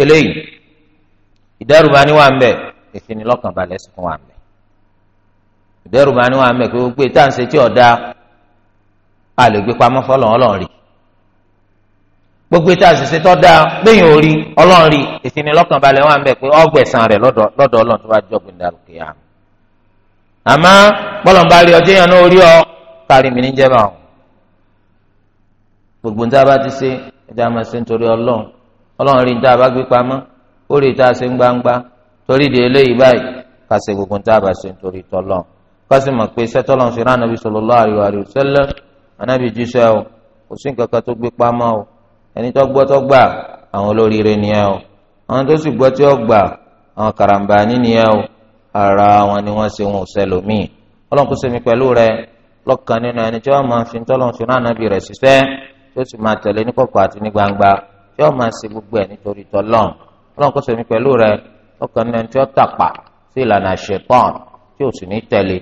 eléyìí ìdẹ́rùbà ni wà ń bẹ̀ ìfinilọ́kànbalẹ̀ sì tún wà ń bẹ̀ ìdẹ́rùbà ni wà ń bẹ̀ pé gbogbo ìta ń ọ̀dà a lè gbé pamọ́ fọlọ́n ọlọ́run rí gbogbo ìta ṣẹṣẹ tó dáa gbẹ̀yìn orí ọlọ́run rí ìfinilọ́kànbalẹ̀ wà ń bẹ̀ pé ọgbẹ̀sán rẹ̀ lọ́dọ̀ ọlọ́run tó bá jọ gbìndàrúkẹ́ yà àmọ́ bọ́lọ̀ ń bá rí ọjọ́ yẹn náà orí ọ kárí mi ní jẹ́ bá wọn gbogbo níta bá ti ṣe ẹja máa ṣe nítorí ọlọ́run rí ní tá a bá gbé pamọ́ ó rí tá a ṣe ń gbangba torí di eléyìí báyìí ká ṣe gbogbo tá a bá ṣe nítorí tọ́lọ́n ká sì mọ̀ pé sẹ́tọ́lọ́n fi rán anabi sallallahu alaihi wasallam anabi jíṣẹ́ o kò sí nǹkan kan tó gbé pamọ́ o ẹni tó gbọ́ tó gbà àwọn olóríire ni ẹ o àwọn tó sì gbọ́ tí ó gbà àwọn karambani ni ẹ o ara wọn ni wọ́n ṣe wọn ò sẹ́lòmíì ọlọ́run kó sẹ́mi pẹ̀lú yóò máa ṣe gbogbo ẹ̀ nítorí tọ́lọ́n ọlọ́run kò sọ mi pẹ̀lú rẹ ọkàn náà tí ó tàpá sí ìlànà àṣepọ́n tí ó sì ní tẹ̀lé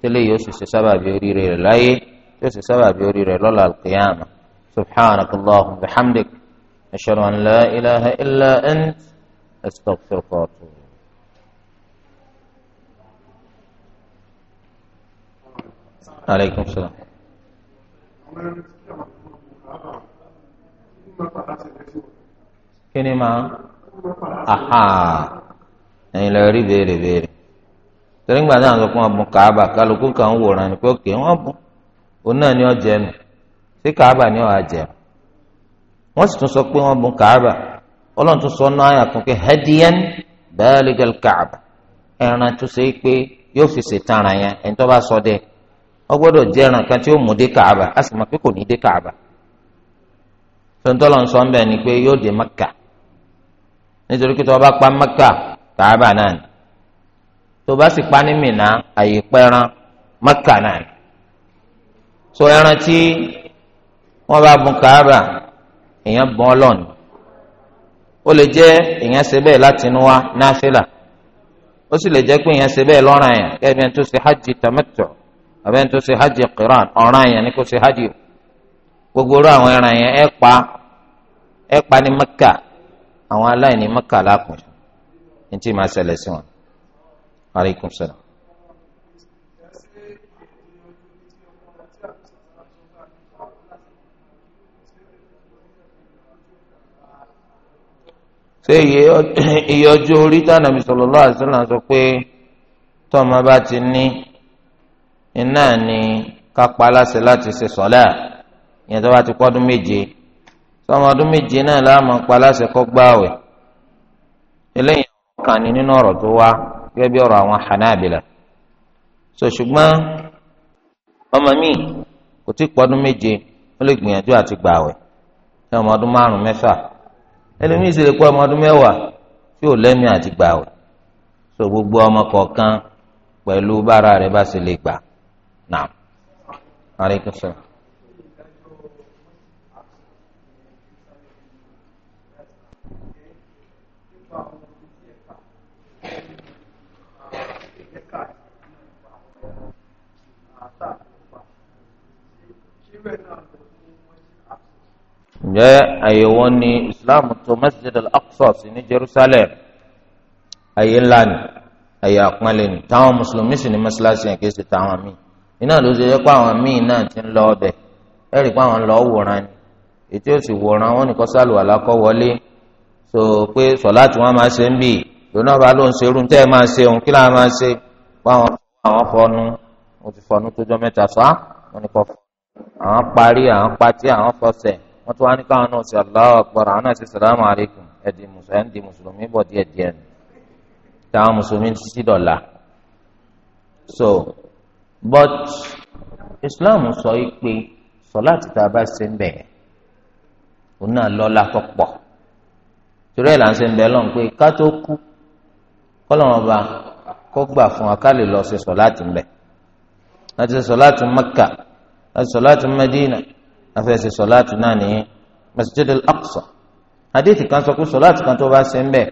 tẹ́lẹ̀ yóò sì ṣe sábàbí oríire rẹ̀ láyé tí ó sì sábàbí oríire rẹ̀ lọ́la alqiyama subhanakallahumma bihamdik ashhadu an la ilaha illa ant astaghfiruka wa atubu عليكم السلام kí ni aha ẹ̀yin lọ rí béèrè béèrè torí ń gbà náà sọ fún wọn bùn kálukú kan ń wòran ni pé òkè wọn bùn òun náà ni ọ jẹnu sí kaaba ni ọ àjẹun wọ́n sì tún sọ pé wọ́n tún sọ náà àyàkùn pé hẹ́díẹ́n bẹ́ẹ̀lìgẹ́l kàába ẹran tún pé yóò fi ṣètàn sọ dẹ ọ gbọdọ ẹran kan tí ó mú dé a sì tontọ́lọ̀ ń sọ ń bẹ̀ ni pé yóò dé maka nítorí pé o bá pa maka kàába náà ni tó o bá sì pa ní mìnà àyè maka náà ni so ẹran tí wọ́n bá bùn kàába èèyàn bọ́n lọ́nù ó lè jẹ́ èèyàn ṣe bẹ́ẹ̀ láti inú wa náfìlà ó sì lè jẹ́ pé èèyàn ṣe bẹ́ẹ̀ ẹni tó ṣe hajj àbẹ́ni tó ṣe hajj gbogbo àwọn ẹran yẹn ẹ pa ní mẹ́kà àwọn aláìní mẹ́kà lápò ní tí màá ṣẹlẹ̀ sí wọn. aleykum salaam. ṣé iye ọjọ́ orí tánà mi sallallahu alaihi wasallam sọ pé tọ́mọ bá ti ní iná ni kápá aláṣẹ láti ṣe sọ́lá ìyẹn tó bá ti kọ́dún méje sọmọ ọdún méje náà láàmú paláṣẹ kọ gbáwẹ̀ eléyìí kan ní nínú ọ̀rọ̀ tó wá gẹ́gẹ́ bí ọ̀rọ̀ àwọn hanabila so ṣùgbọ́n ọmọ mi kò tí pọ́dún méje ó lè gbìyànjú àti gbààwẹ̀ ní ọmọ ọdún márùn mẹ́fà ẹlòmíì sì lè pọ́ ọmọ ọdún mẹ́wàá tí ò lẹ́mìí àti gbààwẹ̀ so gbogbo ọmọ kọ̀ọ̀kan pẹ̀lú bára rẹ̀ bá ṣe lè gbà náà. Alaikum salaam. ǹjẹ́ àyẹ̀wò ni islam tó masjid al-aqsa sí ní jerusalem àyè ńlá ni àyè àpọ́nlé ni táwọn mùsùlùmí sì ní mọ́ṣáláṣí yẹn kì í ṣe táwọn míì iná ló ṣe yẹ pé àwọn míì náà ti ń lọ ọbẹ̀ ẹ rí i pé àwọn ń lọ wòran ni ètò òsì wòran wọn ni kò sálùwà lákọ wọlé so pé sọlá tí wọn máa ṣe ń bì lónà bá ló ń ṣe irú tẹ́ ẹ máa ṣe òun kí láà máa ṣe pé àwọn fọnù òun ti fọnù tó jọ mẹ́ta sọ àwọn parí àwọn patí àwọn fọsẹ̀ wọ́n tún wá ní káwọn náà ṣe Allahu Akbar àwọn náà ṣe sàlámù alaykum ẹ̀dì mùsùlùmí bọ̀ díẹ̀ díẹ̀ ni táwọn mùsùlùmí ń ṣí dọ̀là so but Islam sọ yìí pé sọlá ti ta bá ṣe ń bẹ̀ òun náà lọ́lá tó pọ̀ torí ẹ̀ là ń ṣe ń bẹ̀ lọ́n pé ká tó kú kọ́lọ́run ọba kó gbà fún wa ká lè lọ ṣe sọlá ti ń bẹ̀ láti ṣe sọlá ti Mẹ́kà asọláàtì Madina afẹsẹ sọláàtì náà ní Masjid al-Aqsa hadithi kan sọ pé sọláàtì kan tó bá ṣe ń bẹ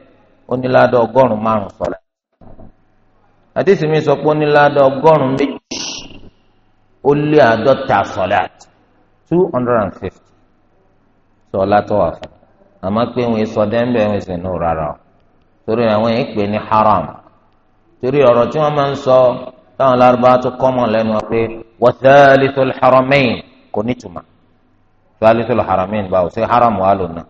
ó ní ládàá ọgọ́rùn márùn sọlá hadithi mi sọ pé ó ní ládàá ọgọ́rùn méjì ó lé àádọ́ta sọláàtì two hundred and fifty sọlá tó wà fún àmọ́ pé wọn sọ dẹ́ńbẹ́ wọn sì nù rárá o torí àwọn yẹn pè ní haram torí ọ̀rọ̀ tí wọ́n máa ń sọ táwọn lárúbá tó kọ́ mọ̀ lẹ́nu pé. wọ́tálítò haramain kò nítumọ̀ tálítò haramain báwo ṣe haram wà lónà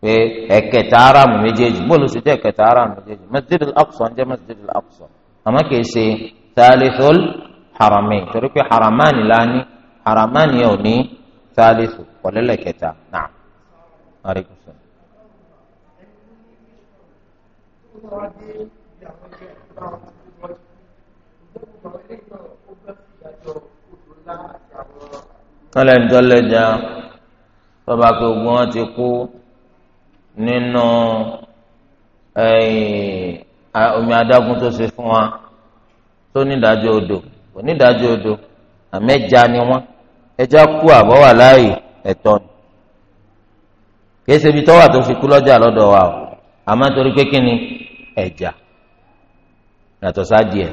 pé ẹ̀kẹta haramu méjèèjì bóòlù sí jẹ́ ẹ̀kẹta haramu méjèèjì masjid al-aqsa ń jẹ́ masjid al-aqsa àmọ́ kìí ṣe tálítò haramain torí pé haramani la ní haramani ò ní tálítò wọ́lẹ́lẹ̀kẹta náà. Alaikum salaam. Thank you. kálẹ̀ ń tọ́lẹ̀jà tọ́ba pé ogun wọn ti kú nínú omi adágún tó ṣe fún wa tó nídàájọ́ odò kò nídàájọ́ odò àmẹ́ja ni wọ́n ẹja kú àbọ̀ wà láàyè ẹ̀tọ́ ni kìí ṣe ibi tọ́wà tó fi kú lọ́jà lọ́dọ̀ wa o àmọ́ torí pé kí ni ẹ̀jà yàtọ̀ sáà díẹ̀.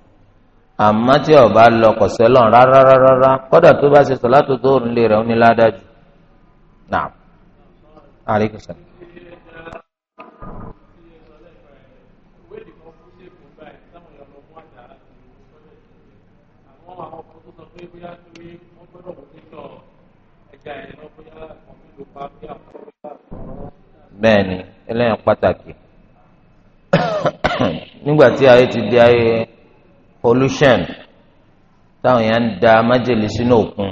àmọ́ tí ọba lọ kọ̀sẹ́ lọ rárá rárá rárá kọ́dà tó bá ṣe sọ látò tó ń lè rẹ̀ ó ní ládájú. Naam. Alaikum salaam. bẹ́ẹ̀ni ẹlẹ́yìn pàtàkì [COUGHS] nígbà tí ayé ti di ayé pollution táwọn èèyàn ń da májèlé sínú òkun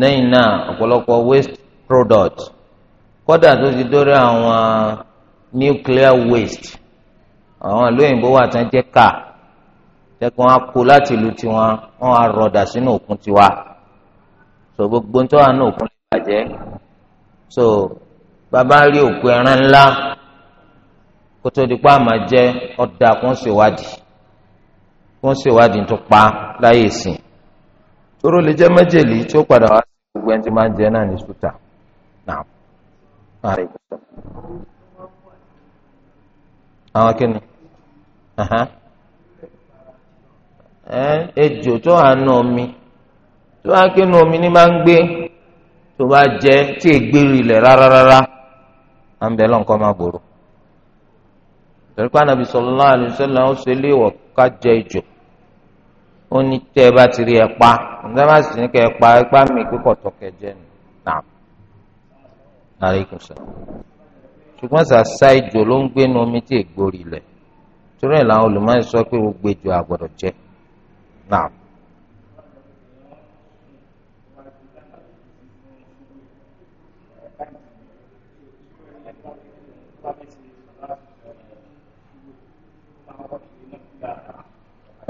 lẹ́yìn náà ọ̀pọ̀lọpọ̀ waste product kódà tó ti dórí àwọn nuclear waste àwọn ìlú òyìnbó wà tán jẹ́ ká tẹ́kun á kó láti ìlú tiwọn wọ́n á rọ̀dà sínú òkun tiwa so gbogbo tó wà ní òkun lè bàjẹ́ so bàbá rí òkú ẹran ńlá kótó dípò àmàjẹ ọ̀dà kan ṣèwádìí. wọ́n ṣe ìwádìí tó pa láyé ìsìn tóró lè jẹ́ májèlé tí ó padà wá sí gbogbo ẹni tí máa ń jẹ náà ní ṣúta náà. àwọn kí ni ejò tó hàn nù omi tó wà kí nù omi ní máa ń gbé tó bá jẹ tí ègbérí ilẹ̀ rárá à ń bẹ̀ lọ́nkọ́ máa ó ṣe léèwọ̀ ká jẹ ìjò ó ní tẹ́ ẹ bá ti rí ẹ pa ǹjẹ́ má sì ní kẹ́ ẹ pa ẹ pa mí kíkọ̀ tó kẹ́ jẹ́ nù náà àríkùsọ ṣùgbọ́n sàṣà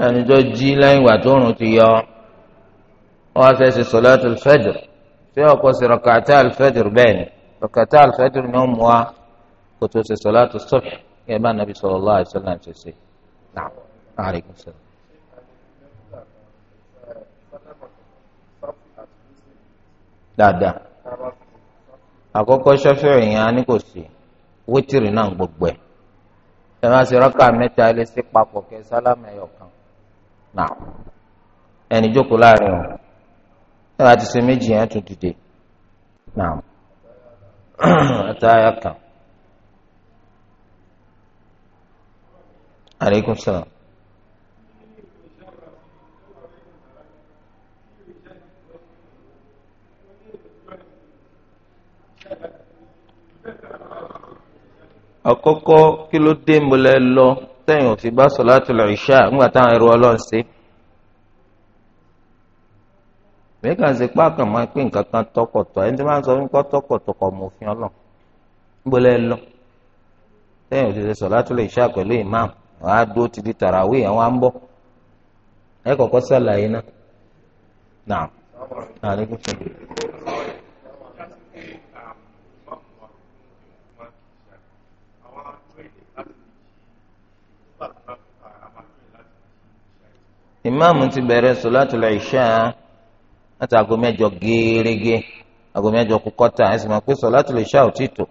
ẹni tó jí lẹ́yìn ìgbà tó rùn ti yọ ọ wá fẹ́ ṣe sọ̀láàtù alfẹ́dùr tí ọkọ̀ sí rọ̀kàtà alfẹ́dùr bẹ́ẹ̀ ni rọ̀kàtà alfẹ́dùr ni ó mú wa kó tó ṣe sọ̀láàtù sọ̀fì kí ẹ bá nàbí sallallahu alaihi wasallam ṣe ṣe náà àríkún sọ. dáadáa àkọ́kọ́ ṣọ́fẹ́ ìyẹn á kò sí wítìrì náà gbogbo ẹ̀ ẹ máa ṣe rọ́kà mẹ́ta ẹ lè papọ̀ kẹ́ sálámù ẹ̀yọ̀ kan. na. ẹni jókòó láàrin o ẹ ti ṣe méjì yẹn tún dìde nà àtàyà [CLEARS THROAT] kan. aleykum salaam. àkọ́kọ́ tẹ̀yìn ò fi bá sọ̀látù ìṣá nígbà táwọn ẹrú ọlọ́run ṣe. mẹ́kà ṣe páàkàn máa pín nǹkan kan tọkọ̀tọ̀ ẹni tí wọ́n sọ wípé tọkọ̀tọ̀ kọ̀ mọ̀ òfin ọlọ́run gbọ́lẹ́ lọ tẹ̀yìn ò ti ṣe ìṣá pẹ̀lú imam wọ́n dúró ti di àwọn ń bọ̀ ẹ kọ̀kọ́ sàlàyé náà. ìmáàmù ti bẹ̀rẹ̀ sọ̀látùl ìṣá láti aago mẹ́jọ gẹ́ẹ́rẹ́gẹ́ aago mẹ́jọ kù ẹ̀sìn máa pé sọ̀látùl ìṣá ò tí tò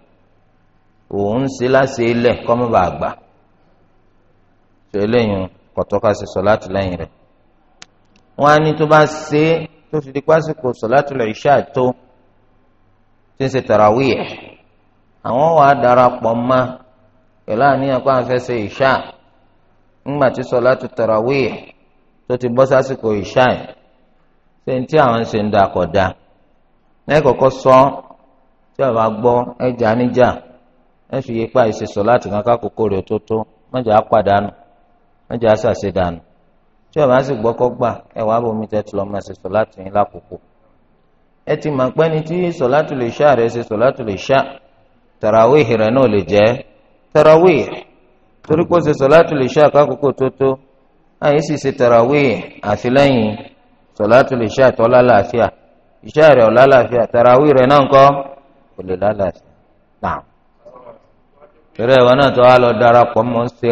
si ṣe láṣẹ ilẹ̀ kọ́mọ́bà àgbà tó eléyìí kọ̀tọ́ka ṣe lẹ́yìn rẹ̀ wọ́n á ní tó bá ṣe tó fi di pásíkò tí ń àwọn wà á darapọ̀ mọ́ pẹ̀lú àníyàn pé àwọn fẹ́ se ìṣá ńgbà tí tó ti bọ́ sásìkò ìṣáì ṣe ń tí àwọn ṣe ń da kọ̀dá ẹ sọ tí ọba agbọ́ ẹ jà níjà ẹ fi pa ìṣesọ láti kankan kókó rẹ̀ tó tó mọ̀jà á pàdánù á ṣàṣe dànù tí ọba sì gbọ́ kọ́ gbà láti yín lákòókò ẹ ti mọ̀ pẹ́ni tí sọ láti lè ṣá rẹ̀ ṣe láti lè ṣá rẹ̀ àyè si se tarawih àfi lẹ́yìn sọ̀látù lè ṣe àtọ́ lálàáfíà iṣẹ́ rẹ̀ ọ̀la lálàáfíà tarawih rẹ̀ náà ń kọ́ kò lè lálàáfíà náà. torí náà tó wá lọ darapọ̀ mọ́ ń ṣe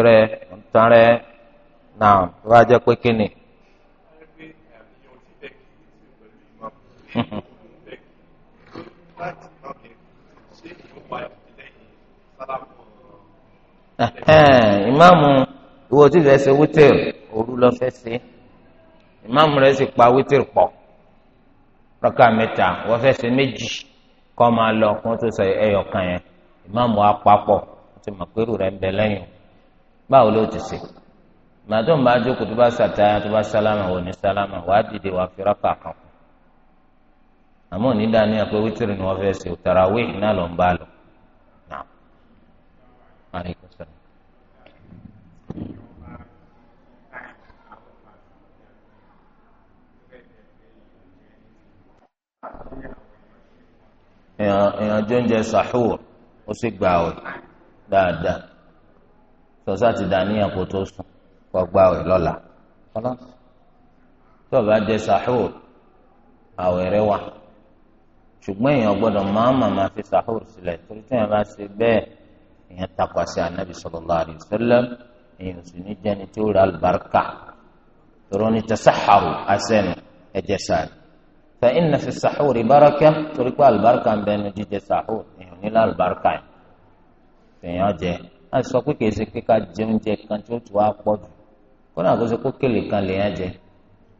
náà tó wá jẹ́ pé kíni. [LAUGHS] ìmáàmù ìwọ tí ìfẹsẹ̀ òru lọ fẹ́ se ìmáàmù rẹ̀ sì pa wítìrì pọ̀ rákà mẹ́ta wọ́n fẹ́ ṣe méjì kọ́ máa lọ kó tó sọ ẹyọ kan yẹn ìmáàmù wa papọ̀ ti mọ̀ pé irú rẹ̀ ń bẹ lẹ́yìn báwo ló ti ṣe màdùn bá jókòó tó bá ṣàtàyà tó bá sálámà wò ní sálámà wàá dìde wàá fi rákà kan àmọ́ onídàá ní àpé wítìrì ni wọ́n fẹ́ ṣe tàràwé náà ló ń bá lọ. Alaikum salaam. èèyàn jọ ń jẹ sàhùr ó sì gbà ọ dáadáa sọsọ àti dàníyàn kò tó sùn kó gbà ọ lọ́la tí ọba jẹ sàhùr àwẹ̀ rẹ wà ṣùgbọ́n èèyàn gbọ́dọ̀ máa màmá fi sàhùr sílẹ̀ torí tí èèyàn bá ṣe bẹ́ẹ̀ èèyàn takwasẹ̀ ànábì sallallahu alaihi wasallam èèyàn sì ní jẹ́ni tí ó rà àlùbáríkà tòrọ́ ni tasaharu asẹ́nu ẹ̀jẹ̀ sáré fa inna fi sàhóòrì báraka torí pé àlùbáríkà ń bẹnu jíjẹ sàhóò èèyàn nílò àlùbáríkà èèyàn jẹ a sọ pé kìí ṣe pé ká jẹ kan tí ó tù wá pọ̀ jù kó náà kó ṣe kó kélé kan lèèyàn jẹ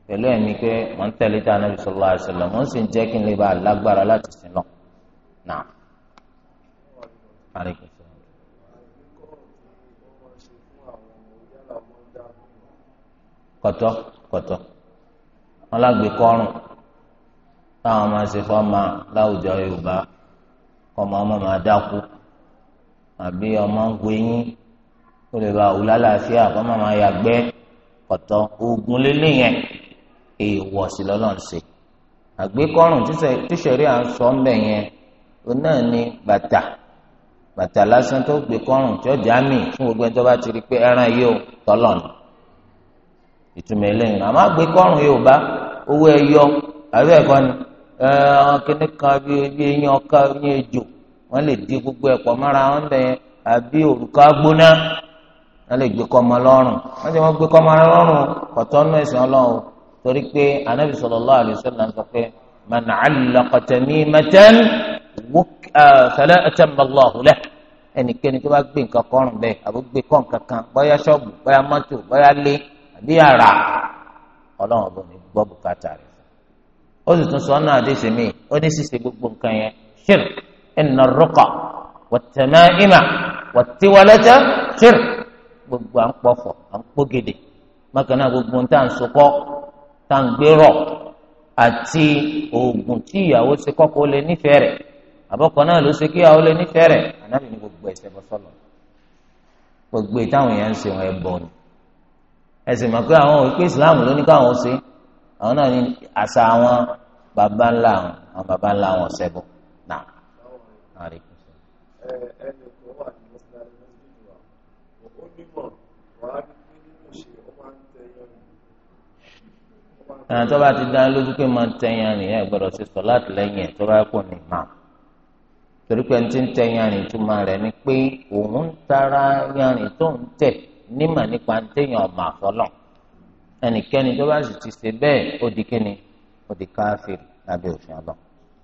pẹ̀lú ẹ̀mí pé wọ́n ń tẹ̀lé tá a nàbì sallallahu alaihi wasallam wọ́n sì ń jẹ́ kí n lè bá a lágbára láti sin lọ. kọ̀tọ́ kọ̀tọ́ wọn lágbè kọ́rùn-ún táwọn máa ṣe fọ́ọ̀mà láwùjọ yorùbá ọmọ ọmọ máa dákú àbí ọmọ ń gbé yín kó lè ba àwùlá làásìá kọ́ máa máa yàgbẹ́ ọ̀tọ̀ oògùn lélẹ̀ yẹn èèwọ̀ sí lọ́lọ́run ṣe àgbékọ́rùn tíṣẹ̀rí à ń sọ ń bẹ̀ yẹn ó náà ní bàtà bàtà lásán tó gbé kọ́rùn tí ọjà mì fún gbogbo ẹni tó bá ti rí pé ẹran yìí ò tọ́lọ̀ nù ìtumọ̀ eléyìí àmọ́ àgbékọ́rùn yóò bá owó ẹyọ àbí ẹ̀kọ́ ni àwọn kìnnì kan bí ojú eyín ọ̀ka eyín ejò wọ́n lè di gbogbo ẹ̀pọ̀ mọ́ra wọn bẹ̀ àbí òrùka gbóná wọ́n lè gbé kọ́mọ lọ́rùn wọ́n ti wọ́n gbé kọ́mọ lọ́rùn kọ̀tọ́nù ẹ̀sìn ọlọ́run torí pé anabi sallallahu alaihi wasallam sọ pé man allaqa tamimatan fala Allahu lahu ẹnikẹ́ni tó bá gbé nǹkan kọ́rùn bẹ́ẹ̀ àbó gbé kọ́ nǹkan kan bóyá ṣọ́ọ̀bù bóyá mọ́tò bóyá lé àbí yàrá ọlọ́run ọ̀bùn ní gbọ́ bùkátà rẹ̀ ó sì tún sọ ọ́nà àdéhùn mi ó ní ṣíṣe gbogbo nǹkan yẹn shirk inna ruqa wat-tama'ima wat-tiwalata shirk gbogbo à ń pọ̀fọ̀ à ń pọ́gẹ̀dẹ̀ bákan náà gbogbo ń tà ń sokọ́ tà ń gbérọ̀ àti oògùn tí ìyàwó ṣe kọ́kọ́ lé nífẹ̀ẹ́ rẹ̀ àbọ̀kọ náà ló ṣe kí ìyàwó lé nífẹ̀ẹ́ rẹ̀ ànábì ní gbogbo ẹ̀ṣẹ̀ bọ́ gbogbo ìtàwọn èèyàn ń ṣe wọn ẹbọ ni ẹ̀sìn mọ̀ pé àwọn òwe ìsìláàmù ló ṣe àwọn náà ní àṣà àwọn baba ńlá àwọn àwọn baba ńlá àwọn ọ̀sẹ̀ bọ̀ náà. ẹnì kan wà ní mọ́sálásí mọ́sálásí wa ó nímọ̀ wàá rí pé nínú ṣe ó máa ń tẹ̀yàn nì. tó bá ti dá lójú pé máa ń tẹ̀yàn nì ẹ gbọ́dọ̀ ṣe sọ láti lẹ́yìn ẹ̀ tó bá pọ̀ ní ìmọ̀ torí pé ẹni tí ń tẹ̀yàn nì túmọ̀ rẹ̀ ni pé òun ń tara yanrìn tó ń tẹ̀ nímọ̀ nípa ń tẹ̀yàn ọ̀mà àfọlọ́ ẹnikẹ́ni tó bá sì ti ṣe bẹ́ẹ̀ ó di kíni ó di káfíìrì lábẹ́ òfin ọlọ́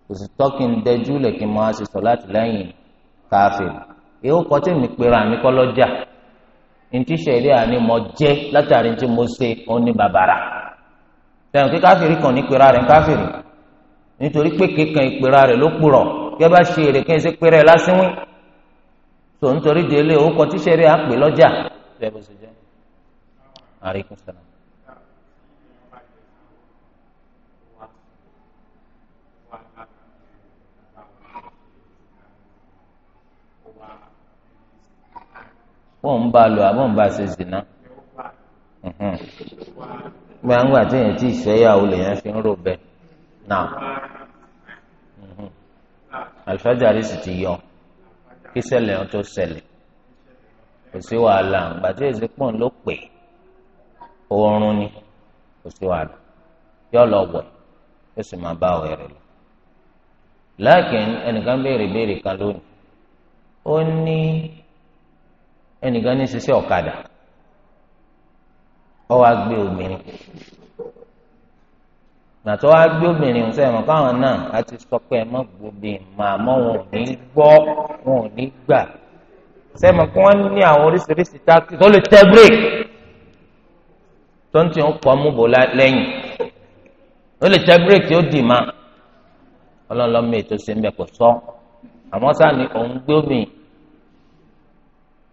kò sì tọ́kì ń dẹjú lẹ̀ kí n máa ṣe sọ láti lẹ́yìn káfíìrì èyí kọ́ tí mi pera mi kọ́ lọ́jà ntí sẹ̀rí àní mo jẹ́ látàrí tí mo ṣe òun ní bàbàrà sẹ́yìn kí káfíìrì kàn ní pera rẹ̀ káfíìrì nítorí pé kékan ìpera rẹ̀ ló purọ́ kẹ́ bá ṣe èrè kí n ṣe pera ẹ̀ lásìwín tò nítorí délé òun tí sẹ̀rí àpè lọ́jà bẹ́ẹ̀ bó fóun bá lò àbọ̀ ń bá ṣe zìnà gbangba tí yẹn ti ṣẹ́yàwó lèyàn fi ń rò bẹ́ẹ̀ náà alifájàre sì ti yọ kí ṣẹlẹ̀ wọn tó ṣẹlẹ̀ kò sí wàhálà ǹgbà tí èsì pọ̀ ló pè oorun ni kò sí wàhálà yọ lọ wẹ̀ yóò sì máa bá ọ̀rẹ́ rẹ̀ lọ. láàkín ẹnìkan béèrè béèrè kan lónìí ó ní ẹnìkan ní ṣiṣẹ́ ọ̀kadà ó wá gbé obìnrin nàtọ́ wá gbé obìnrin ọ̀sẹ̀ ẹ̀mọ́ káwọn náà á ti sọ pé ẹ̀mọ́ gbòbí màmọ́ wọn ò ní gbọ́ wọn ò ní gbà sẹ́mọ̀ kí wọ́n ní àwọn oríṣiríṣi táàkì tó lè tẹ́ bírèkì tó ń tì ń pọ̀ mú bò lẹ́yìn ó lè tẹ́ bírèkì ó dì má ọlọ́lọ́mọ ètò ṣe bẹ̀ kò sọ àmọ́ sáà ni òun gbé obìnrin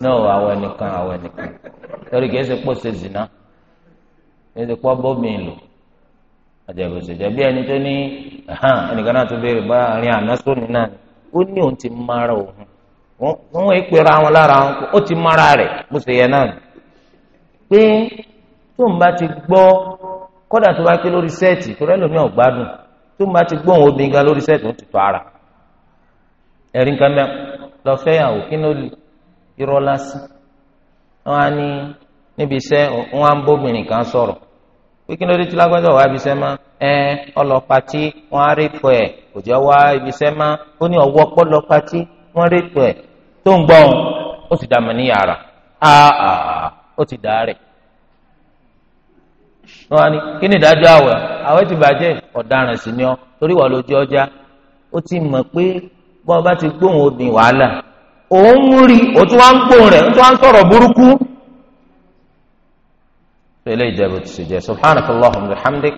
náà àwọn ẹnìkan àwọn ẹnìkan torí kìí ṣe pọ̀ ṣe zìnà kìí ṣe pọ̀ bómi lò àjẹbù ṣèjẹ ẹni tó ní ẹnìkan náà tó béèrè bá àárín àná náà ó ní òun ti mara òun wọn wọn ìpera wọn lára wọn ó ti mara rẹ̀ bó ṣe yẹ náà pé tó ń bá ti gbọ́ kódà tó bá pé lórí sẹ́ẹ̀tì torí ẹlòmíì ò gbádùn tó ń bá ti òun lórí ó ti ara irọ́ lásán wọn á ní níbi iṣẹ́ wọn á ń bóbìnrin kan sọ̀rọ̀ pé kí ló dé tí lágbájá wàá ibi iṣẹ́ má ẹ ọlọ́pàá tí wọ́n á rètò ẹ̀ kò jẹ́ wá ibi iṣẹ́ má ó ní ọwọ́ pọ́lọ́pàá tí wọ́n rètò ẹ̀ tó ń gbọ́n ó ti dààmú ní yàrá áà ó ti dà rẹ̀ wọn á ní kí ni ìdájọ́ àwẹ̀ àwẹ̀ ti bàjẹ́ ọ̀daràn sí ni ọ torí wà lójú ọjà ó ti mọ̀ pé bọ́n bá ti gbóhùn obìnrin wàhálà òun rí òtún wá ń gbóhùn rẹ̀ òtún wá ń sọ̀rọ̀ burúkú. ilé ìjẹ́bù ti ṣe jẹ́ subhanakallahumma wa bihamdik